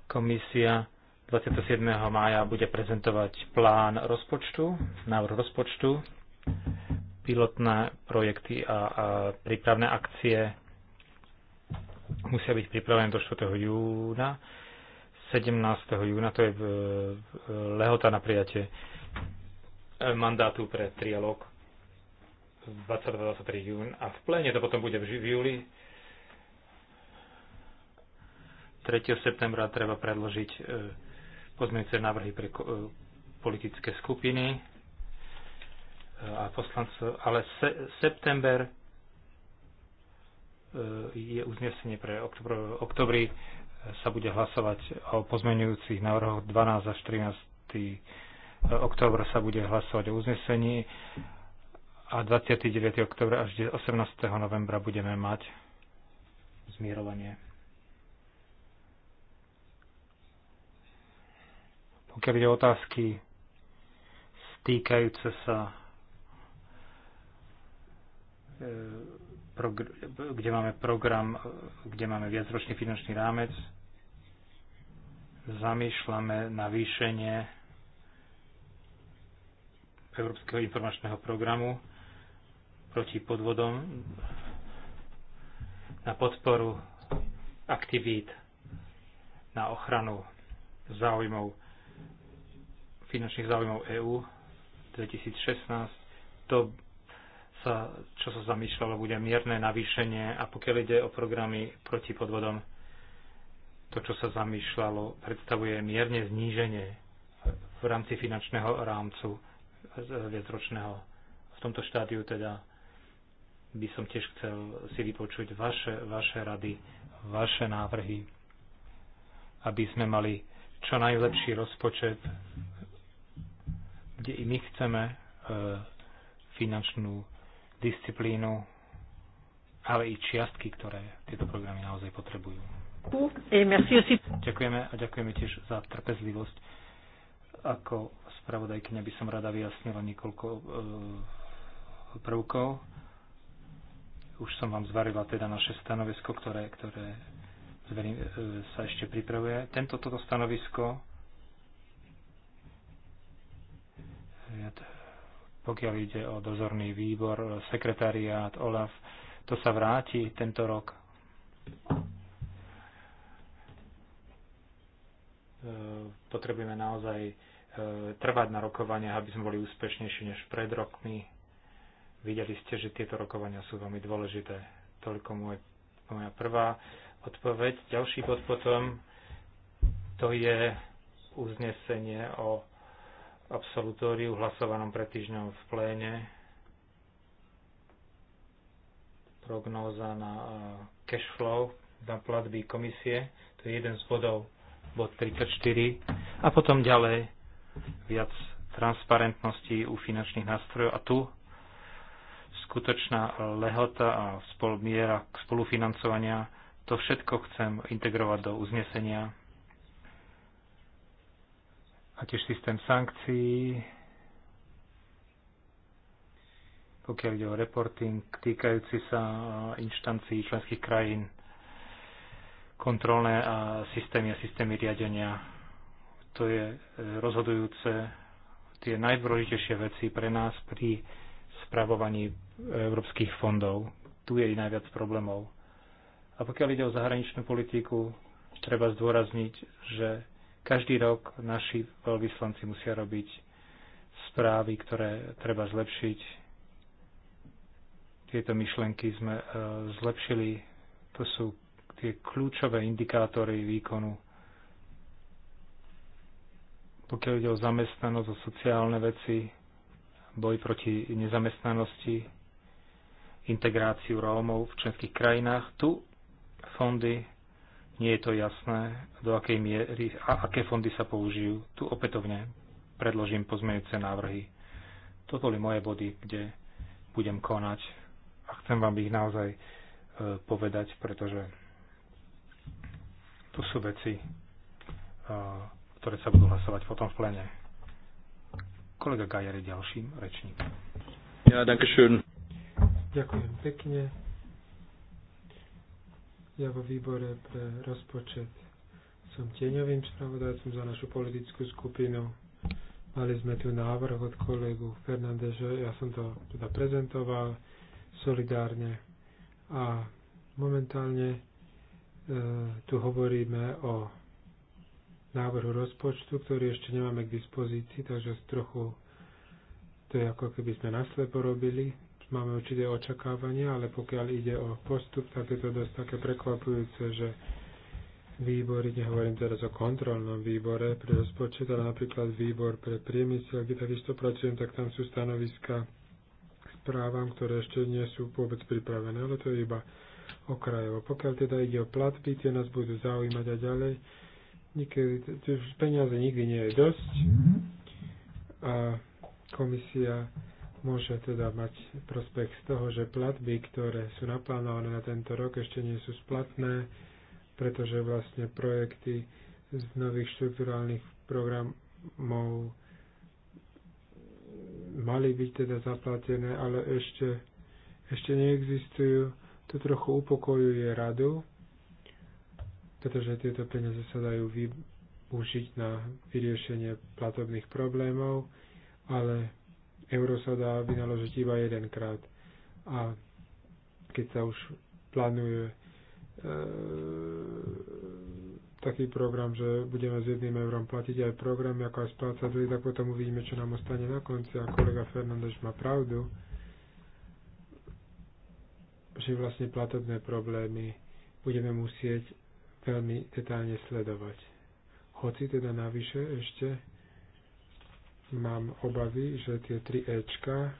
Komisia 27. mája bude prezentovať plán rozpočtu, návrh rozpočtu, pilotné projekty a, a prípravné akcie musia byť pripravené do 4. júna. 17. júna to je e, e, lehota na prijatie e, mandátu pre trialog 22-23 jún a v plene to potom bude v júli. 3. septembra treba predložiť pozmeňujúce návrhy pre politické skupiny a poslancov, ale se, september E, je uznesenie pre oktobri e, sa bude hlasovať o pozmenujúcich návrhoch 12 až 13. E, oktobr sa bude hlasovať o uznesení a 29. oktobr až 18. novembra budeme mať zmierovanie. Pokiaľ ide o otázky stýkajúce sa e, kde máme program, kde máme viacročný finančný rámec. Zamýšľame navýšenie Európskeho informačného programu proti podvodom na podporu aktivít na ochranu záujmov finančných záujmov EÚ 2016. To sa, čo sa zamýšľalo, bude mierne navýšenie a pokiaľ ide o programy proti podvodom, to, čo sa zamýšľalo, predstavuje mierne zníženie v rámci finančného rámcu e, viacročného. V tomto štádiu teda by som tiež chcel si vypočuť vaše, vaše rady, vaše návrhy, aby sme mali čo najlepší rozpočet, kde i my chceme e, finančnú disciplínu, ale i čiastky, ktoré tieto programy naozaj potrebujú. Ďakujeme a ďakujeme tiež za trpezlivosť. Ako spravodajkyňa by som rada vyjasnila niekoľko e, prvkov. Už som vám zvarila teda naše stanovisko, ktoré, ktoré zverím, e, sa ešte pripravuje. Tento toto stanovisko ja pokiaľ ide o dozorný výbor, sekretariát, OLAF, to sa vráti tento rok. E, potrebujeme naozaj e, trvať na rokovaniach, aby sme boli úspešnejší než pred rokmi. Videli ste, že tieto rokovania sú veľmi dôležité. Toľko môj, moja prvá odpoveď. Ďalší bod potom to je uznesenie o absolutóriu hlasovanom pred týždňom v pléne. Prognóza na eh, cash flow, na platby komisie, to je jeden z bodov, bod 34. A potom ďalej viac transparentnosti u finančných nástrojov. A tu skutočná lehota a spolmiera spolufinancovania, to všetko chcem integrovať do uznesenia a tiež systém sankcií, pokiaľ ide o reporting týkajúci sa inštancií členských krajín, kontrolné a systémy a systémy riadenia. To je e, rozhodujúce tie najdôležitejšie veci pre nás pri spravovaní európskych fondov. Tu je i najviac problémov. A pokiaľ ide o zahraničnú politiku, treba zdôrazniť, že každý rok naši veľvyslanci musia robiť správy, ktoré treba zlepšiť. Tieto myšlenky sme e, zlepšili. To sú tie kľúčové indikátory výkonu. Pokiaľ ide o zamestnanosť, o sociálne veci, boj proti nezamestnanosti, integráciu Rómov v členských krajinách, tu fondy nie je to jasné, do akej miery a aké fondy sa použijú. Tu opätovne predložím pozmeňujúce návrhy. Toto boli moje body, kde budem konať a chcem vám ich naozaj e, povedať, pretože to sú veci, e, ktoré sa budú hlasovať potom v plene. Kolega Gajer je ďalším rečníkom.
Ja, Ďakujem
pekne. Ja vo výbore pre rozpočet som tieňovým spravodajcom za našu politickú skupinu. Mali sme tu návrh od kolegu Fernandeža, ja som to teda prezentoval solidárne a momentálne e, tu hovoríme o návrhu rozpočtu, ktorý ešte nemáme k dispozícii, takže trochu to je ako keby sme naslepo robili, Máme určite očakávania, ale pokiaľ ide o postup, tak je to dosť také prekvapujúce, že výbory, nehovorím teraz o kontrolnom výbore pre rozpočet, ale napríklad výbor pre priemysel, kde takisto pracujem, tak tam sú stanoviska správam, ktoré ešte nie sú vôbec pripravené, ale to je iba okrajovo. Pokiaľ teda ide o platby, tie nás budú zaujímať a ďalej. Nikdy, peniaze nikdy nie je dosť a komisia môže teda mať prospech z toho, že platby, ktoré sú naplánované na tento rok, ešte nie sú splatné, pretože vlastne projekty z nových štruktúrálnych programov mali byť teda zaplatené, ale ešte, ešte neexistujú. To trochu upokojuje radu, pretože tieto peniaze sa dajú využiť na vyriešenie platobných problémov, ale euro sa dá vynaložiť iba jedenkrát. A keď sa už plánuje e, taký program, že budeme s jedným eurom platiť aj program ako aj splácať dlhy, tak potom uvidíme, čo nám ostane na konci. A kolega Fernández má pravdu, že vlastne platobné problémy budeme musieť veľmi detálne sledovať. Hoci teda navyše ešte mám obavy, že tie tri Ečka,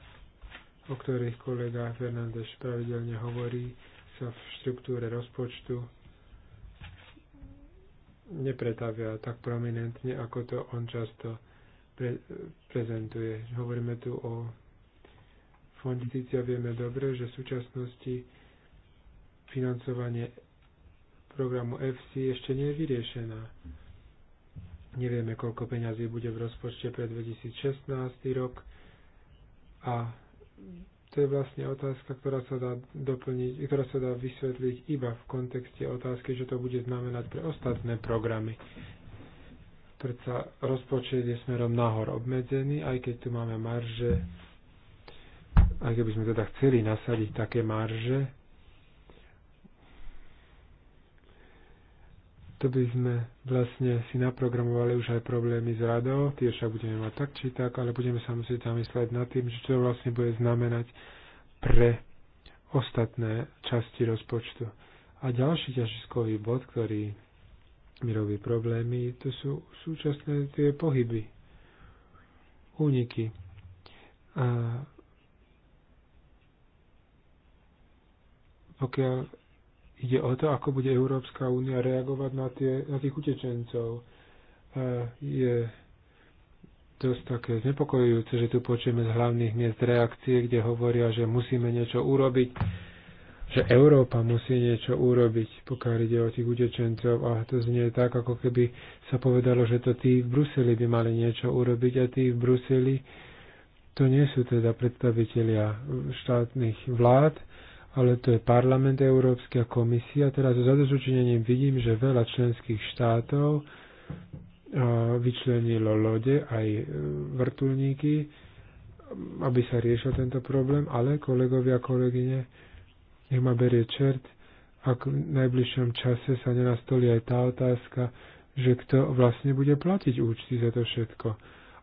o ktorých kolega Fernández pravidelne hovorí, sa v štruktúre rozpočtu nepretavia tak prominentne, ako to on často pre, prezentuje. Hovoríme tu o fondícia, vieme dobre, že v súčasnosti financovanie programu FC ešte nie je vyriešená Nevieme, koľko peňazí bude v rozpočte pre 2016 rok. A to je vlastne otázka, ktorá sa dá doplniť, ktorá sa dá vysvetliť iba v kontexte otázky, že to bude znamenať pre ostatné programy. Predsa rozpočet je smerom nahor obmedzený, aj keď tu máme marže, aj keby sme teda chceli nasadiť také marže, to by sme vlastne si naprogramovali už aj problémy s radou, tie však budeme mať tak či tak, ale budeme sa musieť zamyslieť nad tým, že čo to vlastne bude znamenať pre ostatné časti rozpočtu. A ďalší ťažiskový bod, ktorý mi robí problémy, to sú súčasné tie pohyby, úniky. A pokiaľ ide o to, ako bude Európska únia reagovať na, tie, na tých utečencov. A je dosť také znepokojujúce, že tu počujeme z hlavných miest reakcie, kde hovoria, že musíme niečo urobiť, že Európa musí niečo urobiť, pokiaľ ide o tých utečencov. A to znie tak, ako keby sa povedalo, že to tí v Bruseli by mali niečo urobiť a tí v Bruseli to nie sú teda predstavitelia štátnych vlád, ale to je parlament Európsky a komisia. Teraz so zadozučinením vidím, že veľa členských štátov e, vyčlenilo lode aj e, vrtulníky, aby sa riešil tento problém, ale kolegovia a kolegyne, nech ma berie čert, ak v najbližšom čase sa nenastolí aj tá otázka, že kto vlastne bude platiť účty za to všetko.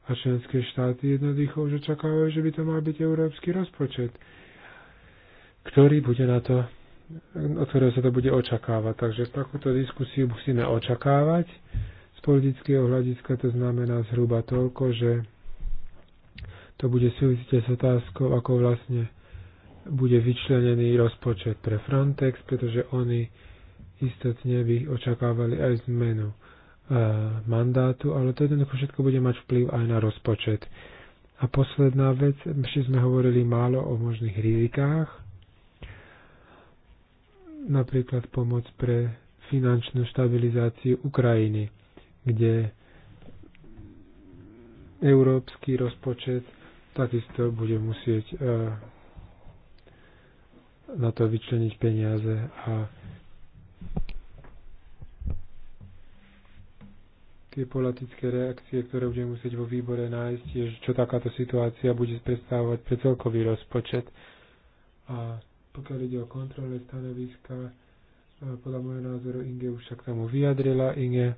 A členské štáty jednoducho už očakávajú, že by to mal byť európsky rozpočet ktorý bude na to, od ktorého sa to bude očakávať. Takže takúto diskusiu musíme očakávať. Z politického hľadiska to znamená zhruba toľko, že to bude súvisieť s otázkou, ako vlastne bude vyčlenený rozpočet pre Frontex, pretože oni istotne by očakávali aj zmenu e, mandátu, ale to jednoducho všetko bude mať vplyv aj na rozpočet. A posledná vec, ešte sme hovorili málo o možných rizikách, napríklad pomoc pre finančnú stabilizáciu Ukrajiny, kde európsky rozpočet takisto bude musieť e, na to vyčleniť peniaze a tie politické reakcie, ktoré budeme musieť vo výbore nájsť, je, čo takáto situácia bude predstavovať pre celkový rozpočet. A pokiaľ ide o kontrole stanoviska, e, podľa môjho názoru Inge už sa k tomu vyjadrila. Inge,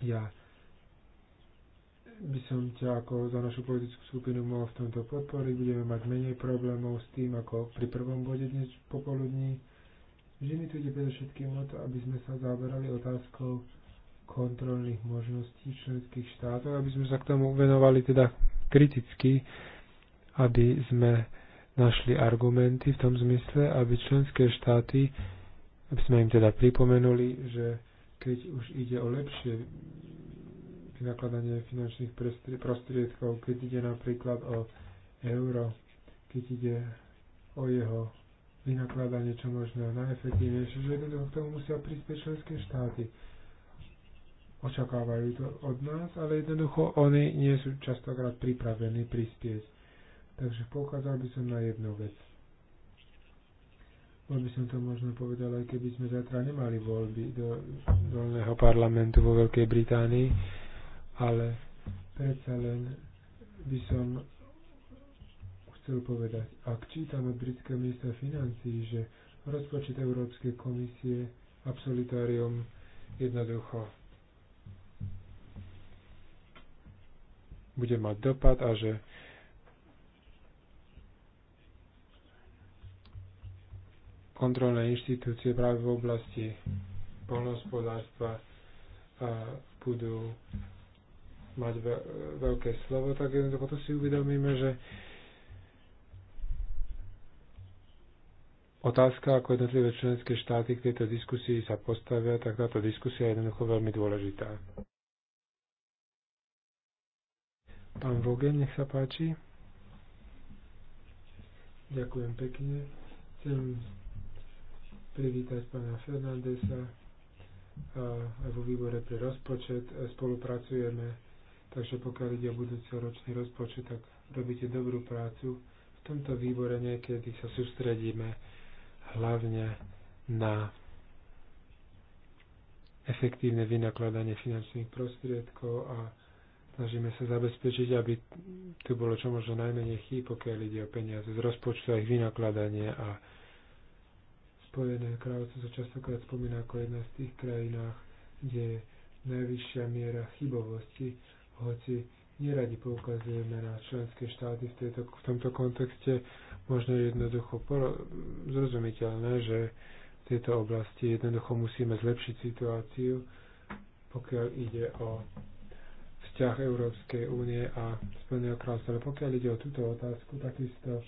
ja by som ťa ako za našu politickú skupinu mohol v tomto podporiť. Budeme mať menej problémov s tým, ako pri prvom bode dnes popoludní. Vždy mi tu ide predovšetkým o to, aby sme sa zaoberali otázkou kontrolných možností členských štátov, aby sme sa k tomu venovali teda kriticky, aby sme našli argumenty v tom zmysle, aby členské štáty, aby sme im teda pripomenuli, že keď už ide o lepšie vynakladanie finančných prostriedkov, keď ide napríklad o euro, keď ide o jeho vynakladanie čo možno najefektívnejšie, že k tomu musia prispieť členské štáty. Očakávajú to od nás, ale jednoducho oni nie sú častokrát pripravení prispieť. Takže poukázal by som na jednu vec. Bol by som to možno povedal, aj keby sme zatra nemali voľby do dolného parlamentu vo Veľkej Británii, ale predsa len by som chcel povedať, ak čítam od britského ministra financí, že rozpočet Európskej komisie absolutárium jednoducho bude mať dopad a že kontrolné inštitúcie práve v oblasti polnohospodárstva budú mať veľké slovo, tak jednoducho to si uvedomíme, že otázka, ako jednotlivé členské štáty k tejto diskusii sa postavia, tak táto diskusia je jednoducho veľmi dôležitá. Pán Vogel, nech sa páči. Ďakujem pekne. Chcem privítať pána Fernandesa vo výbore pre rozpočet e, spolupracujeme, takže pokiaľ ide o budúci ročný rozpočet, tak robíte dobrú prácu. V tomto výbore niekedy sa sústredíme hlavne na efektívne vynakladanie finančných prostriedkov a snažíme sa zabezpečiť, aby tu bolo čo možno najmenej chýb, pokiaľ ide o peniaze z rozpočtu a ich vynakladanie a Spojené kráľovstvo sa častokrát spomína ako jedna z tých krajinách, kde je najvyššia miera chybovosti, hoci neradi poukazujeme na členské štáty v, tejto, v tomto kontexte, možno jednoducho zrozumiteľné, že v tejto oblasti jednoducho musíme zlepšiť situáciu, pokiaľ ide o vzťah Európskej únie a Spojeného kráľovstva. Ale pokiaľ ide o túto otázku, takisto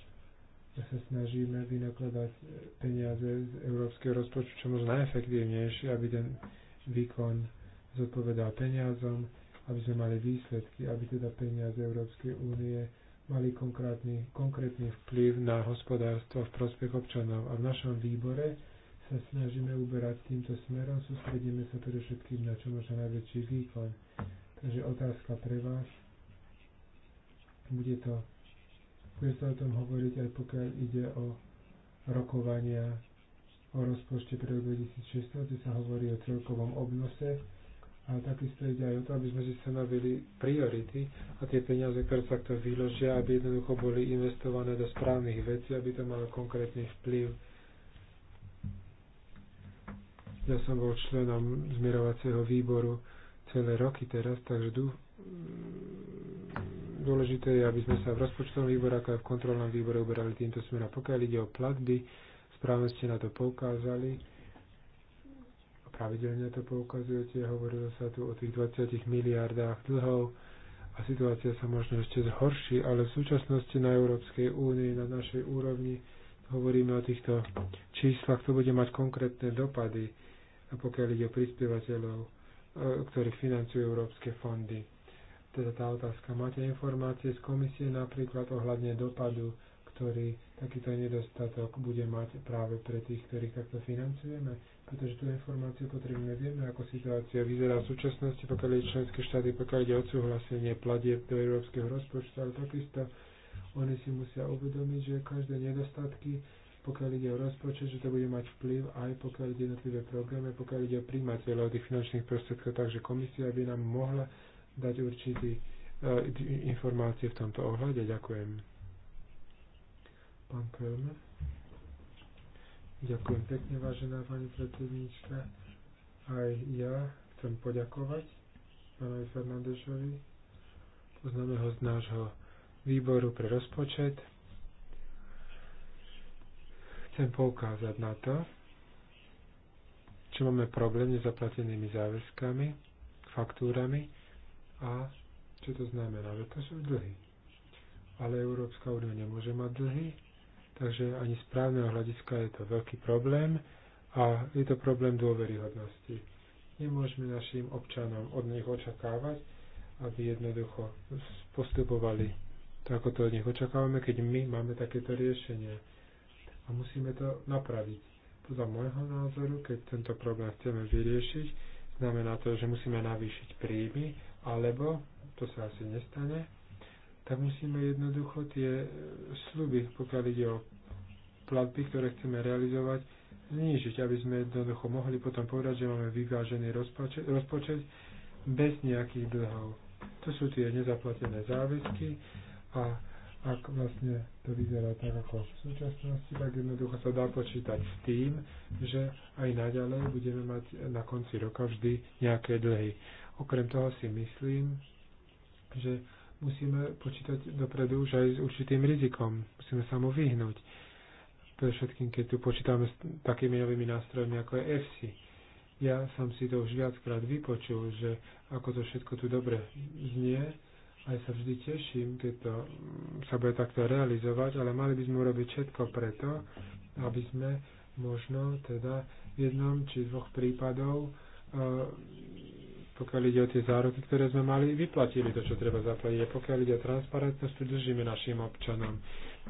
sa snažíme vynakladať e, peniaze z európskeho rozpočtu čo možno najefektívnejšie, aby ten výkon zodpovedal peniazom, aby sme mali výsledky, aby teda peniaze Európskej únie mali konkrétny, konkrétny vplyv na hospodárstvo v prospech občanov. A v našom výbore sa snažíme uberať týmto smerom, sústredíme sa všetkým na čo možno najväčší výkon. Takže otázka pre vás. Bude to bude sa o tom hovoriť aj pokiaľ ide o rokovania o rozpočte pre rok 2016, kde sa hovorí o celkovom obnose a takisto ide aj o to, aby sme si stanovili priority a tie peniaze, ktoré sa to vyložia, aby jednoducho boli investované do správnych vecí, aby to malo konkrétny vplyv. Ja som bol členom zmierovacieho výboru celé roky teraz, takže Dôležité je, aby sme sa v rozpočtovom výbore, ako aj v kontrolnom výbore uberali týmto smerom. Pokiaľ ide o platby, správne ste na to poukázali pravidelne pravidelne to poukazujete. Hovorilo sa tu o tých 20 miliardách dlhov a situácia sa možno ešte zhorší, ale v súčasnosti na Európskej únii, na našej úrovni hovoríme o týchto číslach, to bude mať konkrétne dopady, pokiaľ ide o prispievateľov, e, ktorí financujú európske fondy teda tá otázka. Máte informácie z komisie napríklad ohľadne dopadu, ktorý takýto nedostatok bude mať práve pre tých, ktorých takto financujeme? Pretože tú informáciu potrebujeme, vieme, ako situácia vyzerá v súčasnosti, pokiaľ je členské štáty, pokiaľ ide súhlasenie, platieb do európskeho rozpočtu, ale takisto oni si musia uvedomiť, že každé nedostatky, pokiaľ ide o rozpočet, že to bude mať vplyv aj pokiaľ ide jednotlivé programy, pokiaľ ide o príjmateľov tých finančných prostriedkov, takže komisia by nám mohla dať určitý eh, informácie v tomto ohľade. Ďakujem. Pán Kölmer. Ďakujem pekne, vážená pani predsednička. Aj ja chcem poďakovať pánovi Fernandešovi. Poznáme ho z nášho výboru pre rozpočet. Chcem poukázať na to, čo máme problém s nezaplatenými záväzkami, faktúrami a čo to znamená? Že to sú dlhy. Ale Európska únia nemôže mať dlhy, takže ani z právneho hľadiska je to veľký problém a je to problém dôveryhodnosti. Nemôžeme našim občanom od nich očakávať, aby jednoducho postupovali tak, ako to od nich očakávame, keď my máme takéto riešenie. A musíme to napraviť. Podľa môjho názoru, keď tento problém chceme vyriešiť, znamená to, že musíme navýšiť príjmy alebo to sa asi nestane, tak musíme jednoducho tie e, sluby, pokiaľ ide o platby, ktoré chceme realizovať, znížiť, aby sme jednoducho mohli potom povedať, že máme vyvážený rozpočet, rozpočet bez nejakých dlhov. To sú tie nezaplatené záväzky a ak vlastne to vyzerá tak ako v súčasnosti, tak jednoducho sa dá počítať s tým, že aj naďalej budeme mať na konci roka vždy nejaké dlhy. Okrem toho si myslím, že musíme počítať dopredu už aj s určitým rizikom. Musíme sa mu vyhnúť. Pre všetkým, keď tu počítame s takými novými nástrojmi ako je FC. Ja som si to už viackrát vypočul, že ako to všetko tu dobre znie, aj sa vždy teším, keď to mm, sa bude takto realizovať, ale mali by sme urobiť všetko preto, aby sme možno teda v jednom či dvoch prípadov e, pokiaľ ide o tie zároky, ktoré sme mali, vyplatili to, čo treba zaplatiť. A pokiaľ ide o transparentnosť, tu držíme našim občanom.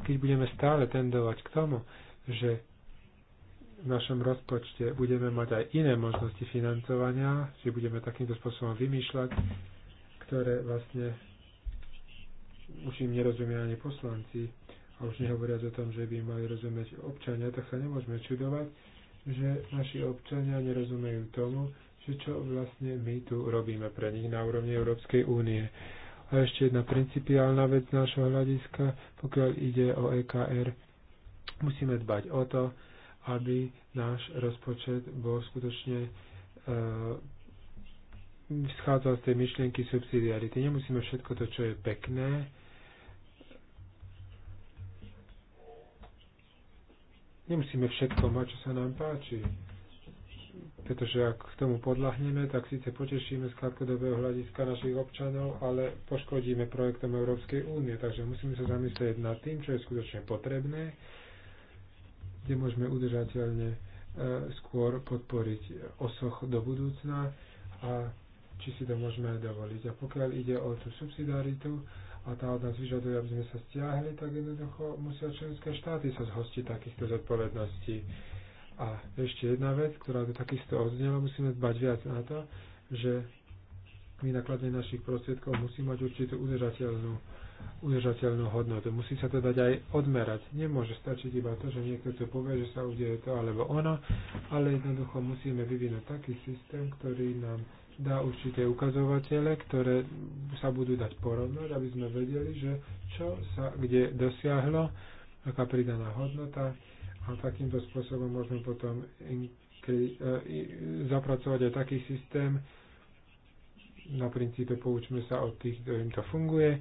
Keď budeme stále tendovať k tomu, že v našom rozpočte budeme mať aj iné možnosti financovania, že budeme takýmto spôsobom vymýšľať, ktoré vlastne už im nerozumia ani poslanci a už nehovoriac o tom, že by mali rozumieť občania, tak sa nemôžeme čudovať, že naši občania nerozumejú tomu, že čo vlastne my tu robíme pre nich na úrovni Európskej únie. A ešte jedna principiálna vec z našho hľadiska, pokiaľ ide o EKR, musíme dbať o to, aby náš rozpočet bol skutočne e, schádzal z tej myšlienky subsidiarity. Nemusíme všetko to, čo je pekné, nemusíme všetko mať, čo sa nám páči pretože ak k tomu podľahneme, tak síce potešíme z krátkodobého hľadiska našich občanov, ale poškodíme projektom Európskej únie. Takže musíme sa zamyslieť nad tým, čo je skutočne potrebné, kde môžeme udržateľne e, skôr podporiť osoch do budúcna a či si to môžeme aj dovoliť. A pokiaľ ide o tú subsidiaritu a tá od nás vyžaduje, aby sme sa stiahli, tak jednoducho musia členské štáty sa zhostiť takýchto zodpovedností a ešte jedna vec, ktorá by takisto odznela, musíme dbať viac na to, že vynakladanie našich prostriedkov musí mať určitú udržateľnú, udržateľnú hodnotu. Musí sa to dať aj odmerať. Nemôže stačiť iba to, že niekto to povie, že sa udeje to alebo ono, ale jednoducho musíme vyvinúť taký systém, ktorý nám dá určité ukazovatele, ktoré sa budú dať porovnať, aby sme vedeli, že čo sa kde dosiahlo, aká pridaná hodnota, a takýmto spôsobom môžeme potom e, zapracovať aj taký systém, na princípe poučme sa od tých, ktorým to funguje,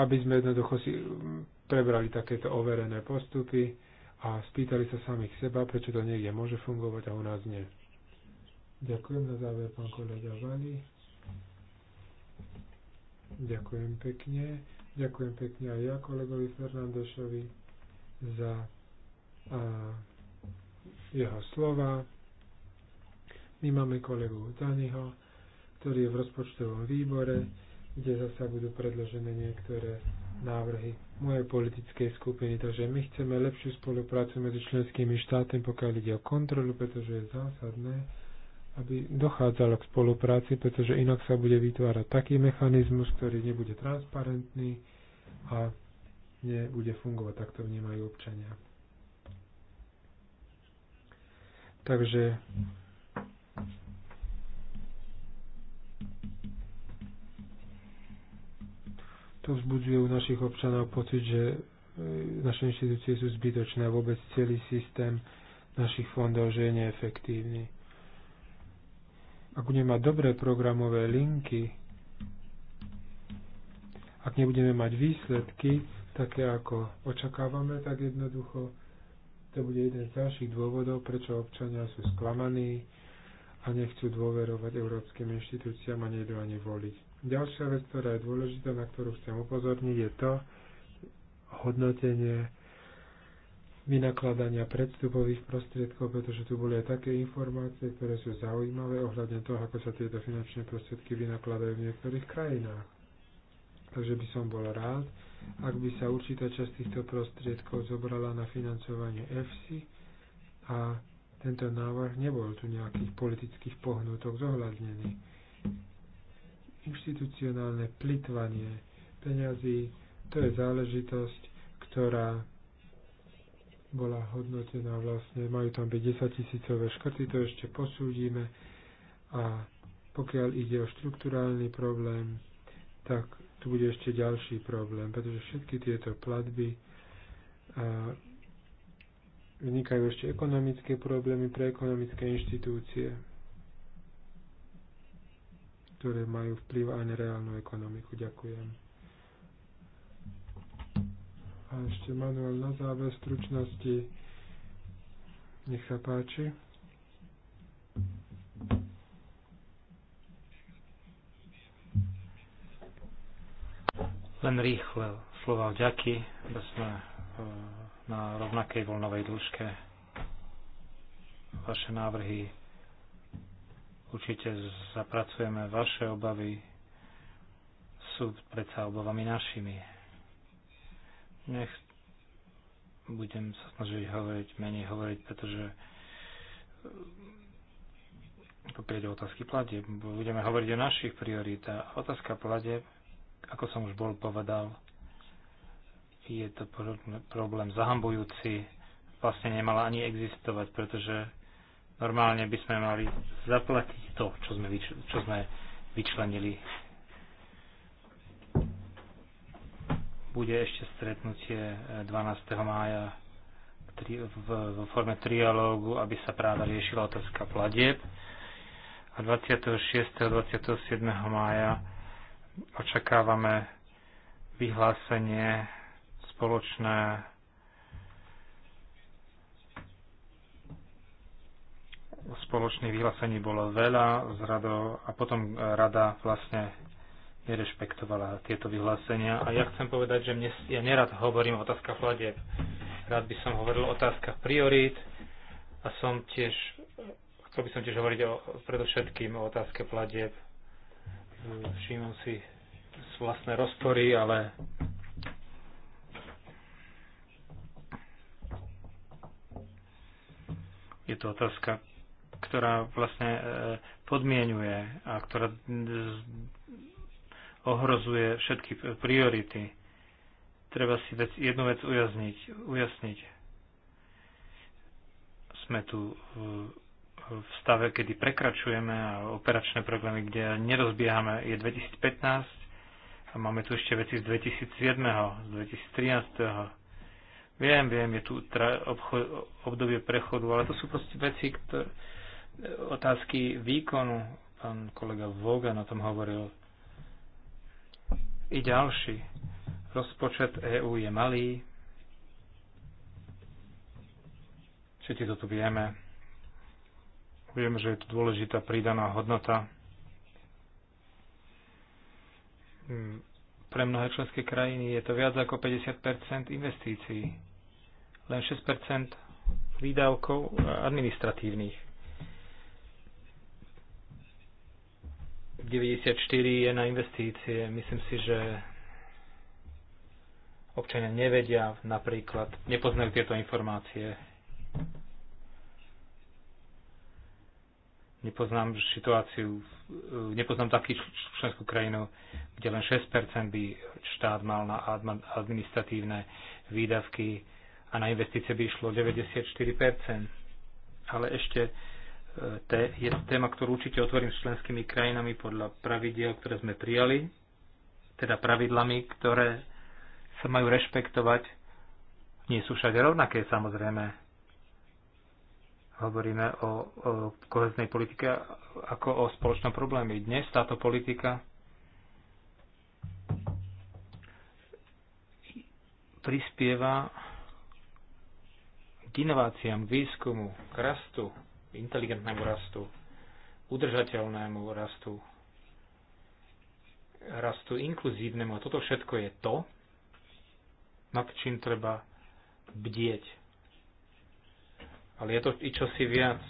aby sme jednoducho si prebrali takéto overené postupy a spýtali sa samých seba, prečo to niekde môže fungovať a u nás nie. Ďakujem na záver, pán kolega Vali. Ďakujem pekne. Ďakujem pekne aj ja kolegovi Fernandešovi za a, jeho slova. My máme kolegu Daniho, ktorý je v rozpočtovom výbore, kde zasa budú predložené niektoré návrhy mojej politickej skupiny. Takže my chceme lepšiu spoluprácu medzi členskými štátmi, pokiaľ ide o kontrolu, pretože je zásadné, aby dochádzalo k spolupráci, pretože inak sa bude vytvárať taký mechanizmus, ktorý nebude transparentný a nebude fungovať, tak to vnímajú občania. Takže to vzbudzuje u našich občanov pocit, že e, naše inštitúcie sú zbytočné a vôbec celý systém našich fondov, že je neefektívny. Ak budeme mať dobré programové linky, ak nebudeme mať výsledky, také ako očakávame, tak jednoducho to bude jeden z ďalších dôvodov, prečo občania sú sklamaní a nechcú dôverovať európskym inštitúciám a nejdu ani voliť. Ďalšia vec, ktorá je dôležitá, na ktorú chcem upozorniť, je to hodnotenie vynakladania predstupových prostriedkov, pretože tu boli aj také informácie, ktoré sú zaujímavé ohľadne toho, ako sa tieto finančné prostriedky vynakladajú v niektorých krajinách. Takže by som bol rád, ak by sa určitá časť týchto prostriedkov zobrala na financovanie EFSI a tento návrh nebol tu nejakých politických pohnutok zohľadnený. Inštitucionálne plitvanie peňazí, to je záležitosť, ktorá bola hodnotená vlastne, majú tam byť 10 tisícové škrty, to ešte posúdime a pokiaľ ide o štrukturálny problém, tak tu bude ešte ďalší problém, pretože všetky tieto platby vznikajú ešte ekonomické problémy pre ekonomické inštitúcie, ktoré majú vplyv aj na reálnu ekonomiku. Ďakujem. A ešte Manuel na záver stručnosti. Nech sa páči.
Len rýchle slova vďaky, že sme eh, na rovnakej voľnovej dĺžke. Vaše návrhy určite zapracujeme, vaše obavy sú predsa obavami našimi. Nech budem sa snažiť hovoriť, menej hovoriť, pretože eh, poprieť otázky pladeb. Budeme hovoriť o našich prioritách. Otázka pladeb ako som už bol povedal, je to problém zahambujúci, vlastne nemala ani existovať, pretože normálne by sme mali zaplatiť to, čo sme, vyč- čo sme vyčlenili. Bude ešte stretnutie 12. Eh, mája v forme trialógu, aby sa práve riešila otázka pladieb. A 26. a 27. mája očakávame vyhlásenie spoločné spoločných vyhlásení bolo veľa z radou a potom rada vlastne nerešpektovala tieto vyhlásenia. A ja chcem povedať, že mne, ja nerad hovorím o otázkach hladeb. Rád by som hovoril o otázkach priorít a som tiež, chcel by som tiež hovoriť o, predovšetkým o otázke platieb Všímam si vlastné rozpory, ale je to otázka, ktorá vlastne e, podmienuje a ktorá ohrozuje všetky priority. Treba si vec, jednu vec ujasniť. ujasniť. Sme tu v stave, kedy prekračujeme a operačné programy, kde nerozbiehame, je 2015 a máme tu ešte veci z 2007, z 2013. Viem, viem, je tu obcho- obdobie prechodu, ale to sú proste veci, ktoré, otázky výkonu, pán kolega Voga na tom hovoril. I ďalší. Rozpočet EÚ je malý. Všetci to tu vieme Viem, že je tu dôležitá pridaná hodnota mm, pre mnohé členské krajiny je to viac ako 50 investícií, len 6 výdavkov e, administratívnych. 94 je na investície. Myslím si, že občania nevedia napríklad, nepoznajú tieto informácie. Nepoznám situáciu, eh, nepoznám taký členskú krajinu, kde len 6% by štát mal na administratívne výdavky a na investície by išlo 94%. Ale ešte eh, te, je téma, ktorú určite otvorím s členskými krajinami podľa pravidiel, ktoré sme prijali, teda pravidlami, ktoré sa majú rešpektovať. Nie sú všade rovnaké, samozrejme Hovoríme o, o koheznej politike ako o spoločnom probléme. Dnes táto politika prispieva k inováciám, k výskumu, k rastu, inteligentnému rastu, udržateľnému rastu, rastu inkluzívnemu. A toto všetko je to, nad čím treba bdieť. Ale je to i čosi viac.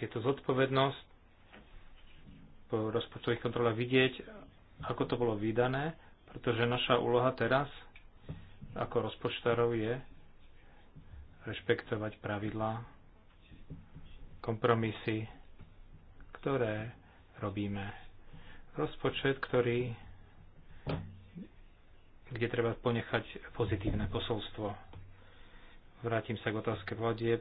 Je to zodpovednosť po rozpočtových kontrolách vidieť, ako to bolo vydané, pretože naša úloha teraz ako rozpočtárov je rešpektovať pravidlá, kompromisy, ktoré robíme. Rozpočet, ktorý kde treba ponechať pozitívne posolstvo. Vrátim sa k otázke vodieb.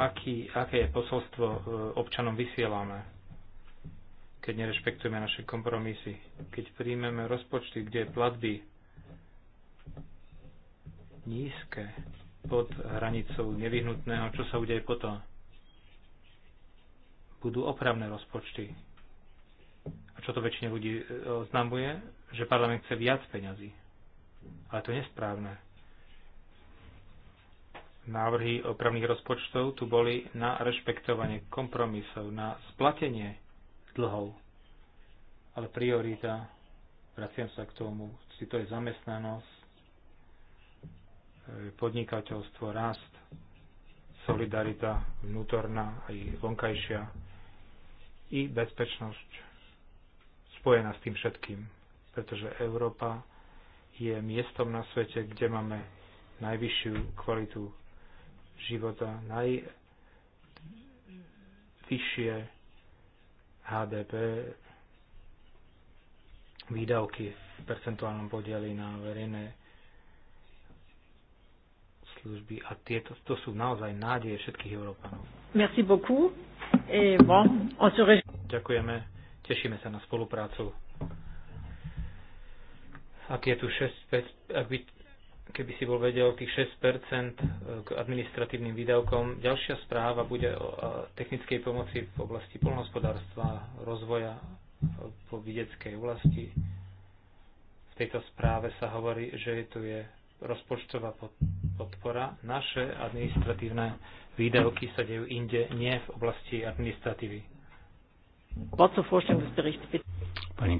aký, aké je posolstvo e, občanom vysielame, keď nerešpektujeme naše kompromisy, keď príjmeme rozpočty, kde platby nízke pod hranicou nevyhnutného, čo sa udeje potom? Budú opravné rozpočty. A čo to väčšine ľudí e, oznamuje? Že parlament chce viac peňazí. Ale to je nesprávne návrhy opravných rozpočtov tu boli na rešpektovanie kompromisov, na splatenie dlhov. Ale priorita, vraciam sa k tomu, si to je zamestnanosť, e, podnikateľstvo, rast, solidarita vnútorná aj vonkajšia i bezpečnosť spojená s tým všetkým. Pretože Európa je miestom na svete, kde máme najvyššiu kvalitu života, najvyššie HDP výdavky v percentuálnom podieli na verejné služby a tieto, to sú naozaj nádeje všetkých Európanov. Merci beaucoup. Et bon, on se re... Ďakujeme, tešíme sa na spoluprácu ak je tu 6, 5, ak by keby si bol vedel tých 6% eh, k administratívnym výdavkom. Ďalšia správa bude o eh, technickej pomoci v oblasti polnohospodárstva, rozvoja eh, po videckej oblasti. V tejto správe sa hovorí, že tu je rozpočtová podpora. Naše administratívne výdavky sa dejú inde, nie v oblasti administratívy.
Pani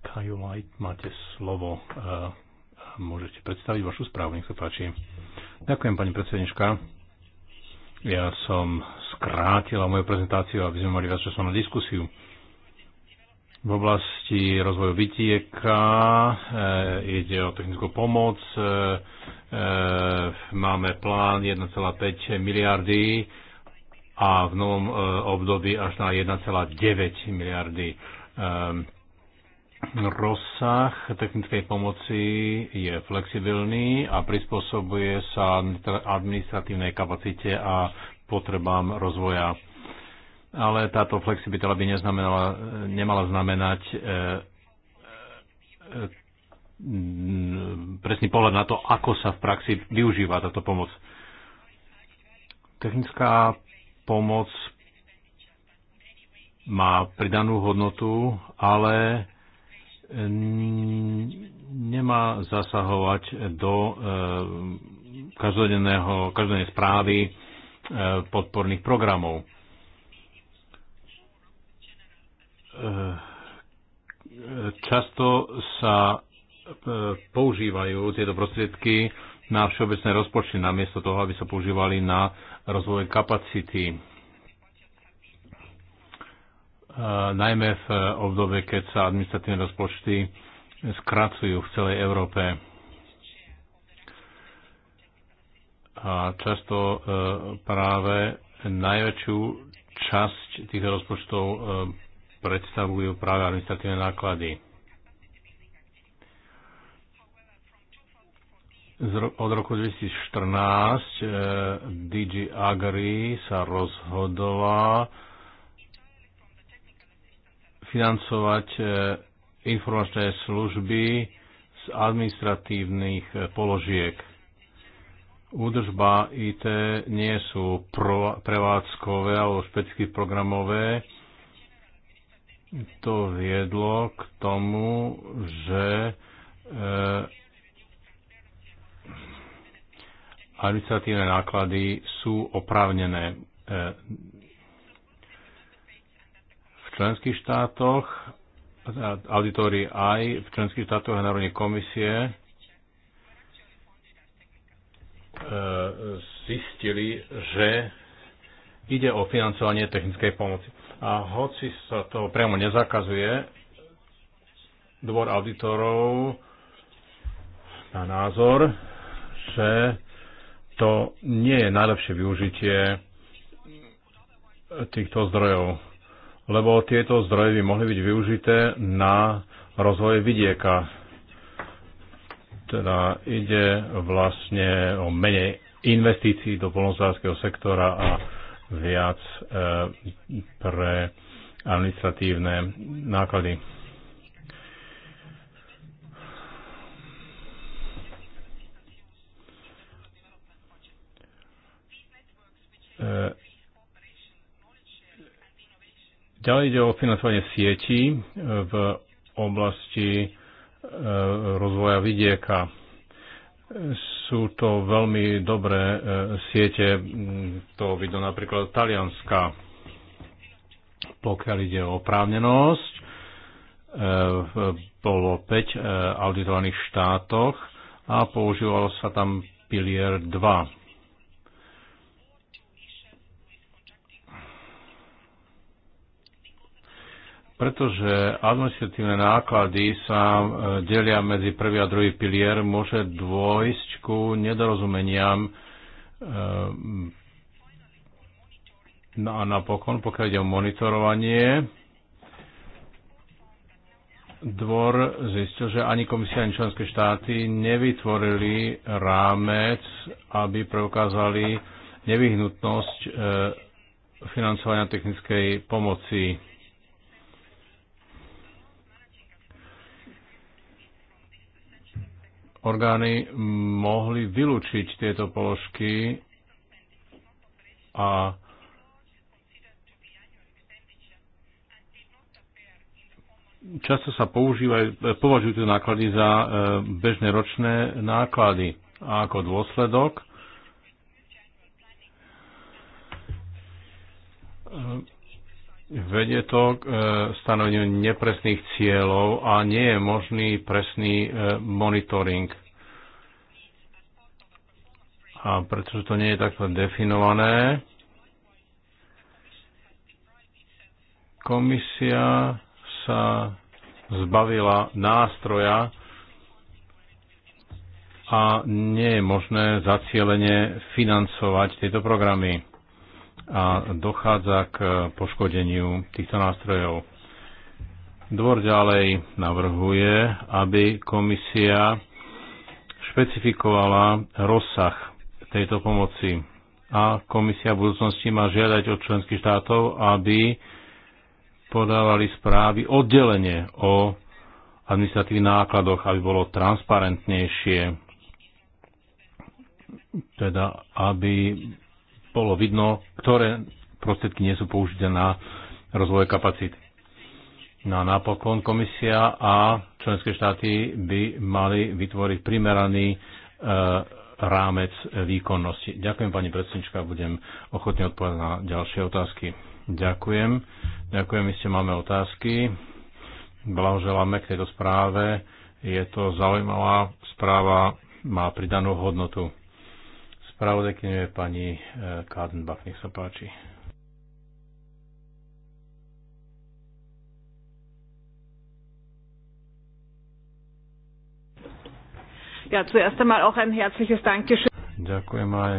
Kajulajt, máte slovo môžete predstaviť vašu správu. Nech sa páči. Ďakujem, pani predsednička. Ja som skrátila moju prezentáciu, aby sme mali viac času na diskusiu. V oblasti rozvoju vytieka e, ide o technickú pomoc. E, e, máme plán 1,5 miliardy a v novom e, období až na 1,9 miliardy. E, Rozsah technickej pomoci je flexibilný a prispôsobuje sa administratívnej kapacite a potrebám rozvoja. Ale táto flexibilita by nemala znamenať e, e, presný pohľad na to, ako sa v praxi využíva táto pomoc. Technická pomoc má pridanú hodnotu, ale nemá zasahovať do eh, každodenného, každodennej správy eh, podporných programov. Eh, často sa používajú tieto prostriedky na všeobecné rozpočty, namiesto toho, aby sa používali na rozvoj kapacity najmä v obdobie, keď sa administratívne rozpočty skracujú v celej Európe. A často e, práve najväčšiu časť týchto rozpočtov e, predstavujú práve administratívne náklady. od roku 2014 e, DG Agri sa rozhodovala financovať e, informačné služby z administratívnych e, položiek. Údržba IT nie sú prevádzkové alebo špecky programové. To viedlo k tomu, že e, administratívne náklady sú oprávnené členských štátoch, auditori aj v členských štátoch a národnej komisie e, zistili, že ide o financovanie technickej pomoci. A hoci sa to priamo nezakazuje, dvor auditorov na názor, že to nie je najlepšie využitie týchto zdrojov lebo tieto zdroje by mohli byť využité na rozvoj vidieka. Teda ide vlastne o menej investícií do polnozárskeho sektora a viac e, pre administratívne náklady. E, Ďalej ide o financovanie sietí e, v oblasti e, rozvoja vidieka. Sú to veľmi dobré e, siete, to vidno napríklad Talianska, pokiaľ ide o oprávnenosť. Bolo 5 auditovaných štátoch a používalo sa tam pilier 2 pretože administratívne náklady sa e, delia medzi prvý a druhý pilier, môže dôjsť ku nedorozumeniam e, no a napokon, pokiaľ ide o monitorovanie, dvor zistil, že ani komisia, ani členské štáty nevytvorili rámec, aby preukázali nevyhnutnosť e, financovania technickej pomoci orgány mohli vylúčiť tieto položky a často sa používajú, považujú tie náklady za e, bežné ročné náklady. A ako dôsledok e, Vedie to k e, stanoveniu nepresných cieľov a nie je možný presný e, monitoring. A pretože to nie je takto definované, komisia sa zbavila nástroja a nie je možné zacielenie financovať tieto programy a dochádza k poškodeniu týchto nástrojov. Dvor ďalej navrhuje, aby komisia špecifikovala rozsah tejto pomoci a komisia v budúcnosti má žiadať od členských štátov, aby podávali správy oddelenie o administratívnych nákladoch, aby bolo transparentnejšie, teda aby bolo vidno, ktoré prostriedky nie sú použité na rozvoj kapacity. No a napokon komisia a členské štáty by mali vytvoriť primeraný e, rámec výkonnosti. Ďakujem pani predsednička, budem ochotne odpovedať na ďalšie otázky. Ďakujem. Ďakujem, ste máme otázky. Blahoželáme k tejto správe. Je to zaujímavá správa, má pridanú hodnotu. Pravodekne je pani e, Kádenbach, nech sa páči.
Ja zuerst einmal auch ein herzliches Dankeschön.
Ďakujem aj.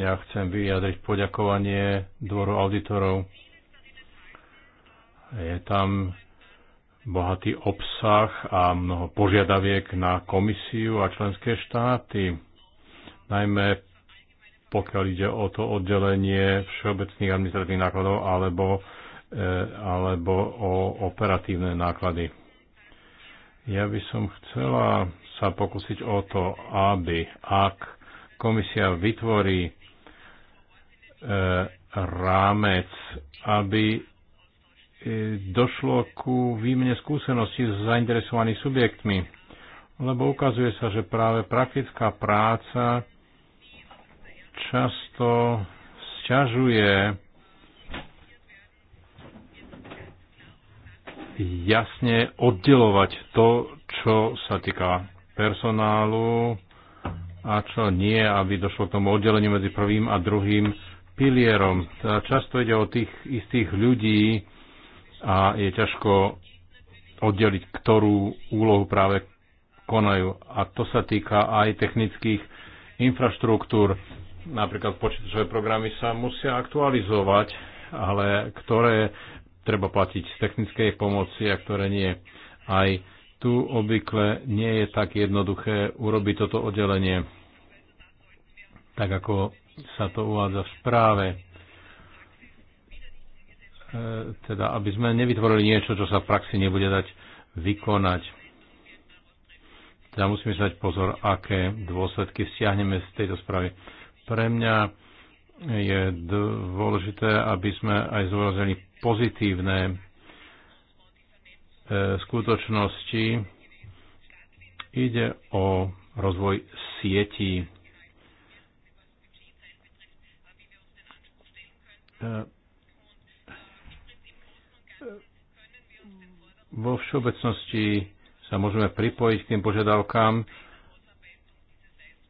Ja chcem vyjadriť poďakovanie dvoru auditorov. Je tam bohatý obsah a mnoho požiadaviek na komisiu a členské štáty najmä pokiaľ ide o to oddelenie všeobecných administratívnych nákladov alebo, eh, alebo o operatívne náklady. Ja by som chcela sa pokúsiť o to, aby ak komisia vytvorí eh, rámec, aby eh, došlo ku výmene skúseností s zainteresovanými subjektmi. Lebo ukazuje sa, že práve praktická práca často sťažuje jasne oddelovať to, čo sa týka personálu a čo nie, aby došlo k tomu oddeleniu medzi prvým a druhým pilierom. Často ide o tých istých ľudí a je ťažko oddeliť, ktorú úlohu práve konajú. A to sa týka aj technických infraštruktúr. Napríklad počítačové programy sa musia aktualizovať, ale ktoré treba platiť z technickej pomoci a ktoré nie. Aj tu obvykle nie je tak jednoduché urobiť toto oddelenie, tak ako sa to uvádza v správe. E, teda, aby sme nevytvorili niečo, čo sa v praxi nebude dať vykonať. Teda musíme sať pozor, aké dôsledky stiahneme z tejto správy. Pre mňa je dôležité, aby sme aj zvorazili pozitívne e, skutočnosti. Ide o rozvoj sietí. E, e, vo všeobecnosti sa môžeme pripojiť k tým požiadavkám,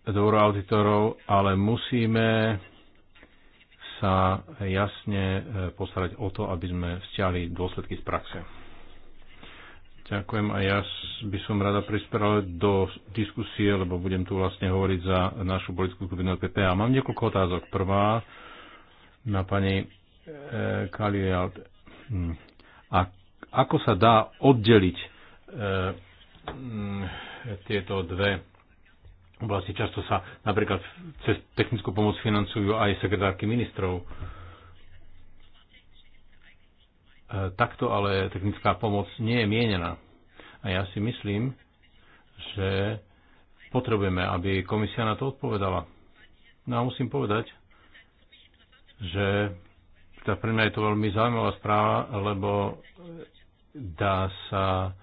dvoru auditorov, ale musíme sa jasne e, postarať o to, aby sme vzťahli dôsledky z praxe. Ďakujem a ja by som rada prispela do diskusie, lebo budem tu vlastne hovoriť za našu politickú skupinu PP. A mám niekoľko otázok. Prvá na pani e, Kalialt. Hm. A ako sa dá oddeliť e, m, tieto dve oblasti. Často sa napríklad cez technickú pomoc financujú aj sekretárky ministrov. E, takto ale technická pomoc nie je mienená. A ja si myslím, že potrebujeme, aby komisia na to odpovedala. No a musím povedať, že pre mňa je to veľmi zaujímavá správa, lebo dá sa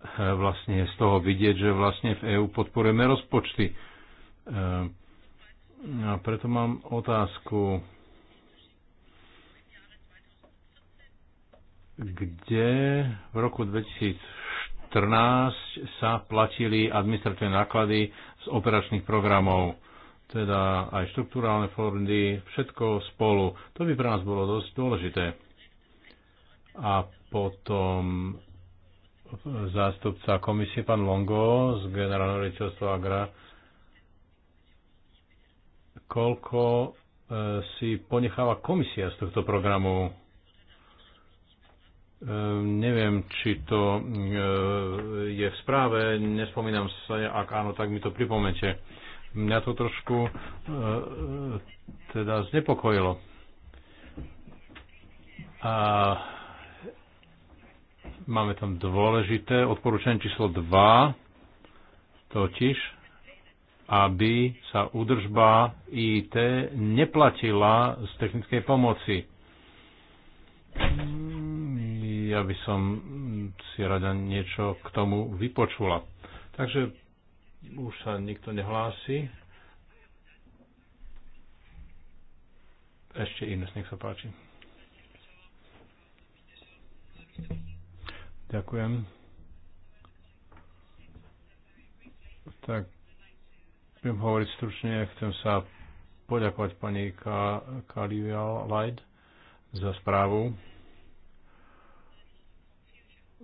Eh, vlastne z toho vidieť, že vlastne v EÚ podporujeme rozpočty. Eh, a preto mám otázku, kde v roku 2014 sa platili administratívne náklady z operačných programov, teda aj štruktúrálne fondy, všetko spolu. To by pre nás bolo dosť dôležité. A potom zástupca komisie, pán Longo z generálneho riaditeľstva Agra, koľko e, si ponecháva komisia z tohto programu. E, neviem, či to e, je v správe, nespomínam sa, ak áno, tak mi to pripomente. Mňa to trošku teda znepokojilo. A Máme tam dôležité odporúčanie číslo 2, totiž aby sa údržba IT neplatila z technickej pomoci. Mm, ja by som si rada niečo k tomu vypočula. Takže už sa nikto nehlási. Ešte Ines, nech sa páči. Ďakujem. Tak budem hovoriť stručne. Chcem sa poďakovať pani Kalivia Light za správu.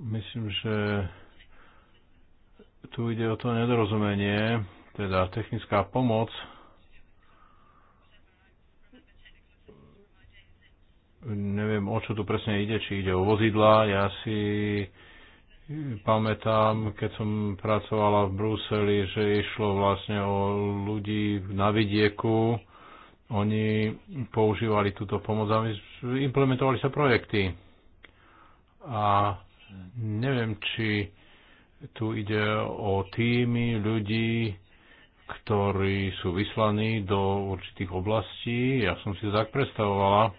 Myslím, že tu ide o to nedorozumenie, teda technická pomoc neviem, o čo tu presne ide, či ide o vozidla. Ja si pamätám, keď som pracovala v Bruseli, že išlo vlastne o ľudí na vidieku. Oni používali túto pomoc a implementovali sa projekty. A neviem, či tu ide o týmy ľudí, ktorí sú vyslaní do určitých oblastí. Ja som si to tak predstavovala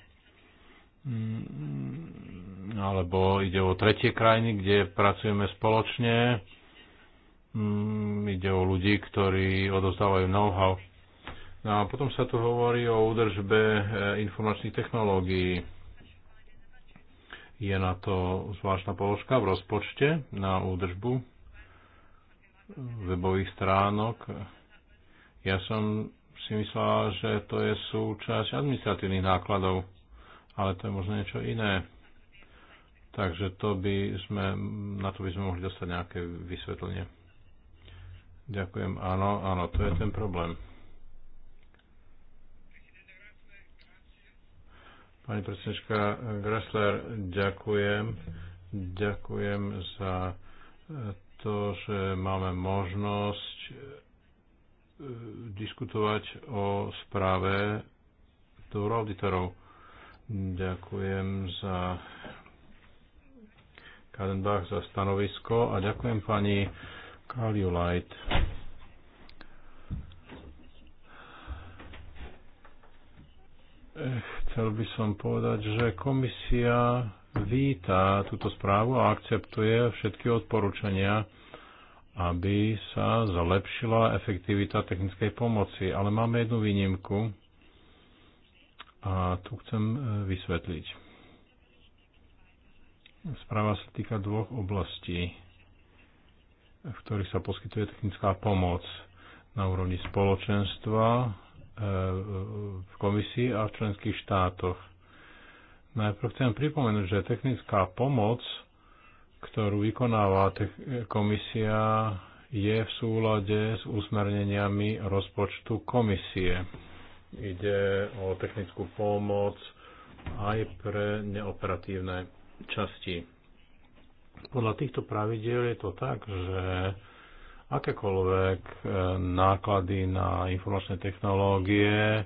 Mm, alebo ide o tretie krajiny, kde pracujeme spoločne. Mm, ide o ľudí, ktorí odozdávajú know-how. No a potom sa tu hovorí o údržbe eh, informačných technológií. Je na to zvláštna položka v rozpočte na údržbu webových stránok. Ja som si myslela, že to je súčasť administratívnych nákladov ale to je možno niečo iné. Takže to by sme, na to by sme mohli dostať nejaké vysvetlenie. Ďakujem. Áno, áno, to je ten problém. Pani predsednička Gressler, ďakujem. Ďakujem za to, že máme možnosť e, diskutovať o správe do auditorov Ďakujem za Kadenbach za stanovisko a ďakujem pani Kaliulajt. Eh, chcel by som povedať, že komisia víta túto správu a akceptuje všetky odporúčania, aby sa zlepšila efektivita technickej pomoci. Ale máme jednu výnimku, a tu chcem e, vysvetliť. Správa sa týka dvoch oblastí, v ktorých sa poskytuje technická pomoc na úrovni spoločenstva, e, v komisii a v členských štátoch. Najprv chcem pripomenúť, že technická pomoc, ktorú vykonáva komisia, je v súlade s usmerneniami rozpočtu komisie. Ide o technickú pomoc aj pre neoperatívne časti. Podľa týchto pravidiel je to tak, že akékoľvek e, náklady na informačné technológie,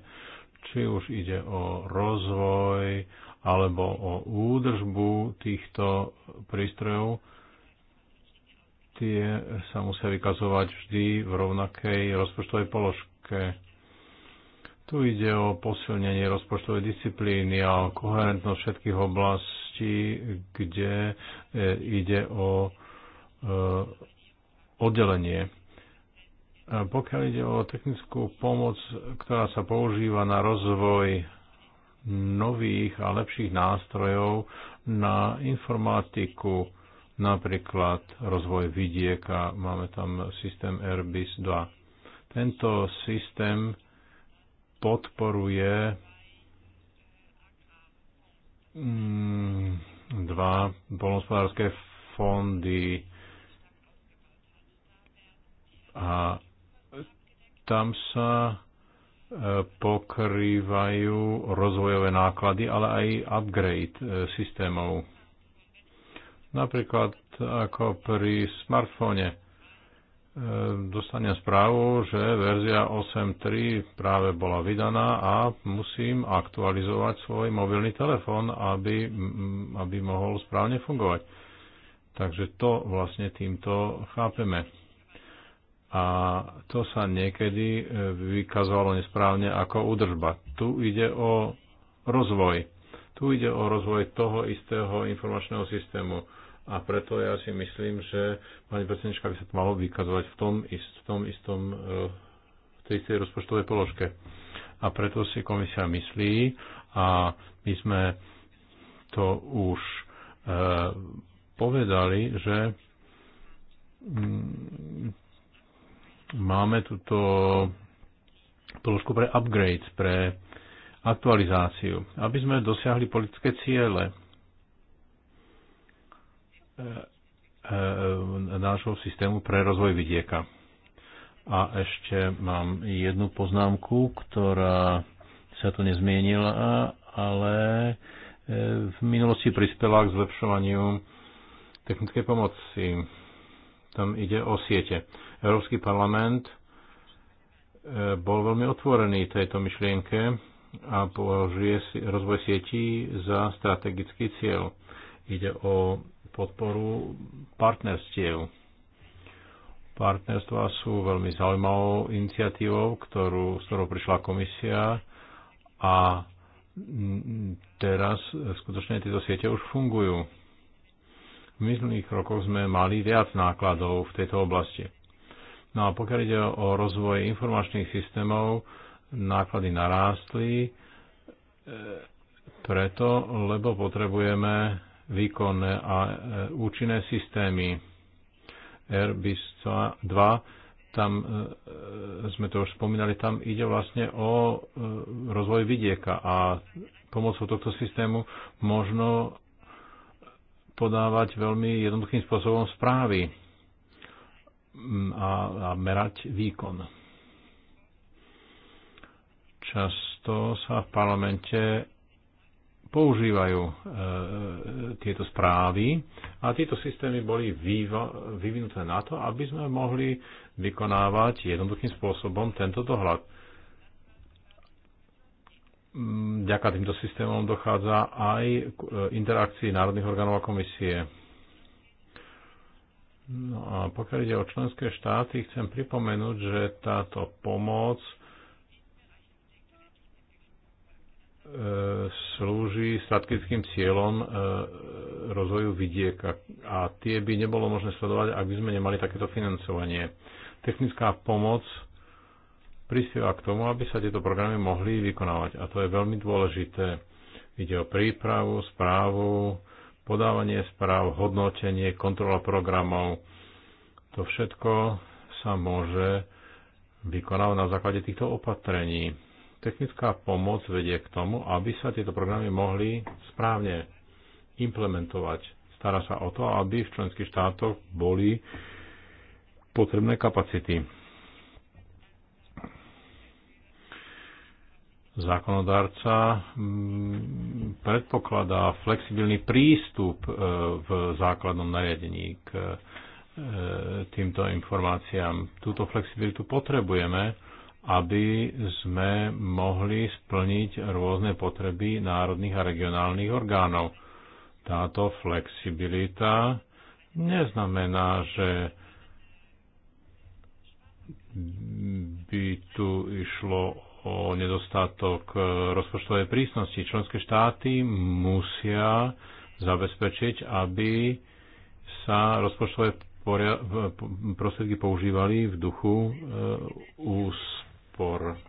či už ide o rozvoj alebo o údržbu týchto prístrojov, tie sa musia vykazovať vždy v rovnakej rozpočtovej položke. Tu ide o posilnenie rozpočtovej disciplíny a o koherentnosť všetkých oblastí, kde e, ide o e, oddelenie. Pokiaľ ide o technickú pomoc, ktorá sa používa na rozvoj nových a lepších nástrojov na informatiku, napríklad rozvoj vidieka, máme tam systém Airbus 2. Tento systém podporuje mm, dva polnospodárske fondy a tam sa e, pokrývajú rozvojové náklady, ale aj upgrade e, systémov. Napríklad ako pri smartfóne dostanem správu, že verzia 8.3 práve bola vydaná a musím aktualizovať svoj mobilný telefón, aby, aby mohol správne fungovať. Takže to vlastne týmto chápeme. A to sa niekedy e, vykazovalo nesprávne ako údržba. Tu ide o rozvoj. Tu ide o rozvoj toho istého informačného systému a preto ja si myslím, že pani predsednička by sa to malo vykazovať v tom, ist, v tom istom e, v tej istej rozpočtovej položke. A preto si komisia myslí a my sme to už e, povedali, že mm, máme túto položku pre upgrade, pre aktualizáciu, aby sme dosiahli politické ciele E, e, nášho systému pre rozvoj vidieka. A ešte mám jednu poznámku, ktorá sa tu nezmienila, ale e, v minulosti prispela k zlepšovaniu technickej pomoci. Tam ide o siete. Európsky parlament bol veľmi otvorený tejto myšlienke a považuje rozvoj sietí za strategický cieľ. Ide o podporu partnerstiev. Partnerstva sú veľmi zaujímavou iniciatívou, ktorú, s ktorou prišla komisia a teraz skutočne tieto siete už fungujú. V minulých rokoch sme mali viac nákladov v tejto oblasti. No a pokiaľ ide o rozvoj informačných systémov, náklady narástli, e, preto, lebo potrebujeme výkonné a e, účinné systémy. Airbus 2, tam e, e, sme to už spomínali, tam ide vlastne o rozvoj vidieka a pomocou tohto systému možno podávať veľmi jednoduchým spôsobom správy a, a merať výkon. Často sa v parlamente používajú e, e, tieto správy a tieto systémy boli vývo, vyvinuté na to, aby sme mohli vykonávať jednoduchým spôsobom tento dohľad. Mm, vďaka týmto systémom dochádza aj k e, interakcii národných orgánov a komisie. No a pokiaľ ide o členské štáty, chcem pripomenúť, že táto pomoc slúži strategickým cieľom e, rozvoju vidiek a tie by nebolo možné sledovať, ak by sme nemali takéto financovanie. Technická pomoc prispieva k tomu, aby sa tieto programy mohli vykonávať a to je veľmi dôležité. Ide o prípravu, správu, podávanie správ, hodnotenie, kontrola programov. To všetko sa môže vykonávať na základe týchto opatrení Technická pomoc vedie k tomu, aby sa tieto programy mohli správne implementovať. Stará sa o to, aby v členských štátoch boli potrebné kapacity. Zákonodárca mm, predpokladá flexibilný prístup e, v základnom nariadení k e, týmto informáciám. Túto flexibilitu potrebujeme, aby sme mohli splniť rôzne potreby národných a regionálnych orgánov. Táto flexibilita neznamená, že by tu išlo o nedostatok e, rozpočtovej prísnosti. Členské štáty musia zabezpečiť, aby sa rozpočtové prostriedky používali v duchu e, úspešnosti podpor.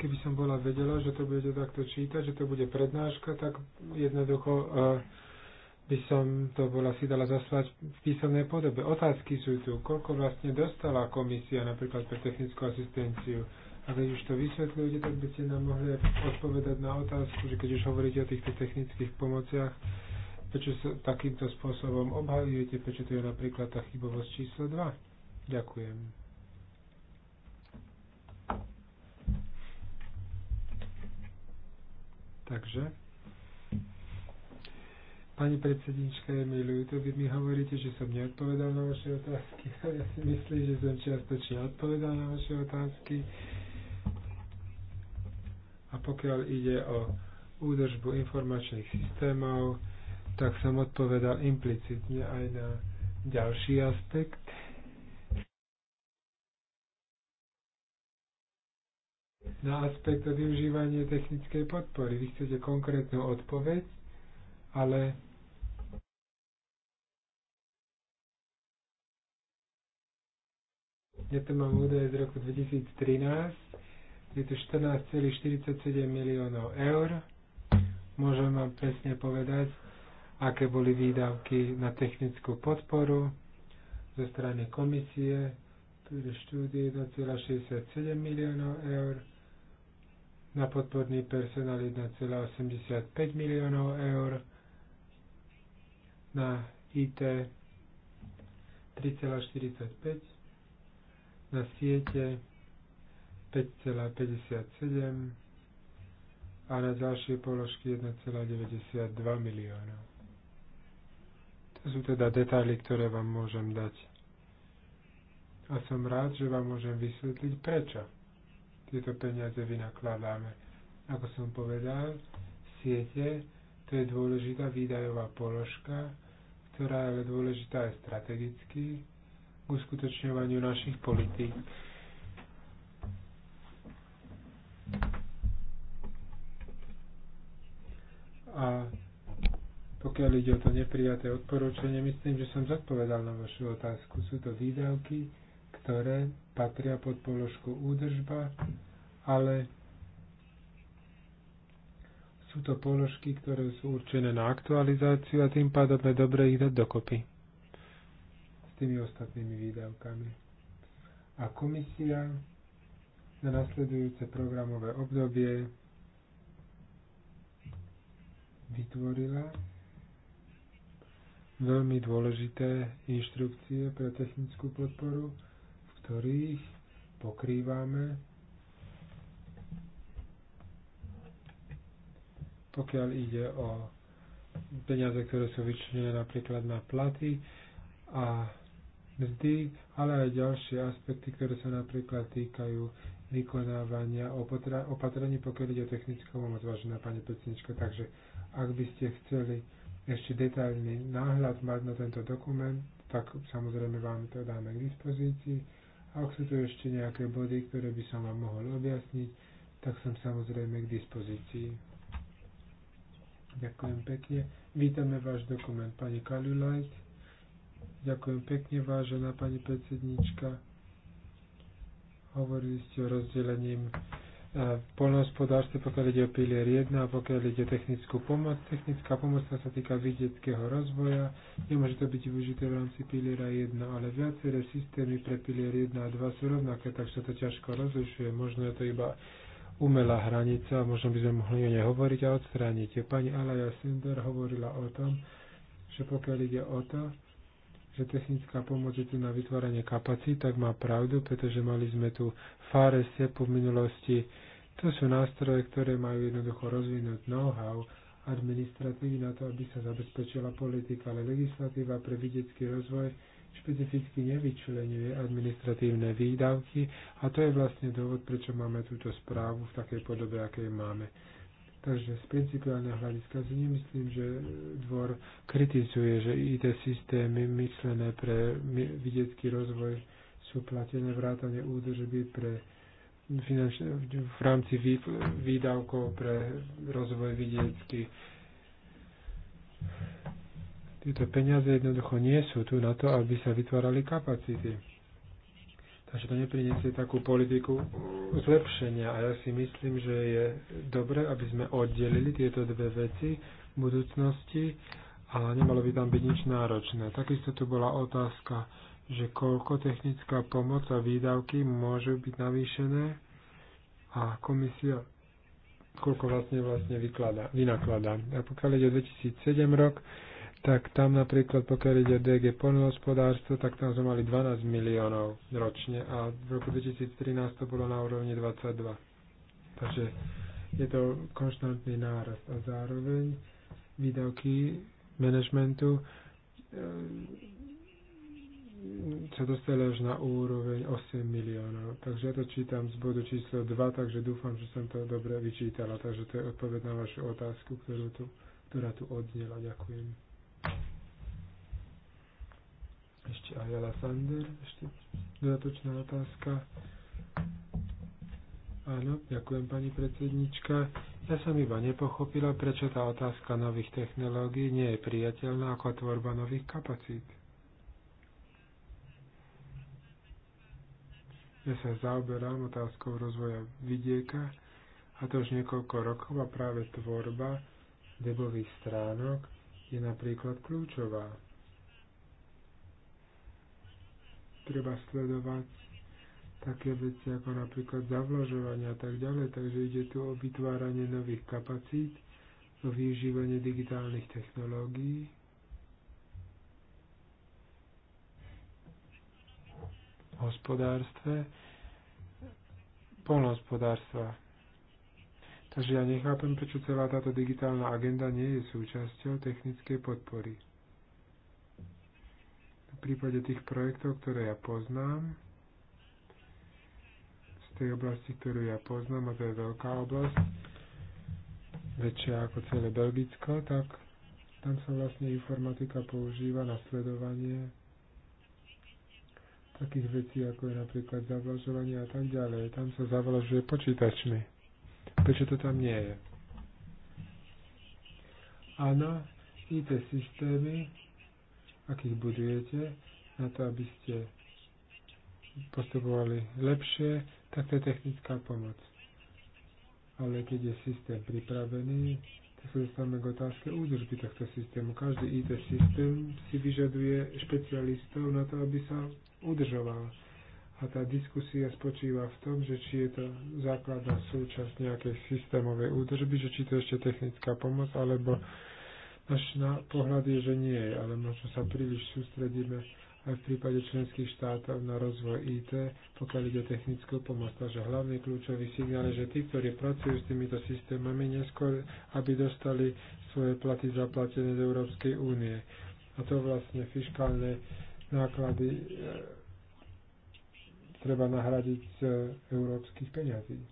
Keby som bola vedela, že to budete takto čítať, že to bude prednáška, tak jednoducho eh, by som to bola si dala zaslať v písomnej podobe. Otázky sú tu, koľko vlastne dostala komisia napríklad pre technickú asistenciu. A keď už to vysvetľujete, tak by ste nám mohli odpovedať na otázku, že keď už hovoríte o týchto technických pomociach, prečo sa takýmto spôsobom obhajujete, prečo to je napríklad tá chybovosť číslo 2. Ďakujem. Takže, pani predsednička, je mi ľúto, vy mi hovoríte, že som neodpovedal na vaše otázky, [LAUGHS] ale ja si myslím, že som čiastočne odpovedal na vaše otázky. A pokiaľ ide o údržbu informačných systémov, tak som odpovedal implicitne aj na ďalší aspekt. na aspekt o využívanie technickej podpory. Vy chcete konkrétnu odpoveď, ale ja to mám údaje z roku 2013, je to 14,47 miliónov eur. Môžem vám presne povedať, aké boli výdavky na technickú podporu zo strany komisie, tu je štúdie 1,67 miliónov eur, na podporný personál 1,85 miliónov eur, na IT 3,45, na siete 5,57 a na ďalšie položky 1,92 miliónov. To sú teda detaily, ktoré vám môžem dať. A som rád, že vám môžem vysvetliť prečo tieto peniaze vynakladáme. Ako som povedal, siete to je dôležitá výdajová položka, ktorá je ale dôležitá aj strategicky k uskutočňovaniu našich politík. A pokiaľ ide o to neprijaté odporúčanie, myslím, že som zodpovedal na vašu otázku. Sú to výdavky, ktoré patria pod položku údržba, ale sú to položky, ktoré sú určené na aktualizáciu a tým pádom je dobre ich dať dokopy s tými ostatnými výdavkami. A komisia na nasledujúce programové obdobie vytvorila veľmi dôležité inštrukcie pre technickú podporu ktorých pokrývame, pokiaľ ide o peniaze, ktoré sú vyčlenené napríklad na platy a mzdy, ale aj ďalšie aspekty, ktoré sa napríklad týkajú vykonávania opatrení, pokiaľ ide o technickú pomoc, vážená pani predsednička. Takže ak by ste chceli ešte detailný náhľad mať na tento dokument, tak samozrejme vám to dáme k dispozícii. Ak sú tu ešte nejaké body, ktoré by som vám mohol objasniť, tak som samozrejme k dispozícii. Ďakujem pekne. Vítame váš dokument, pani Kalulajt. Ďakujem pekne, vážená pani predsednička. Hovorili ste o rozdelení polnohospodárstve, pokiaľ ide o pilier 1 a pokiaľ ide o technickú pomoc. Technická pomoc sa týka vidieckého rozvoja, nemôže to byť využité v rámci piliera 1, ale viaceré systémy pre pilier 1 a 2 sú rovnaké, tak sa to ťažko rozlišuje. Možno je to iba umelá hranica, možno by sme mohli o nej hovoriť a odstrániť. Pani Alaja Sender hovorila o tom, že pokiaľ ide o to, že technická pomoc je tu na vytváranie kapacít, tak má pravdu, pretože mali sme tu fáre po v minulosti. To sú nástroje, ktoré majú jednoducho rozvinúť know-how administratívy na to, aby sa zabezpečila politika, ale legislatíva pre vidiecký rozvoj špecificky nevyčlenuje administratívne výdavky a to je vlastne dôvod, prečo máme túto správu v takej podobe, akej máme. Takže z principiálneho hľadiska si nemyslím, že dvor kritizuje, že IT systémy myslené pre vidiecký rozvoj sú platené vrátane údržby pre finančne, v rámci výdavkov pre rozvoj vidiecky. Tieto peniaze jednoducho nie sú tu na to, aby sa vytvárali kapacity. Takže to nepriniesie takú politiku zlepšenia. A ja si myslím, že je dobre, aby sme oddelili tieto dve veci v budúcnosti a nemalo by tam byť nič náročné. Takisto tu bola otázka, že koľko technická pomoc a výdavky môžu byť navýšené a komisia koľko vlastne vlastne vyklada, vynakladá. A pokiaľ ide o 2007 rok, tak tam napríklad, pokiaľ ide DG poľnohospodárstvo, tak tam sme mali 12 miliónov ročne a v roku 2013 to bolo na úrovni 22. Takže je to konštantný nárast a zároveň výdavky manažmentu ehm, sa dostali až na úroveň 8 miliónov. Takže ja to čítam z bodu číslo 2, takže dúfam, že som to dobre vyčítala. Takže to je odpoveď na vašu otázku, ktorú tu, ktorá tu odznela. Ďakujem. Ešte Ajala Sander, ešte dodatočná otázka. Áno, ďakujem pani predsednička. Ja som iba nepochopila, prečo tá otázka nových technológií nie je priateľná ako tvorba nových kapacít. Ja sa zaoberám otázkou rozvoja vidieka a to už niekoľko rokov a práve tvorba debových stránok je napríklad kľúčová. treba sledovať také veci ako napríklad zavlažovanie a tak ďalej, takže ide tu o vytváranie nových kapacít, o využívanie digitálnych technológií. hospodárstve, polnohospodárstva. Takže ja nechápem, prečo celá táto digitálna agenda nie je súčasťou technickej podpory prípade tých projektov, ktoré ja poznám, z tej oblasti, ktorú ja poznám, a to je veľká oblasť, väčšia ako celé Belgicko, tak tam sa vlastne informatika používa na sledovanie takých vecí, ako je napríklad zavlažovanie a tak ďalej. Tam sa zavlažuje počítačmi. Prečo to tam nie je? Áno, IT systémy akých budujete, na to, aby ste postupovali lepšie, tak to je technická pomoc. Ale keď je systém pripravený, tak sa dostávame k otázke údržby tohto systému. Každý IT systém si vyžaduje špecialistov na to, aby sa udržoval. A tá diskusia spočíva v tom, že či je to základná súčasť nejakej systémovej údržby, že či to ešte technická pomoc, alebo až na pohľad je, že nie, ale možno sa príliš sústredíme aj v prípade členských štátov na rozvoj IT, pokiaľ ide technickú pomoc. Takže hlavný kľúčový signál je, že tí, ktorí pracujú s týmito systémami, neskôr, aby dostali svoje platy zaplatené z Európskej únie. A to vlastne fiskálne náklady e, treba nahradiť z európskych peňazí.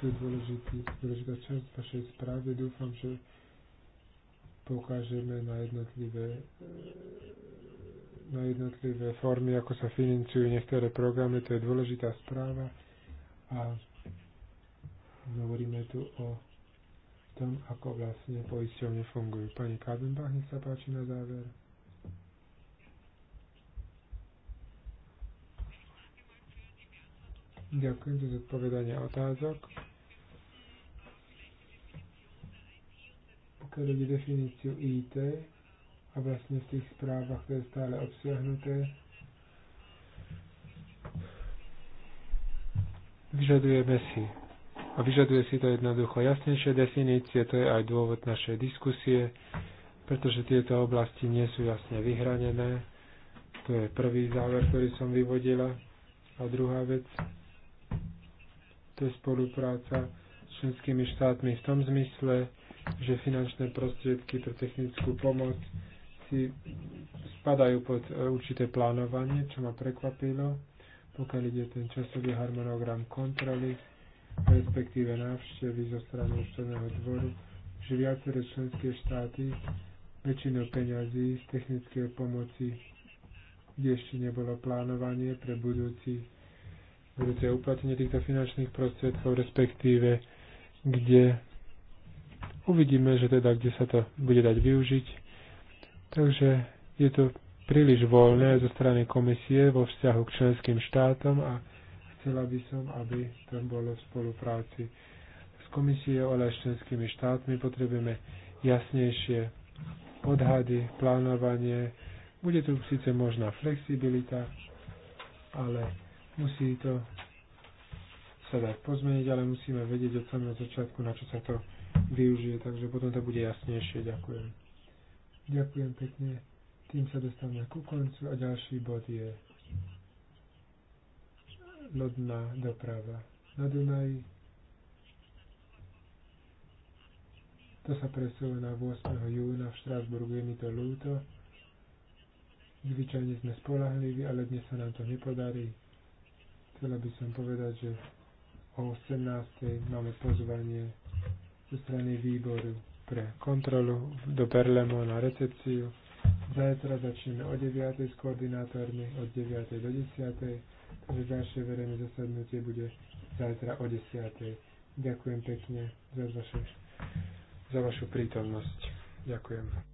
to je dôležitý, dôležitá časť vašej správy. Dúfam, že poukážeme na jednotlivé na jednotlivé formy, ako sa financujú niektoré programy, to je dôležitá správa a hovoríme tu o tom, ako vlastne poisťovne fungujú. Pani Kadenbach, nech sa páči na záver. Ďakujem za zodpovedanie otázok. ktorý ide definíciu IT a vlastne v tých správach to je stále obsiahnuté. Vyžadujeme si a vyžaduje si to jednoducho jasnejšie definície, to je aj dôvod našej diskusie, pretože tieto oblasti nie sú jasne vyhranené. To je prvý záver, ktorý som vyvodila. A druhá vec, to je spolupráca s členskými štátmi v tom zmysle, že finančné prostriedky pre technickú pomoc si spadajú pod e, určité plánovanie, čo ma prekvapilo, pokiaľ ide ten časový harmonogram kontroly, respektíve návštevy zo strany účtovného dvoru, že viaceré členské štáty väčšinou peňazí z technickej pomoci, kde ešte nebolo plánovanie pre budúci, budúce uplatnenie týchto finančných prostriedkov, respektíve kde Uvidíme, že teda, kde sa to bude dať využiť. Takže je to príliš voľné zo strany komisie vo vzťahu k členským štátom a chcela by som, aby to bolo v spolupráci s komisiou, ale aj s členskými štátmi. Potrebujeme jasnejšie odhady, plánovanie. Bude tu síce možná flexibilita, ale musí to sa dať pozmeniť, ale musíme vedieť od samého začiatku, na čo sa to využije, takže potom to bude jasnejšie. Ďakujem. Ďakujem pekne. Tým sa dostávame ku koncu a ďalší bod je lodná doprava na Dunaji. To sa presúva na 8. júna v Štrásburgu, je mi to ľúto. Zvyčajne sme spolahliví, ale dnes sa nám to nepodarí. Chcela by som povedať, že o 18. máme pozvanie zo strany výboru pre kontrolu do Perlemo na recepciu. Zajtra začneme o 9. s koordinátormi od 9. do 10. Takže ďalšie verejné zasadnutie bude zajtra o 10. Ďakujem pekne za, vaše, za vašu prítomnosť. Ďakujem.